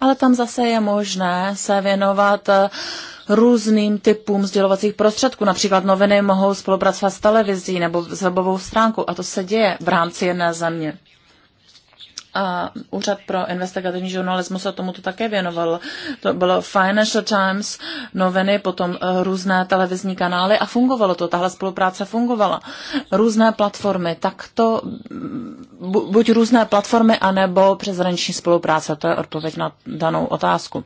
Ale tam zase je možné se věnovat eh, různým typům sdělovacích prostředků. Například noviny mohou spolupracovat s televizí nebo s webovou stránkou a to se děje v rámci jedné země a Úřad pro investigativní žurnalismus se tomuto také věnoval. To bylo Financial Times, noviny, potom eh, různé televizní kanály a fungovalo to. Tahle spolupráce fungovala. Různé platformy, tak to mm, buď různé platformy, anebo přeshraniční spolupráce. To je odpověď na danou otázku.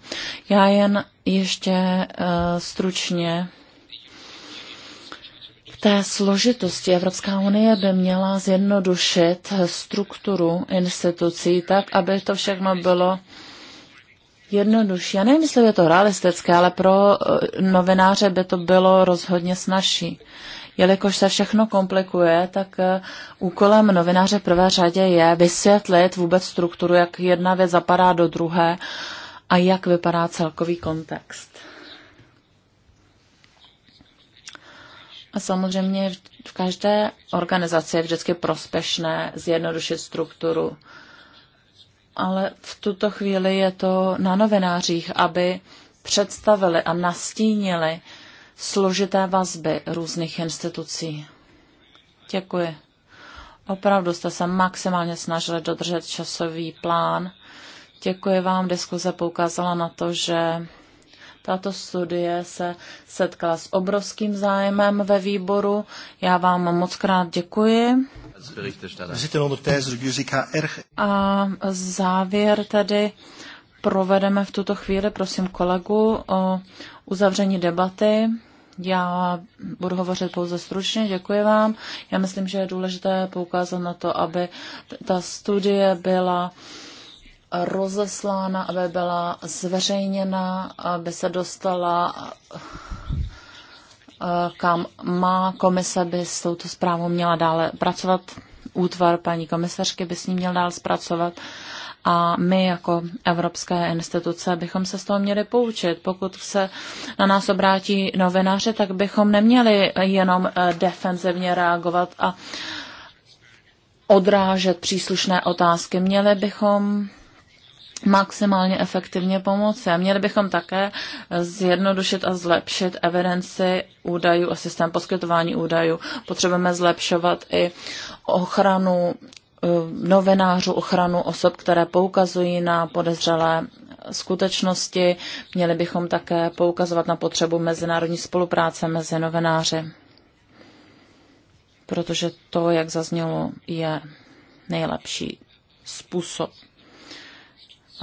Já jen ještě uh, stručně té složitosti Evropská unie by měla zjednodušit strukturu institucí tak, aby to všechno bylo jednodušší. Já nevím, jestli je to realistické, ale pro eh, novináře by to bylo rozhodně snažší. Jelikož se všechno komplikuje, tak eh, úkolem novináře v prvé řadě je vysvětlit vůbec strukturu, jak jedna věc zapadá do druhé a jak vypadá celkový kontext. A samozřejmě v každé organizaci je vždycky prospešné zjednodušit strukturu. Ale v tuto chvíli je to na novinářích, aby představili a nastínili složité vazby různých institucí. Děkuji. Opravdu jste se maximálně snažili dodržet časový plán. Děkuji vám. Diskuze poukázala na to, že tato studie se setkala s obrovským zájmem ve výboru. Já vám moc krát děkuji. A závěr tedy provedeme v tuto chvíli, prosím kolegu, o uzavření debaty. Já budu hovořit pouze stručně, děkuji vám. Já myslím, že je důležité poukázat na to, aby ta studie byla uh, rozeslána, aby byla zveřejněna, aby se dostala eh, kam má komise by s touto zprávou měla dále pracovat. Útvar paní komisařky by s ní měl dál zpracovat. A my jako evropské instituce bychom se z toho měli poučit. Pokud se na nás obrátí novináři, tak bychom neměli jenom eh, defenzivně reagovat a odrážet příslušné otázky. Měli bychom maximálně efektivně pomoci. A měli bychom také zjednodušit a zlepšit evidenci údajů a systém poskytování údajů. Potřebujeme zlepšovat i ochranu eh, novinářů, ochranu osob, které poukazují na podezřelé skutečnosti. Měli bychom také poukazovat na potřebu mezinárodní spolupráce mezi novináři, protože to, jak zaznělo, je nejlepší způsob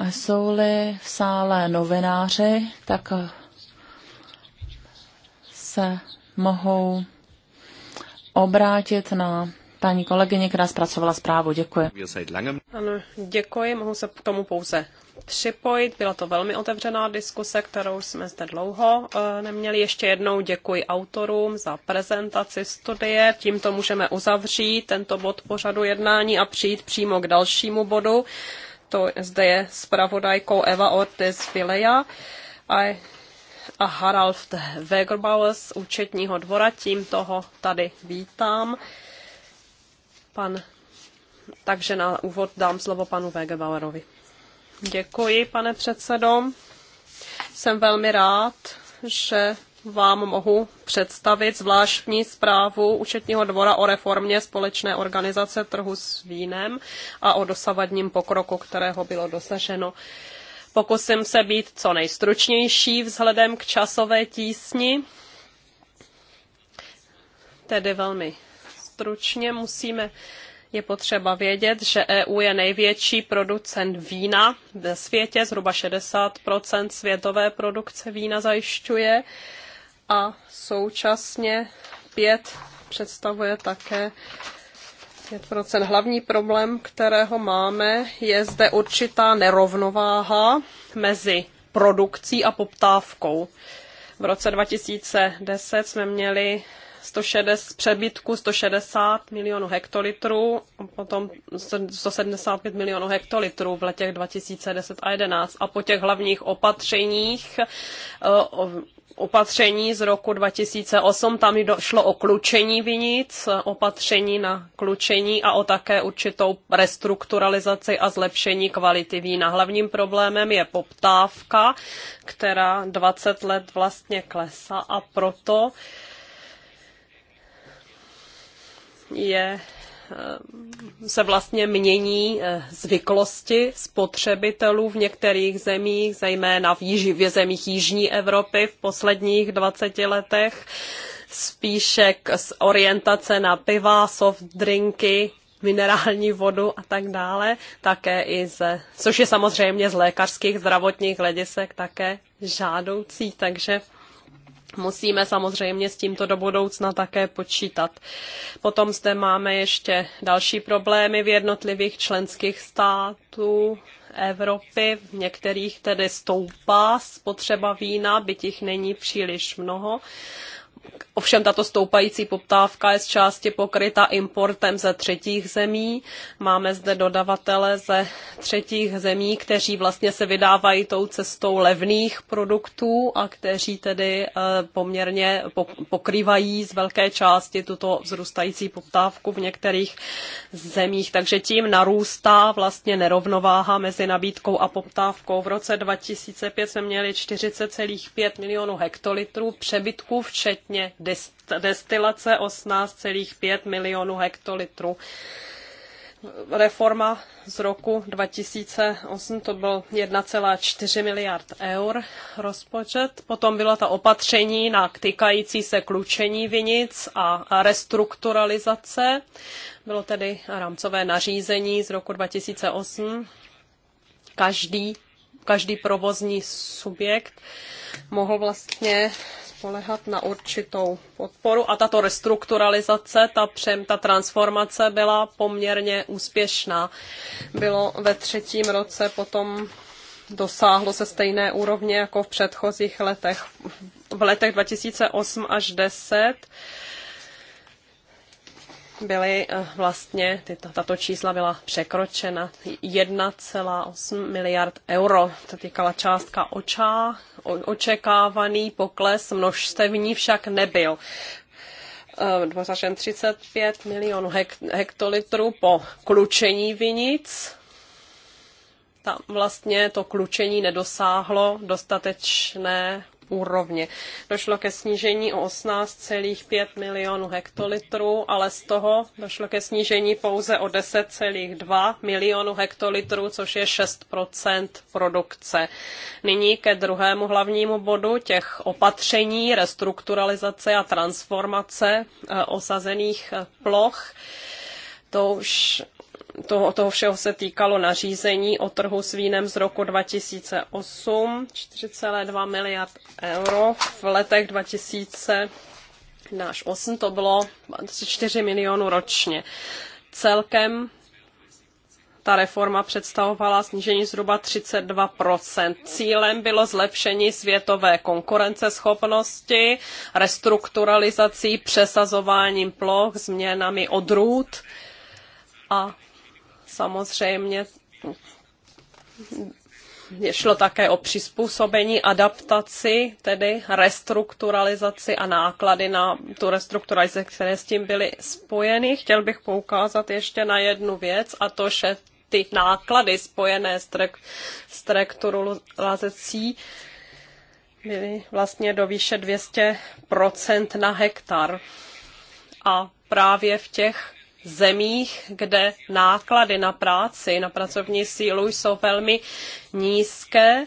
jsou-li v sále novináři, tak se mohou obrátit na paní kolegyně, která zpracovala zprávu. Děkuji. Ano, děkuji, mohu se k tomu pouze připojit. Byla to velmi otevřená diskuse, kterou jsme zde dlouho eh, neměli. Ještě jednou děkuji autorům za prezentaci studie. Tímto můžeme uzavřít tento bod pořadu jednání a přijít přímo k dalšímu bodu to zde je zpravodajkou Eva Ortiz Vileja a, a Harald Wegerbauer z účetního dvora, tím toho tady vítám. Pan, takže na úvod dám slovo panu Wegerbauerovi. Děkuji, pane předsedo. Jsem velmi rád, že vám mohu představit zvláštní zprávu Účetního dvora o reformě společné organizace trhu s vínem a o dosavadním pokroku, kterého bylo dosaženo. Pokusím se být co nejstručnější vzhledem k časové tísni, tedy velmi stručně musíme je potřeba vědět, že EU je největší producent vína ve světě, zhruba 60 světové produkce vína zajišťuje a současně 5 představuje také 5%. Hlavní problém, kterého máme, je zde určitá nerovnováha mezi produkcí a poptávkou. V roce 2010 jsme měli 160, přebytku 160 milionů hektolitrů, potom 175 milionů hektolitrů v letech 2010 a 2011. A po těch hlavních opatřeních eh, opatření z roku 2008, tam šlo o klučení vinic, opatření na klučení a o také určitou restrukturalizaci a zlepšení kvality vína. Hlavním problémem je poptávka, která 20 let vlastně klesá a proto je se vlastně mění eh, zvyklosti spotřebitelů v některých zemích, zejména v, jiži, zemích Jižní Evropy v posledních 20 letech, spíše k orientace na piva, soft drinky, minerální vodu a tak dále, také i ze, což je samozřejmě z lékařských zdravotních hledisek také žádoucí, takže Musíme samozřejmě s tímto do budoucna také počítat. Potom zde máme ještě další problémy v jednotlivých členských států Evropy. V některých tedy stoupá spotřeba vína, byť jich není příliš mnoho. Ovšem tato stoupající poptávka je z části pokryta importem ze třetích zemí. Máme zde dodavatele ze třetích zemí, kteří vlastně se vydávají tou cestou levných produktů a kteří tedy eh, poměrně pokrývají z velké části tuto vzrůstající poptávku v některých zemích. Takže tím narůstá vlastně nerovnováha mezi nabídkou a poptávkou. V roce 2005 jsme měli 40,5 milionů hektolitrů přebytků, včetně včetně destilace 18,5 milionů hektolitrů. Reforma z roku 2008 to byl 1,4 miliard eur rozpočet. Potom byla ta opatření na týkající se klučení vinic a restrukturalizace. Bylo tedy rámcové nařízení z roku 2008. Každý každý provozní subjekt mohl vlastně spolehat na určitou podporu a tato restrukturalizace, ta, přem, ta transformace byla poměrně úspěšná. Bylo ve třetím roce potom dosáhlo se stejné úrovně jako v předchozích letech. V letech 2008 až 10 byly eh, vlastně, tato čísla byla překročena 1,8 miliard euro. To týkala částka očá, očekávaný pokles množstevní však nebyl 35 eh, milionů hektolitrů po klučení vinic. Tam vlastně to klučení nedosáhlo dostatečné úrovně. Došlo ke snížení o 18,5 milionů hektolitrů, ale z toho došlo ke snížení pouze o 10,2 milionů hektolitrů, což je 6 produkce. Nyní ke druhému hlavnímu bodu těch opatření, restrukturalizace a transformace e, osazených e, ploch. To už toho, toho všeho se týkalo nařízení o trhu s vínem z roku 2008, 4,2 miliard euro v letech 2000 náš 8 to bylo 4 milionů ročně. Celkem ta reforma představovala snížení zhruba 32 Cílem bylo zlepšení světové konkurenceschopnosti, restrukturalizací, přesazováním ploch, změnami odrůd a Samozřejmě šlo také o přizpůsobení, adaptaci, tedy restrukturalizaci a náklady na tu restrukturalizaci, které s tím byly spojeny. Chtěl bych poukázat ještě na jednu věc, a to, že ty náklady spojené s, trek, s restrukturalizací byly vlastně do výše 200 na hektar. A právě v těch zemích, kde náklady na práci, na pracovní sílu jsou velmi nízké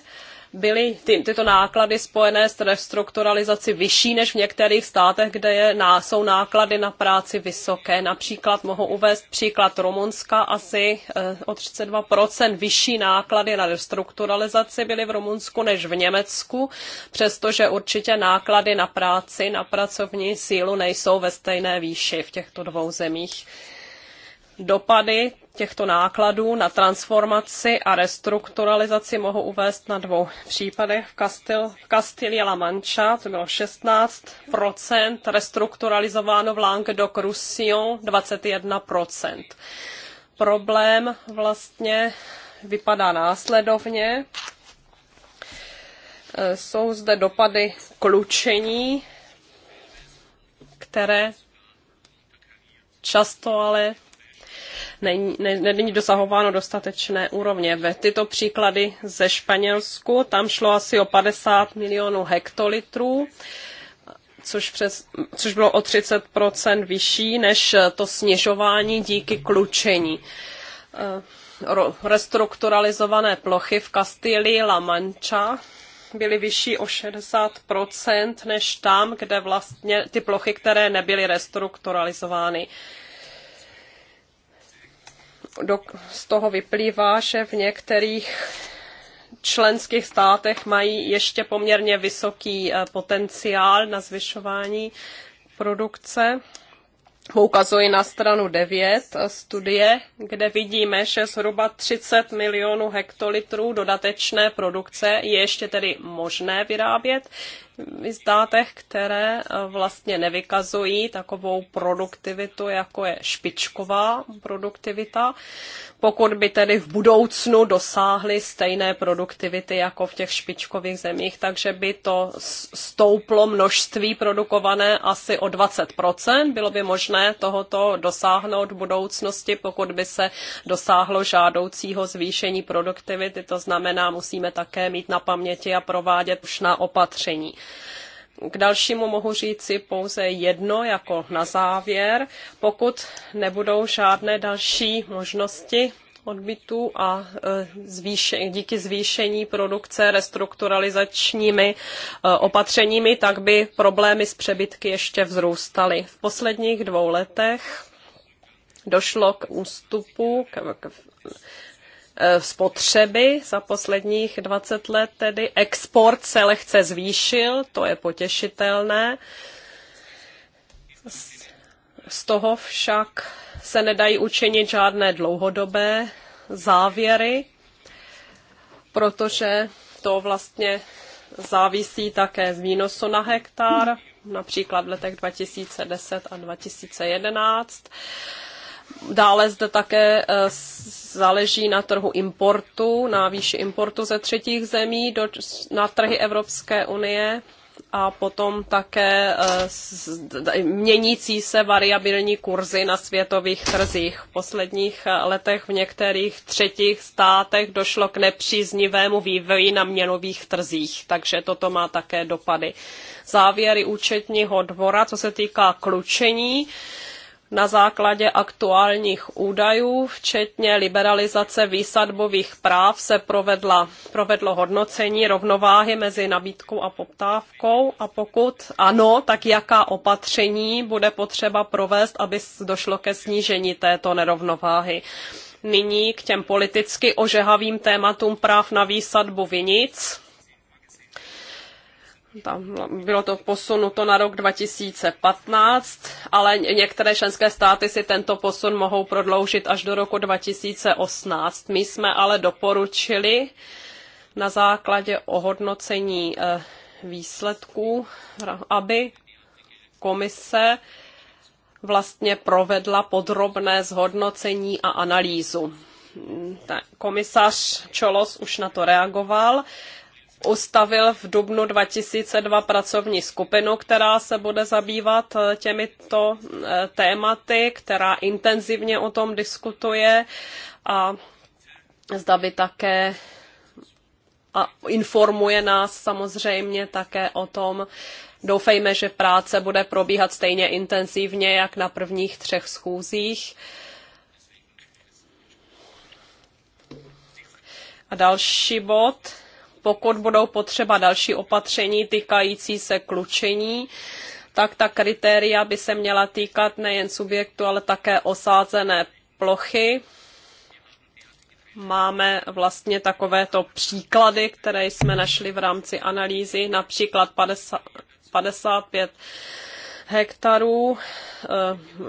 byly ty, tyto náklady spojené s restrukturalizací vyšší než v některých státech, kde je, na, jsou náklady na práci vysoké. Například mohu uvést příklad Rumunska, asi eh, o 32% vyšší náklady na restrukturalizaci byly v Rumunsku než v Německu, přestože určitě náklady na práci, na pracovní sílu nejsou ve stejné výši v těchto dvou zemích dopady těchto nákladů na transformaci a restrukturalizaci mohu uvést na dvou případech. V, Kastil, v La Mancha to bylo 16 restrukturalizováno v Languedoc-Roussillon 21 Problém vlastně vypadá následovně. Jsou zde dopady klučení, které často ale není, ne, není dosahováno dostatečné úrovně. Ve tyto příklady ze Španělsku, tam šlo asi o 50 milionů hektolitrů, což, přes, což bylo o 30% vyšší než to snižování díky klučení eh, restrukturalizované plochy v Kastilii La Mancha byly vyšší o 60% než tam, kde vlastně ty plochy, které nebyly restrukturalizovány do, z toho vyplývá, že v některých členských státech mají ještě poměrně vysoký eh, potenciál na zvyšování produkce. Poukazuji na stranu 9 eh, studie, kde vidíme, že zhruba 30 milionů hektolitrů dodatečné produkce je ještě tedy možné vyrábět státech, které e, vlastně nevykazují takovou produktivitu, jako je špičková produktivita, pokud by tedy v budoucnu dosáhly stejné produktivity jako v těch špičkových zemích, takže by to stouplo množství produkované asi o 20%. Bylo by možné tohoto dosáhnout v budoucnosti, pokud by se dosáhlo žádoucího zvýšení produktivity. To znamená, musíme také mít na paměti a provádět už na opatření. K dalšímu mohu říci pouze jedno jako na závěr. Pokud nebudou žádné další možnosti odbytu a e, zvýše, díky zvýšení produkce restrukturalizačními e, opatřeními, tak by problémy s přebytky ještě vzrůstaly. V posledních dvou letech došlo k ústupu, k, k, Eh, spotřeby za posledních 20 let, tedy export se lehce zvýšil, to je potěšitelné. Z toho však se nedají učinit žádné dlouhodobé závěry, protože to vlastně závisí také z výnosu na hektar, například v letech 2010 a 2011 Dále zde také eh, záleží na trhu importu, na výši importu ze třetích zemí do, na trhy Evropské unie a potom také eh, měnící se variabilní kurzy na světových trzích. V posledních eh, letech v některých třetích státech došlo k nepříznivému vývoji na měnových trzích, takže toto má také dopady. Závěry účetního dvora, co se týká klučení, na základě aktuálních údajů, včetně liberalizace výsadbových práv, se provedla, provedlo hodnocení rovnováhy mezi nabídkou a poptávkou a pokud ano, tak jaká opatření bude potřeba provést, aby došlo ke snížení této nerovnováhy. Nyní k těm politicky ožehavým tématům práv na výsadbu vinic tam bylo to posunuto na rok 2015, ale některé členské státy si tento posun mohou prodloužit až do roku 2018. My jsme ale doporučili na základě ohodnocení eh, výsledků, aby komise vlastně provedla podrobné zhodnocení a analýzu. Komisař Čolos už na to reagoval ustavil v dubnu 2002 pracovní skupinu, která se bude zabývat eh, těmito eh, tématy, která intenzivně o tom diskutuje a zda by také a informuje nás samozřejmě také o tom, Doufejme, že práce bude probíhat stejně intenzivně, jak na prvních třech schůzích. A další bod pokud budou potřeba další opatření týkající se klučení, tak ta kritéria by se měla týkat nejen subjektu, ale také osázené plochy. Máme vlastně takovéto příklady, které jsme našli v rámci analýzy, například 50, 55 hektarů eh,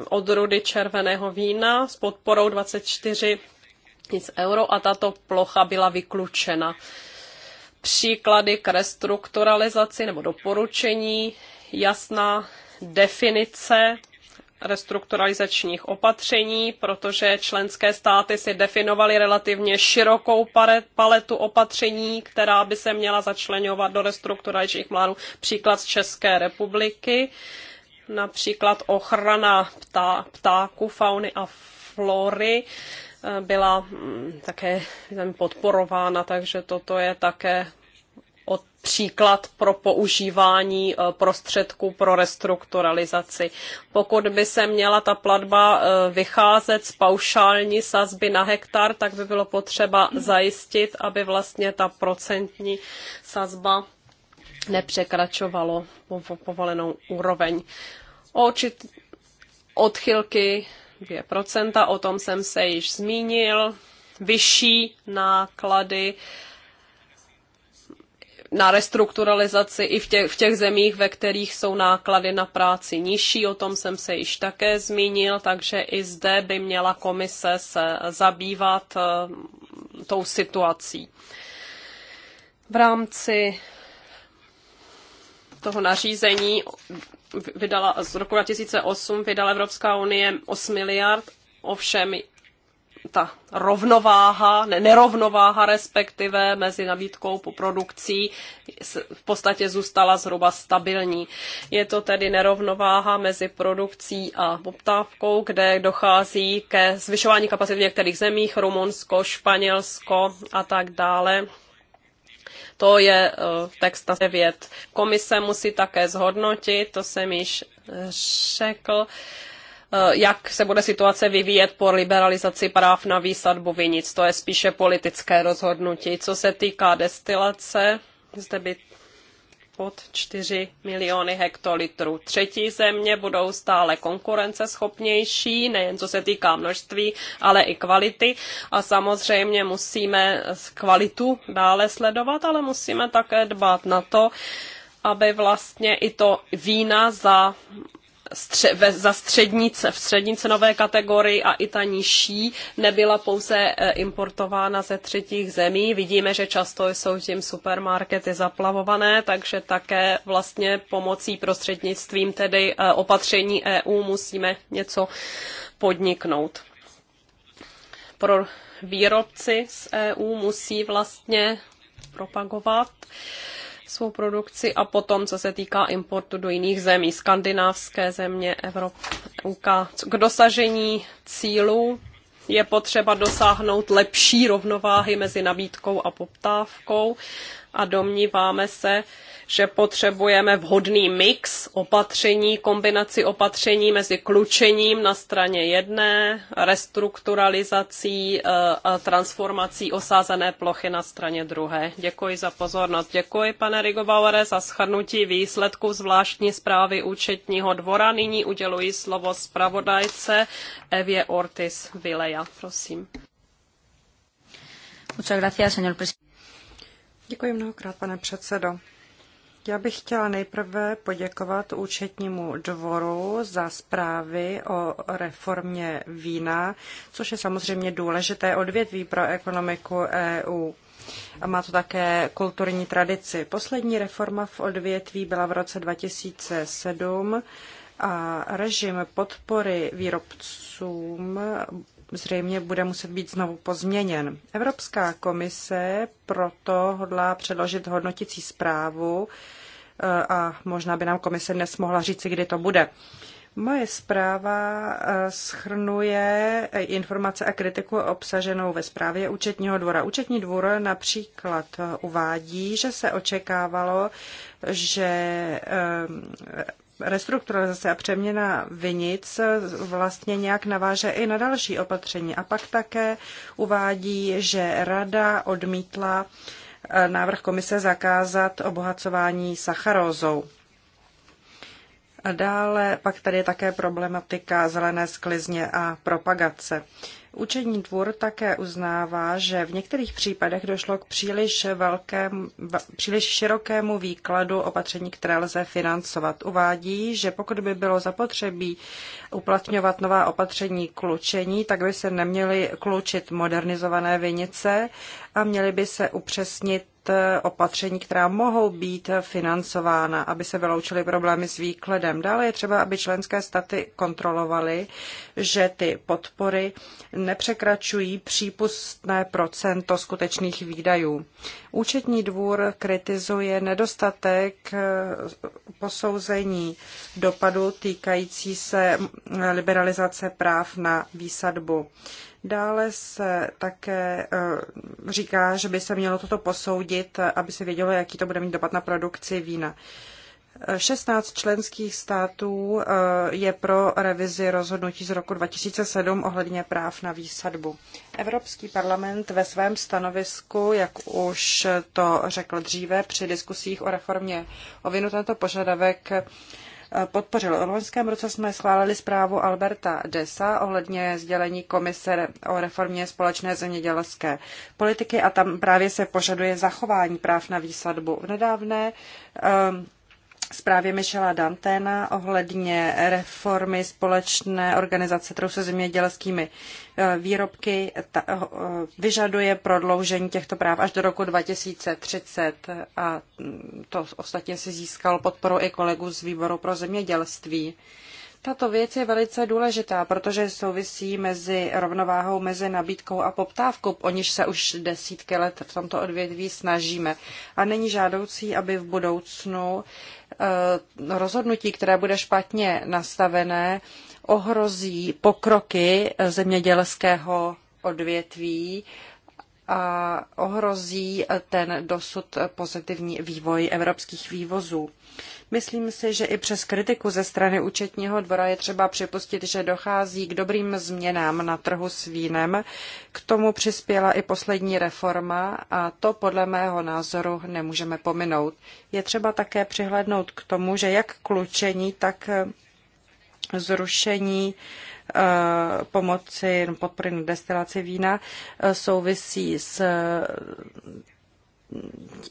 odrudy červeného vína s podporou 24 tisíc euro a tato plocha byla vyklučena příklady k restrukturalizaci nebo doporučení, jasná definice restrukturalizačních opatření, protože členské státy si definovaly relativně širokou paletu opatření, která by se měla začlenovat do restrukturalizačních plánů, příklad z České republiky, například ochrana ptá, ptáků, fauny a flory byla mm, také podporována, takže toto je také od příklad pro používání e, prostředků pro restrukturalizaci. Pokud by se měla ta platba e, vycházet z paušální sazby na hektar, tak by bylo potřeba zajistit, aby vlastně ta procentní sazba nepřekračovalo povolenou úroveň. O určit odchylky 2%, o tom jsem se již zmínil, vyšší náklady na restrukturalizaci i v těch, v těch zemích, ve kterých jsou náklady na práci nižší, o tom jsem se již také zmínil, takže i zde by měla komise se zabývat eh, tou situací. V rámci toho nařízení vydala z roku 2008 vydala Evropská unie 8 miliard, ovšem ta rovnováha, ne, nerovnováha respektive mezi nabídkou po produkcí v podstatě zůstala zhruba stabilní. Je to tedy nerovnováha mezi produkcí a poptávkou, kde dochází ke zvyšování kapacity v některých zemích, Rumunsko, Španělsko a tak dále to je eh, text na 9. Komise musí také zhodnotit, to jsem již eh, řekl, eh, jak se bude situace vyvíjet po liberalizaci práv na výsadbu vinic. To je spíše politické rozhodnutí. Co se týká destilace, zde by pod 4 miliony hektolitrů. Třetí země budou stále konkurenceschopnější, nejen co se týká množství, ale i kvality. A samozřejmě musíme kvalitu dále sledovat, ale musíme také dbát na to, aby vlastně i to vína za stře- ve, za střední, v střední cenové kategorii a i ta nižší nebyla pouze e, importována ze třetích zemí. Vidíme, že často jsou tím supermarkety zaplavované, takže také vlastně pomocí prostřednictvím tedy e, opatření EU musíme něco podniknout. Pro výrobci z EU musí vlastně propagovat uh, svou produkci a potom, co se týká importu do jiných zemí, skandinávské země, Evropa, K dosažení cílů je potřeba dosáhnout lepší rovnováhy mezi nabídkou a poptávkou a domníváme se, že potřebujeme vhodný mix opatření, kombinaci opatření mezi klučením na straně jedné, restrukturalizací eh, a transformací osázené plochy na straně druhé. Děkuji za pozornost. Děkuji, pane Rigovauere, za schrnutí výsledků zvláštní zprávy účetního dvora. Nyní uděluji slovo zpravodajce Evě Ortiz Vileja. Prosím. Muchas gracias, señor presidente. Děkuji mnohokrát, pane předsedo. Já bych chtěla nejprve poděkovat účetnímu dvoru za zprávy o reformě vína, což je samozřejmě důležité odvětví pro ekonomiku EU. A má to také kulturní tradici. Poslední reforma v odvětví byla v roce 2007 a režim podpory výrobcům zřejmě bude muset být znovu pozměněn. Evropská komise proto hodlá předložit hodnotící zprávu eh, a možná by nám komise dnes mohla říci, kdy to bude. Moje zpráva eh, schrnuje informace a kritiku obsaženou ve zprávě účetního dvora. Účetní dvůr například eh, uvádí, že se očekávalo, že restrukturalizace a přeměna vinic vlastně nějak naváže i na další opatření. A pak také uvádí, že rada odmítla eh, návrh komise zakázat obohacování sacharózou. A dále pak tady je také problematika zelené sklizně a propagace. Učení dvůr také uznává, že v některých případech došlo k příliš, velkém, příliš širokému výkladu opatření, které lze financovat. Uvádí, že pokud by bylo zapotřebí uplatňovat nová opatření klučení, tak by se neměly klučit modernizované vinice a měly by se upřesnit Eh, opatření, která mohou být financována, aby se vyloučily problémy s výkladem. Dále je třeba, aby členské státy kontrolovaly, že ty podpory nepřekračují přípustné procento skutečných výdajů. Účetní dvůr kritizuje nedostatek eh, posouzení dopadu týkající se liberalizace práv na výsadbu. Dále se také eh, říká, že by se mělo toto posoudit, aby se vědělo, jaký to bude mít dopad na produkci vína. 16 členských států eh, je pro revizi rozhodnutí z roku 2007 ohledně práv na výsadbu. Evropský parlament ve svém stanovisku, jak už to řekl dříve při diskusích o reformě o vinu, tento požadavek podpořil. V loňském roce jsme schválili zprávu Alberta Desa ohledně sdělení komise o reformě společné zemědělské politiky a tam právě se požaduje zachování práv na výsadbu. V nedávné um, zprávě Michela Dantena ohledně reformy společné organizace trhu se zemědělskými eh, výrobky ta, eh, vyžaduje prodloužení těchto práv až do roku 2030 a mm, to ostatně si získal podporu i kolegů z výboru pro zemědělství. Tato věc je velice důležitá, protože souvisí mezi rovnováhou mezi nabídkou a poptávkou, o niž se už desítky let v tomto odvětví snažíme. A není žádoucí, aby v budoucnu eh, rozhodnutí, které bude špatně nastavené, ohrozí pokroky zemědělského odvětví, a ohrozí ten dosud pozitivní vývoj evropských vývozů. Myslím si, že i přes kritiku ze strany účetního dvora je třeba připustit, že dochází k dobrým změnám na trhu s vínem. K tomu přispěla i poslední reforma a to podle mého názoru nemůžeme pominout. Je třeba také přihlednout k tomu, že jak klučení, tak zrušení uh, Eh, pomoci podpory na destilaci vína eh, souvisí s eh,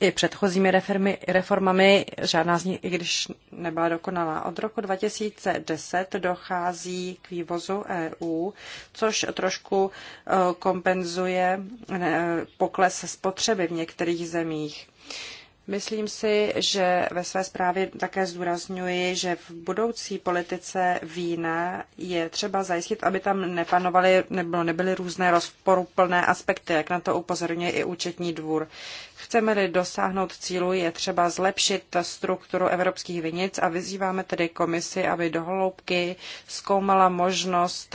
i předchozími reformy, reformami, žádná z nich, i když nebyla dokonalá. Od roku 2010 dochází k vývozu EU, což trošku kompenzuje pokles spotřeby v některých zemích. Myslím si, že ve své zprávě také zdůrazňuji, že v budoucí politice vína je třeba zajistit, aby tam nepanovaly nebo nebyly různé rozporuplné aspekty, jak na to upozorňuje i účetní dvůr. Chceme-li dosáhnout cílu, je třeba zlepšit strukturu evropských vinic a vyzýváme tedy komisi, aby dohloubky zkoumala možnost,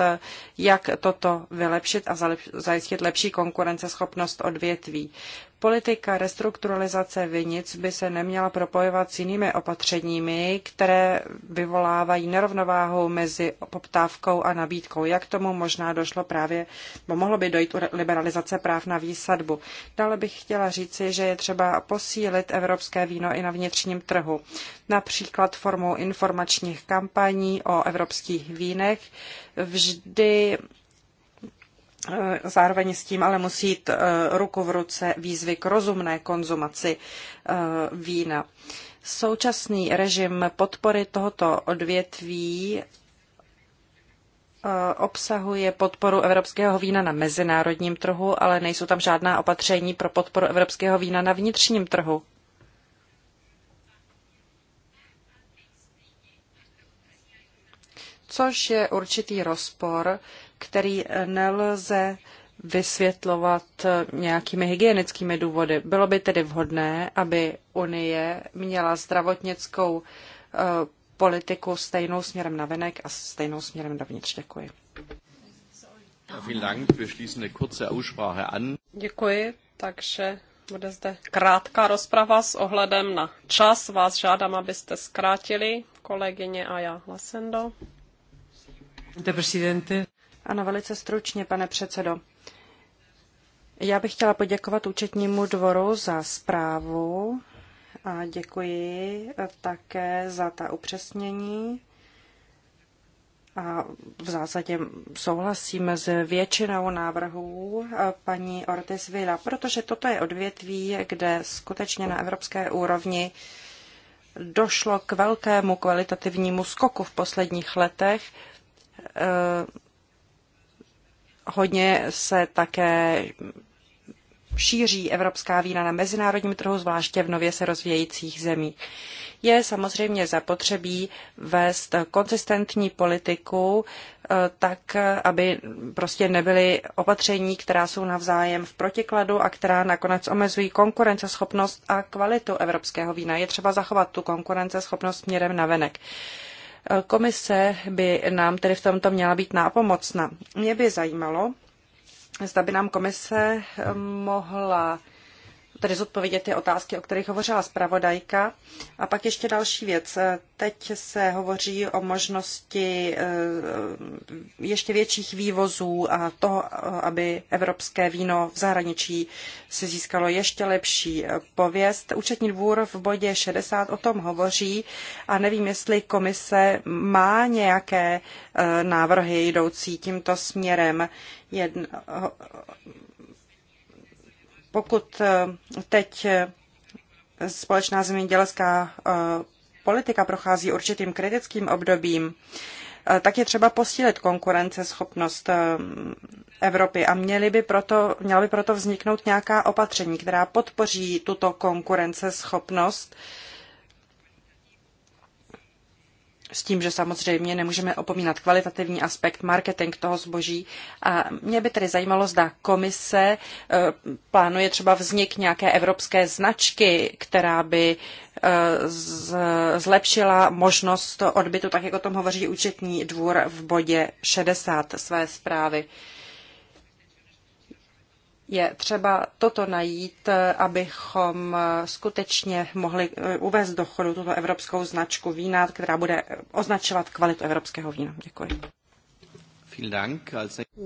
jak toto vylepšit a zajistit lepší konkurenceschopnost odvětví. Politika restrukturalizace vinic by se neměla propojovat s jinými opatřeními, které vyvolávají nerovnováhu mezi poptávkou a nabídkou. Jak tomu možná došlo právě, bo mohlo by dojít u liberalizace práv na výsadbu. Dále bych chtěla říci, že je třeba posílit evropské víno i na vnitřním trhu. Například formou informačních kampaní o evropských vínech vždy Eh, zároveň s tím ale musí jít eh, ruku v ruce výzvy k rozumné konzumaci eh, vína. Současný režim podpory tohoto odvětví obsahuje podporu evropského vína na mezinárodním trhu, ale nejsou tam žádná opatření pro podporu evropského vína na vnitřním trhu. Což je určitý rozpor, který eh, nelze vysvětlovat eh, nějakými hygienickými důvody. Bylo by tedy vhodné, aby Unie měla zdravotnickou eh, politiku stejnou směrem na venek a stejnou směrem dovnitř. Děkuji. Děkuji, takže bude zde krátká rozprava s ohledem na čas. Vás žádám, abyste zkrátili, kolegyně Aja Lasendo. Ano, velice stručně, pane předsedo. Já bych chtěla poděkovat účetnímu dvoru za zprávu a děkuji také za ta upřesnění. A v zásadě souhlasíme s většinou návrhů eh, paní Ortiz Vila, protože toto je odvětví, kde skutečně na evropské úrovni došlo k velkému kvalitativnímu skoku v posledních letech eh, hodně se také šíří evropská vína na mezinárodním trhu, zvláště v nově se rozvíjejících zemích. Je samozřejmě zapotřebí vést konzistentní politiku eh, tak, aby prostě nebyly opatření, která jsou navzájem v protikladu a která nakonec omezují konkurenceschopnost a kvalitu evropského vína. Je třeba zachovat tu konkurenceschopnost směrem navenek. venek. Komise by nám tedy v tomto měla být nápomocna. Mě by zajímalo, zda by nám komise eh, mohla tedy zodpovědět ty otázky, o kterých hovořila zpravodajka. A pak ještě další věc. Teď se hovoří o možnosti eh, ještě větších vývozů a toho, aby evropské víno v zahraničí si získalo ještě lepší pověst. Účetní dvůr v bodě 60 o tom hovoří a nevím, jestli komise má nějaké eh, návrhy jdoucí tímto směrem. Jedno, pokud eh, teď eh, společná zemědělská eh, politika prochází určitým kritickým obdobím, tak je třeba posílit konkurenceschopnost Evropy a měly by proto, měla by proto vzniknout nějaká opatření, která podpoří tuto konkurenceschopnost schopnost s tím, že samozřejmě nemůžeme opomínat kvalitativní aspekt marketing toho zboží. A mě by tedy zajímalo, zda komise e, plánuje třeba vznik nějaké evropské značky, která by e, zlepšila možnost odbytu, tak jak o tom hovoří účetní dvůr v bodě 60 své zprávy je třeba toto najít, abychom skutečně mohli eh, uvést do chodu tuto evropskou značku vína, která bude označovat kvalitu evropského vína. Děkuji.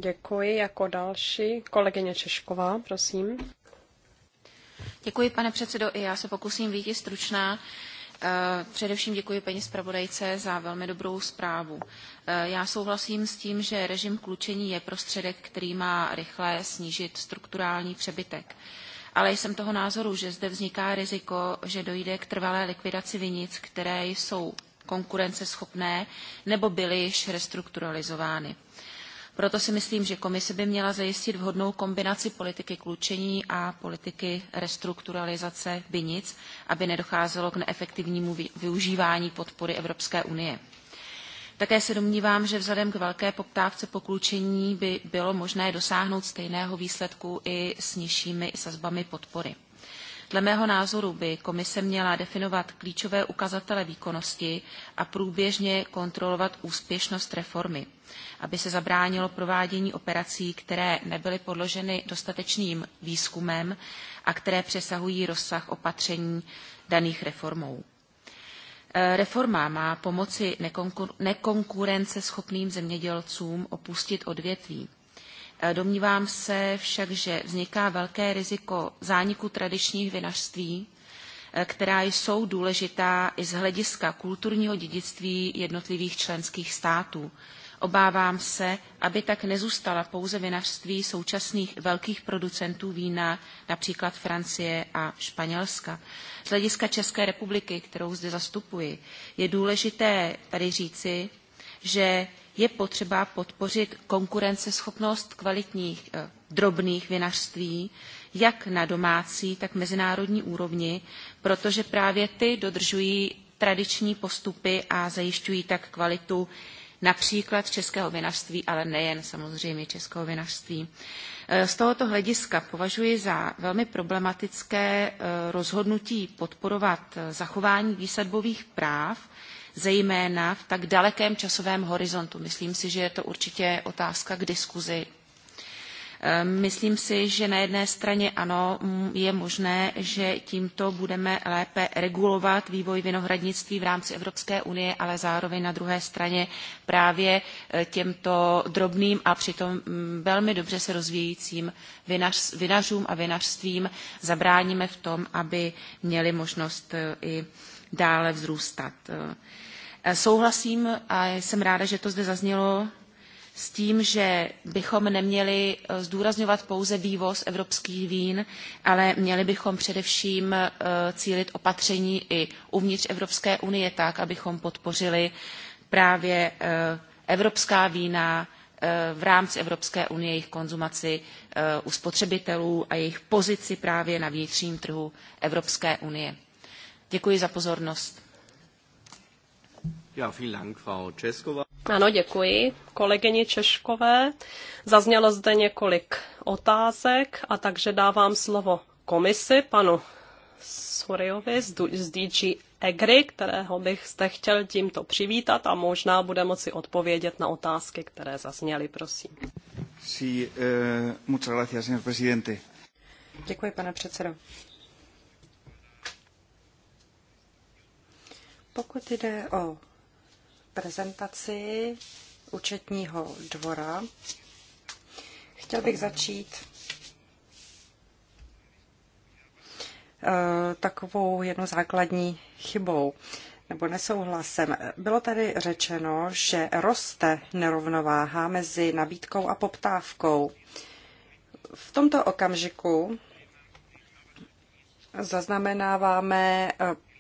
Děkuji. Jako další kolegyně Češková, prosím. Děkuji, pane předsedo. I já se pokusím být stručná. Eh, především děkuji paní zpravodajce za velmi dobrou zprávu. Eh, já souhlasím s tím, že režim klučení je prostředek, který má rychle snížit strukturální přebytek. Ale jsem toho názoru, že zde vzniká riziko, že dojde k trvalé likvidaci vinic, které jsou konkurenceschopné nebo byly již restrukturalizovány. Proto si myslím, že komise by měla zajistit vhodnou kombinaci politiky klučení a politiky restrukturalizace vinic, aby nedocházelo k neefektivnímu využívání podpory Evropské unie. Také se domnívám, že vzhledem k velké poptávce po klučení by bylo možné dosáhnout stejného výsledku i s nižšími sazbami podpory. Dle mého názoru by komise měla definovat klíčové ukazatele výkonnosti a průběžně kontrolovat úspěšnost reformy, aby se zabránilo provádění operací, které nebyly podloženy dostatečným výzkumem a které přesahují rozsah opatření daných reformou. E, reforma má pomoci nekonkurenceschopným zemědělcům opustit odvětví E, domnívám se však, že vzniká velké riziko zániku tradičních vinařství, e, která jsou důležitá i z hlediska kulturního dědictví jednotlivých členských států. Obávám se, aby tak nezůstala pouze vinařství současných velkých producentů vína, například Francie a Španělska. Z hlediska České republiky, kterou zde zastupuji, je důležité tady říci, že je potřeba podpořit konkurenceschopnost kvalitních eh, drobných vinařství, jak na domácí, tak mezinárodní úrovni, protože právě ty dodržují tradiční postupy a zajišťují tak kvalitu například českého vinařství, ale nejen samozřejmě českého vinařství. Eh, z tohoto hlediska považuji za velmi problematické eh, rozhodnutí podporovat zachování výsadbových práv zejména v tak dalekém časovém horizontu. Myslím si, že je to určitě otázka k diskuzi. Ehm, myslím si, že na jedné straně ano, je možné, že tímto budeme lépe regulovat vývoj vinohradnictví v rámci Evropské unie, ale zároveň na druhé straně právě e, těmto drobným a přitom velmi dobře se rozvíjícím vinař, vinařům a vinařstvím zabráníme v tom, aby měli možnost e, i dále vzrůstat. Eh, souhlasím a jsem ráda, že to zde zaznělo s tím, že bychom neměli eh, zdůrazňovat pouze vývoz evropských vín, ale měli bychom především eh, cílit opatření i uvnitř Evropské unie tak, abychom podpořili právě evropská vína v rámci Evropské unie, jejich konzumaci u spotřebitelů a jejich pozici právě na vnitřním trhu Evropské unie. Děkuji za pozornost. Dank, Frau Česková. Ano, děkuji kolegyni Češkové. Zaznělo zde několik otázek a takže dávám slovo komisi panu Suriovi z DG EGRI, kterého bych zde chtěl tímto přivítat a možná bude moci odpovědět na otázky, které zazněly, prosím. Sí, eh, muchas gracias, señor presidente. Děkuji, pane předsedo. Pokud jde o prezentaci účetního dvora, chtěl bych začít e, takovou jednu základní chybou nebo nesouhlasem. Bylo tady řečeno, že roste nerovnováha mezi nabídkou a poptávkou. V tomto okamžiku zaznamenáváme e,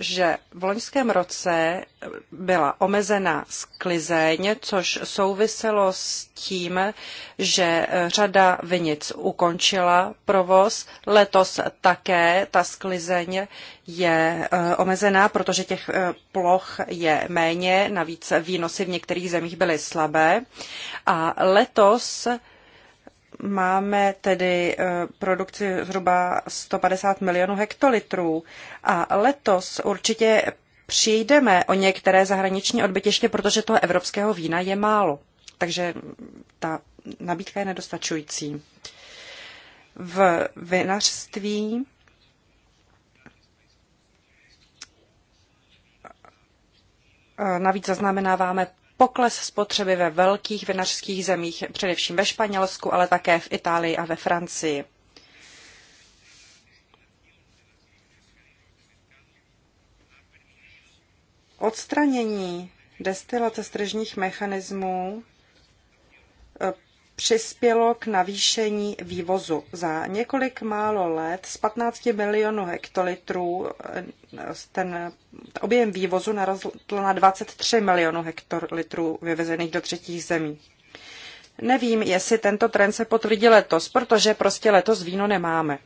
že v loňském roce byla omezena sklizeň, což souviselo s tím, že řada vinic ukončila provoz. Letos také ta sklizeň je eh, omezená, protože těch eh, ploch je méně, navíc výnosy v některých zemích byly slabé. A letos Máme tedy eh, produkci zhruba 150 milionů hektolitrů a letos určitě přijdeme o některé zahraniční odbytiště, protože toho evropského vína je málo. Takže ta nabídka je nedostačující. V vinařství eh, Navíc zaznamenáváme pokles spotřeby ve velkých vinařských zemích, především ve Španělsku, ale také v Itálii a ve Francii. Odstranění destilace z tržních mechanismů přispělo k navýšení vývozu. Za několik málo let z 15 milionů hektolitrů eh, ten objem vývozu narostl na 23 milionů hektolitrů vyvezených do třetích zemí. Nevím, jestli tento trend se potvrdí letos, protože prostě letos víno nemáme.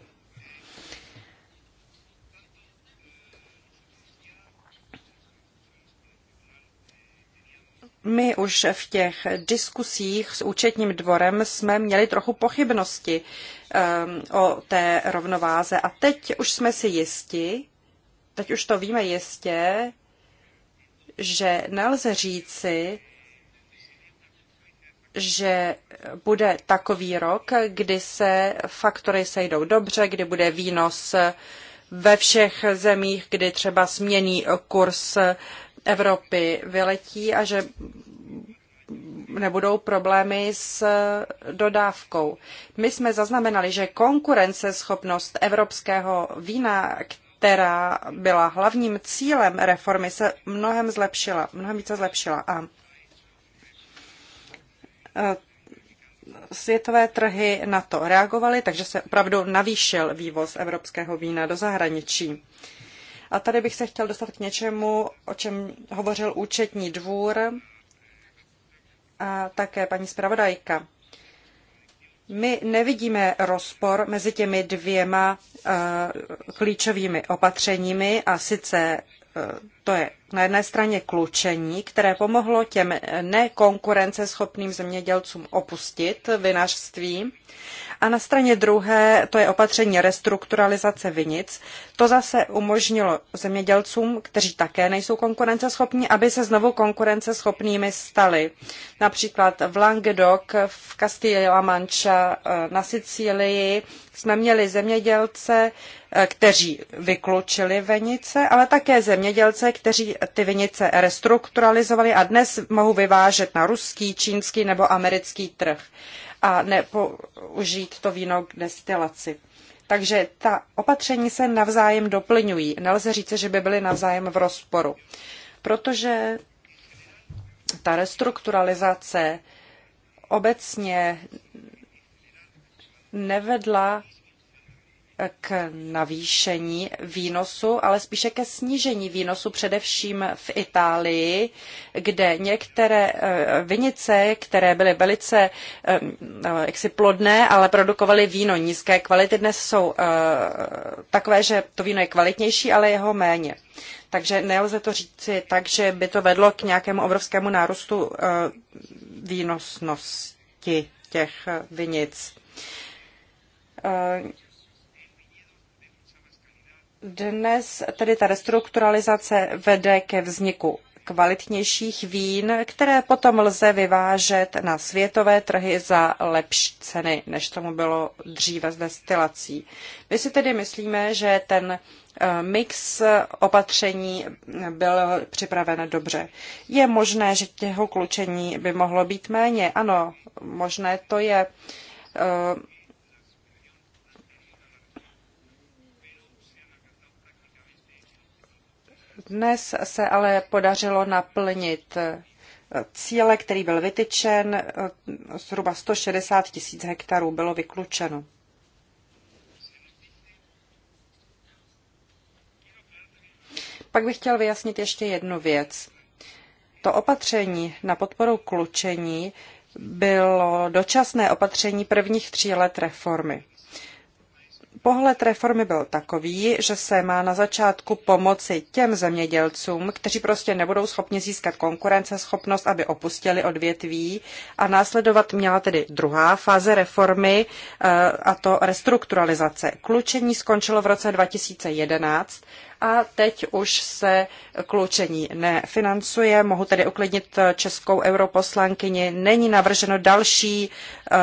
my už v těch diskusích s účetním dvorem jsme měli trochu pochybnosti um, o té rovnováze a teď už jsme si jisti, teď už to víme jistě, že nelze říci, že bude takový rok, kdy se faktory sejdou dobře, kdy bude výnos ve všech zemích, kdy třeba směný kurz Evropy vyletí a že nebudou problémy s dodávkou. My jsme zaznamenali, že konkurenceschopnost evropského vína, která byla hlavním cílem reformy, se mnohem zlepšila, mnohem více zlepšila. A e, světové trhy na to reagovaly, takže se opravdu navýšil vývoz evropského vína do zahraničí. A tady bych se chtěl dostat k něčemu, o čem hovořil účetní dvůr a také paní zpravodajka. My nevidíme rozpor mezi těmi dvěma eh, klíčovými opatřeními a sice eh, to je na jedné straně klučení, které pomohlo těm nekonkurenceschopným zemědělcům opustit vinařství a na straně druhé to je opatření restrukturalizace vinic. To zase umožnilo zemědělcům, kteří také nejsou konkurenceschopní, aby se znovu konkurenceschopnými stali. Například v Languedoc, v Castilla Mancha, eh, na Sicílii jsme měli zemědělce, eh, kteří vyklučili vinice, ale také zemědělce, kteří ty vinice restrukturalizovali a dnes mohou vyvážet na ruský, čínský nebo americký trh a nepoužít to víno k destilaci. Takže ta opatření se navzájem doplňují. Nelze říct, že by byly navzájem v rozporu, protože ta restrukturalizace obecně nevedla k navýšení výnosu, ale spíše ke snížení výnosu především v Itálii, kde některé eh, vinice, které byly velice eh, eh, jaksi plodné, ale produkovaly víno nízké kvality, dnes jsou takové, že to víno je kvalitnější, ale jeho méně. Takže nelze to říci tak, že by to vedlo k nějakému obrovskému nárůstu výnosnosti těch vinic dnes tedy ta restrukturalizace vede ke vzniku kvalitnějších vín, které potom lze vyvážet na světové trhy za lepší ceny, než tomu bylo dříve s destilací. My si tedy myslíme, že ten eh, mix opatření byl připraven dobře. Je možné, že těho klučení by mohlo být méně. Ano, možné to je eh, Dnes se ale podařilo naplnit eh, cíle, který byl vytyčen, eh, zhruba 160 tisíc hektarů bylo vyklučeno. Pak bych chtěl vyjasnit ještě jednu věc. To opatření na podporu klučení bylo dočasné opatření prvních tří let reformy. Pohled reformy byl takový, že se má na začátku pomoci těm zemědělcům, kteří prostě nebudou schopni získat konkurenceschopnost, aby opustili odvětví a následovat měla tedy druhá fáze reformy eh, a to restrukturalizace. Klučení skončilo v roce 2011 a teď už se klučení nefinancuje. Mohu tedy uklidnit eh, českou europoslankyni. Není navrženo další eh,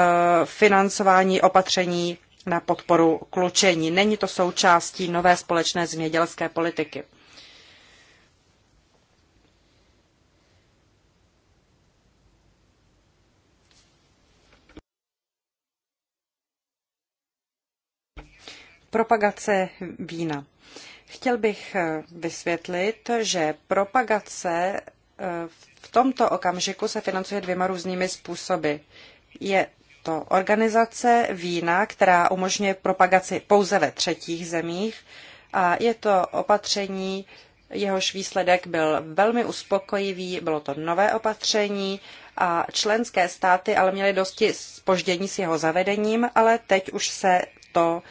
financování opatření na podporu klučení. Není to součástí nové společné zemědělské politiky. Propagace vína. Chtěl bych eh, vysvětlit, že propagace eh, v tomto okamžiku se financuje dvěma různými způsoby. Je to organizace vína, která umožňuje propagaci pouze ve třetích zemích a je to opatření, jehož výsledek byl velmi uspokojivý, bylo to nové opatření a členské státy ale měly dosti spoždění s jeho zavedením, ale teď už se to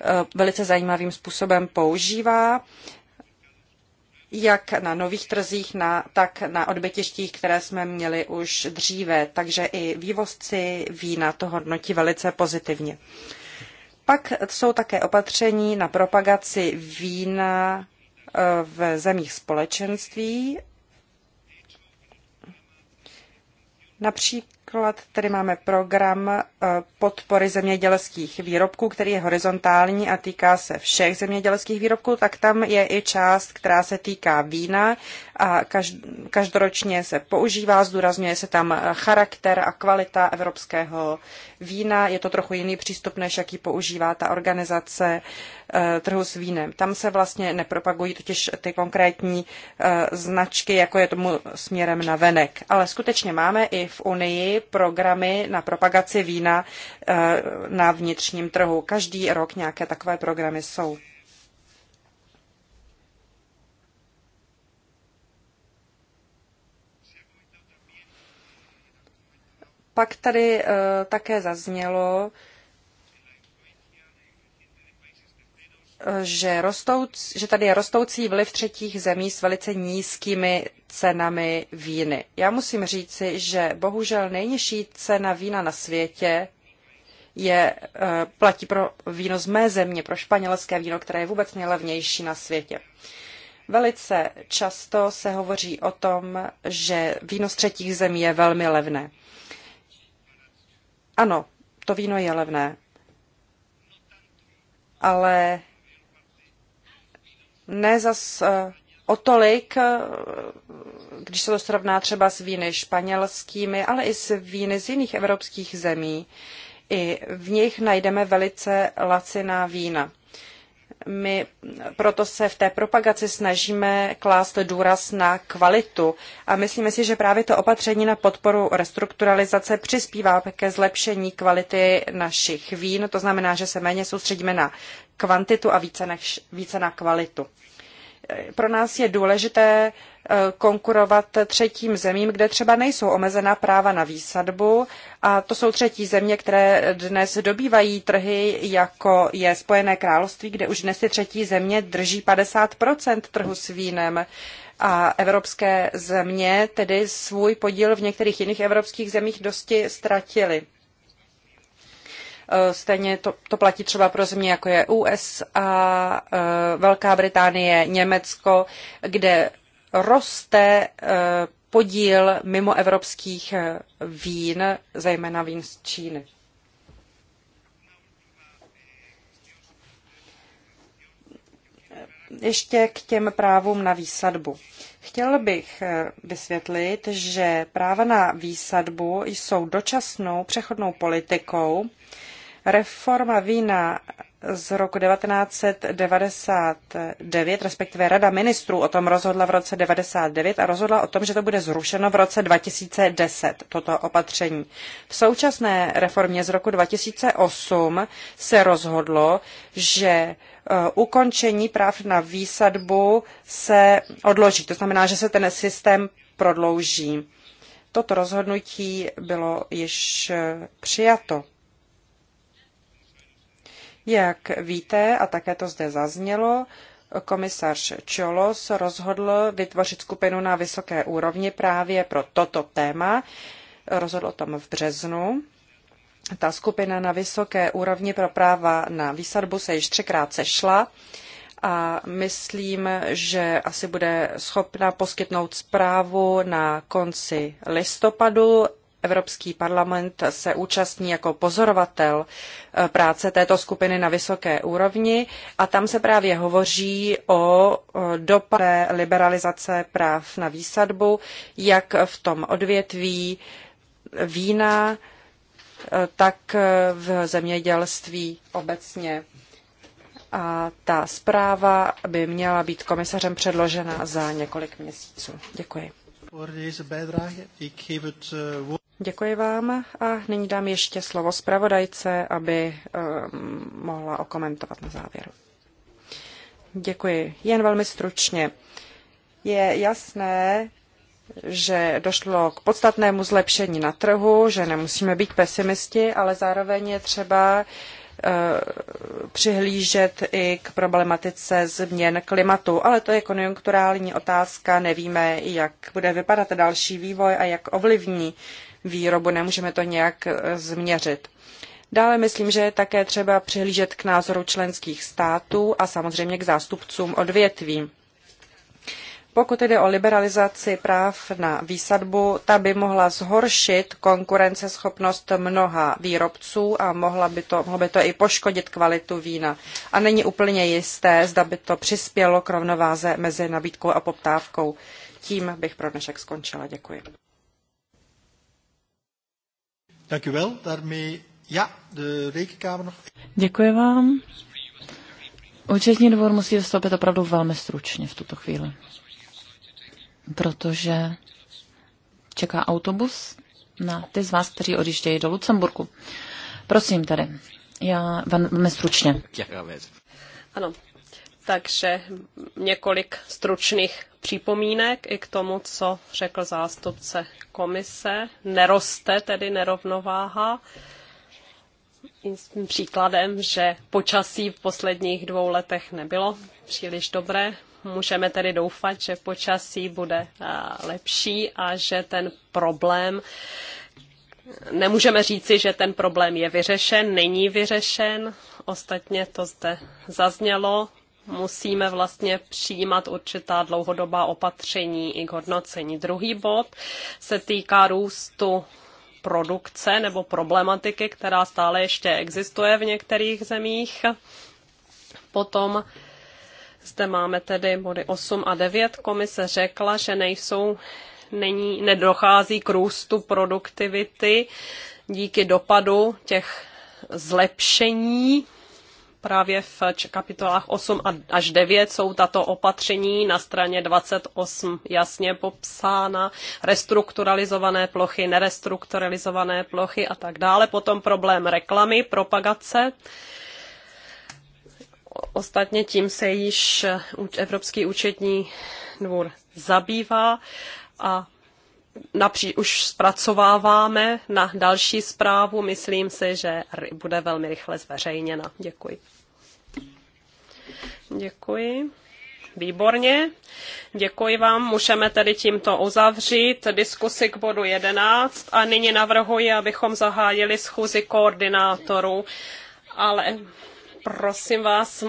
eh, velice zajímavým způsobem používá jak na nových trzích, na, tak na odbytištích, které jsme měli už dříve. Takže i vývozci vína to hodnotí velice pozitivně. Pak jsou také opatření na propagaci vína eh, v zemích společenství. Například Například tady máme program eh, podpory zemědělských výrobků, který je horizontální a týká se všech zemědělských výrobků, tak tam je i část, která se týká vína a každoročně se používá, zdůrazňuje se tam charakter a kvalita evropského vína. Je to trochu jiný přístup, než jaký používá ta organizace Eh, trhu s vínem. Tam se vlastně nepropagují totiž ty konkrétní eh, značky, jako je tomu směrem na venek. Ale skutečně máme i v Unii programy na propagaci vína eh, na vnitřním trhu. Každý rok nějaké takové programy jsou. Pak tady také zaznělo, že, rostouc, že tady je rostoucí vliv třetích zemí s velice nízkými cenami víny. Já musím říci, že bohužel nejnižší cena vína na světě je, eh, platí pro víno z mé země, pro španělské víno, které je vůbec nejlevnější na světě. Velice často se hovoří o tom, že víno z třetích zemí je velmi levné. Ano, to víno je levné, ale ne zas eh, o tolik, eh, když se to srovná třeba s víny španělskými, ale i s víny z jiných evropských zemí. I v nich najdeme velice laciná vína. My proto se v té propagaci snažíme klást důraz na kvalitu a myslíme si, že právě to opatření na podporu restrukturalizace přispívá ke zlepšení kvality našich vín. To znamená, že se méně soustředíme na kvantitu a více na, více na kvalitu pro nás je důležité eh, konkurovat třetím zemím, kde třeba nejsou omezená práva na výsadbu. A to jsou třetí země, které dnes dobývají trhy, jako je Spojené království, kde už dnes je třetí země drží 50 trhu s vínem. A evropské země tedy svůj podíl v některých jiných evropských zemích dosti ztratily. Eh, stejně to, to platí třeba pro země, jako je USA, eh, Velká Británie, Německo, kde roste eh, podíl mimoevropských vín, zejména vín z Číny. Ještě k těm právům na výsadbu. Chtěl bych vysvětlit, že práva na výsadbu jsou dočasnou přechodnou politikou, Reforma vína z roku 1999, respektive Rada ministrů o tom rozhodla v roce 1999 a rozhodla o tom, že to bude zrušeno v roce 2010, toto opatření. V současné reformě z roku 2008 se rozhodlo, že eh, ukončení práv na výsadbu se odloží. To znamená, že se ten systém prodlouží. Toto rozhodnutí bylo již eh, přijato. Jak víte, a také to zde zaznělo, komisař Čolos rozhodl vytvořit skupinu na vysoké úrovni právě pro toto téma. Rozhodl o tom v březnu. Ta skupina na vysoké úrovni pro práva na výsadbu se již třikrát sešla a myslím, že asi bude schopna poskytnout zprávu na konci listopadu Evropský parlament se účastní jako pozorovatel eh, práce této skupiny na vysoké úrovni a tam se právě hovoří o eh, dopadě liberalizace práv na výsadbu, jak v tom odvětví vína, eh, tak v zemědělství obecně. A ta zpráva by měla být komisařem předložena za několik měsíců. Děkuji. Děkuji vám a nyní dám ještě slovo zpravodajce, aby um, mohla okomentovat na závěr. Děkuji. Jen velmi stručně. Je jasné, že došlo k podstatnému zlepšení na trhu, že nemusíme být pesimisti, ale zároveň je třeba eh, přihlížet i k problematice změn klimatu, ale to je konjunkturální otázka, nevíme, jak bude vypadat další vývoj a jak ovlivní výrobu, nemůžeme to nějak e, změřit. Dále myslím, že je také třeba přihlížet k názoru členských států a samozřejmě k zástupcům odvětví. Pokud jde o liberalizaci práv na výsadbu, ta by mohla zhoršit konkurenceschopnost mnoha výrobců a mohla by to, mohlo by to i poškodit kvalitu vína. A není úplně jisté, zda by to přispělo k rovnováze mezi nabídkou a poptávkou. Tím bych pro dnešek skončila. Děkuji. Dank u wel. Daarmee, ja, de rekenkamer nog. Děkuji vám. Účetní dvor musí vystoupit opravdu velmi stručně v tuto chvíli, protože čeká autobus na ty z vás, kteří odjíždějí do Lucemburku. Prosím tady. já velmi stručně. Ano, takže několik stručných připomínek i k tomu, co řekl zástupce komise. Neroste tedy nerovnováha. Příkladem, že počasí v posledních dvou letech nebylo příliš dobré. Můžeme tedy doufat, že počasí bude eh, lepší a že ten problém Nemůžeme říci, že ten problém je vyřešen, není vyřešen. Ostatně to zde zaznělo musíme vlastně přijímat určitá dlouhodobá opatření i k hodnocení. Druhý bod se týká růstu produkce nebo problematiky, která stále ještě existuje v některých zemích. Potom zde máme tedy body 8 a 9. Komise řekla, že nejsou, není, nedochází k růstu produktivity díky dopadu těch zlepšení právě v kapitolách 8 až 9 jsou tato opatření na straně 28 jasně popsána, restrukturalizované plochy, nerestrukturalizované plochy a tak dále. Potom problém reklamy, propagace. Ostatně tím se již Evropský účetní dvůr zabývá a napří, už zpracováváme na další zprávu. Myslím si, že bude velmi rychle zveřejněna. Děkuji. Děkuji. Výborně. Děkuji vám. Můžeme tedy tímto uzavřít diskusi k bodu 11 a nyní navrhuji, abychom zahájili schůzi koordinátorů. Ale prosím vás,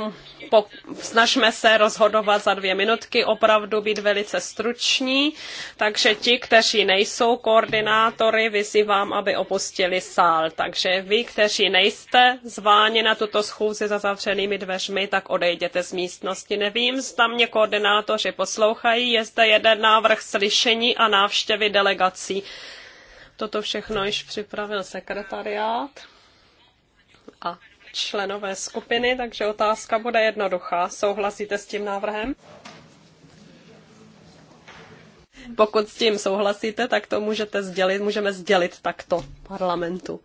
po, snažme se rozhodovat za dvě minutky, opravdu být velice struční, takže ti, kteří nejsou koordinátory, vyzývám, aby opustili sál. Takže vy, kteří nejste zváni na tuto schůzi za zavřenými dveřmi, tak odejděte z místnosti. Nevím, zda mě koordinátoři poslouchají, je zde jeden návrh slyšení a návštěvy delegací. Toto všechno již připravil sekretariát a členové skupiny, takže otázka bude jednoduchá. Souhlasíte s tím návrhem? Pokud s tím souhlasíte, tak to můžete sdělit, můžeme sdělit takto parlamentu.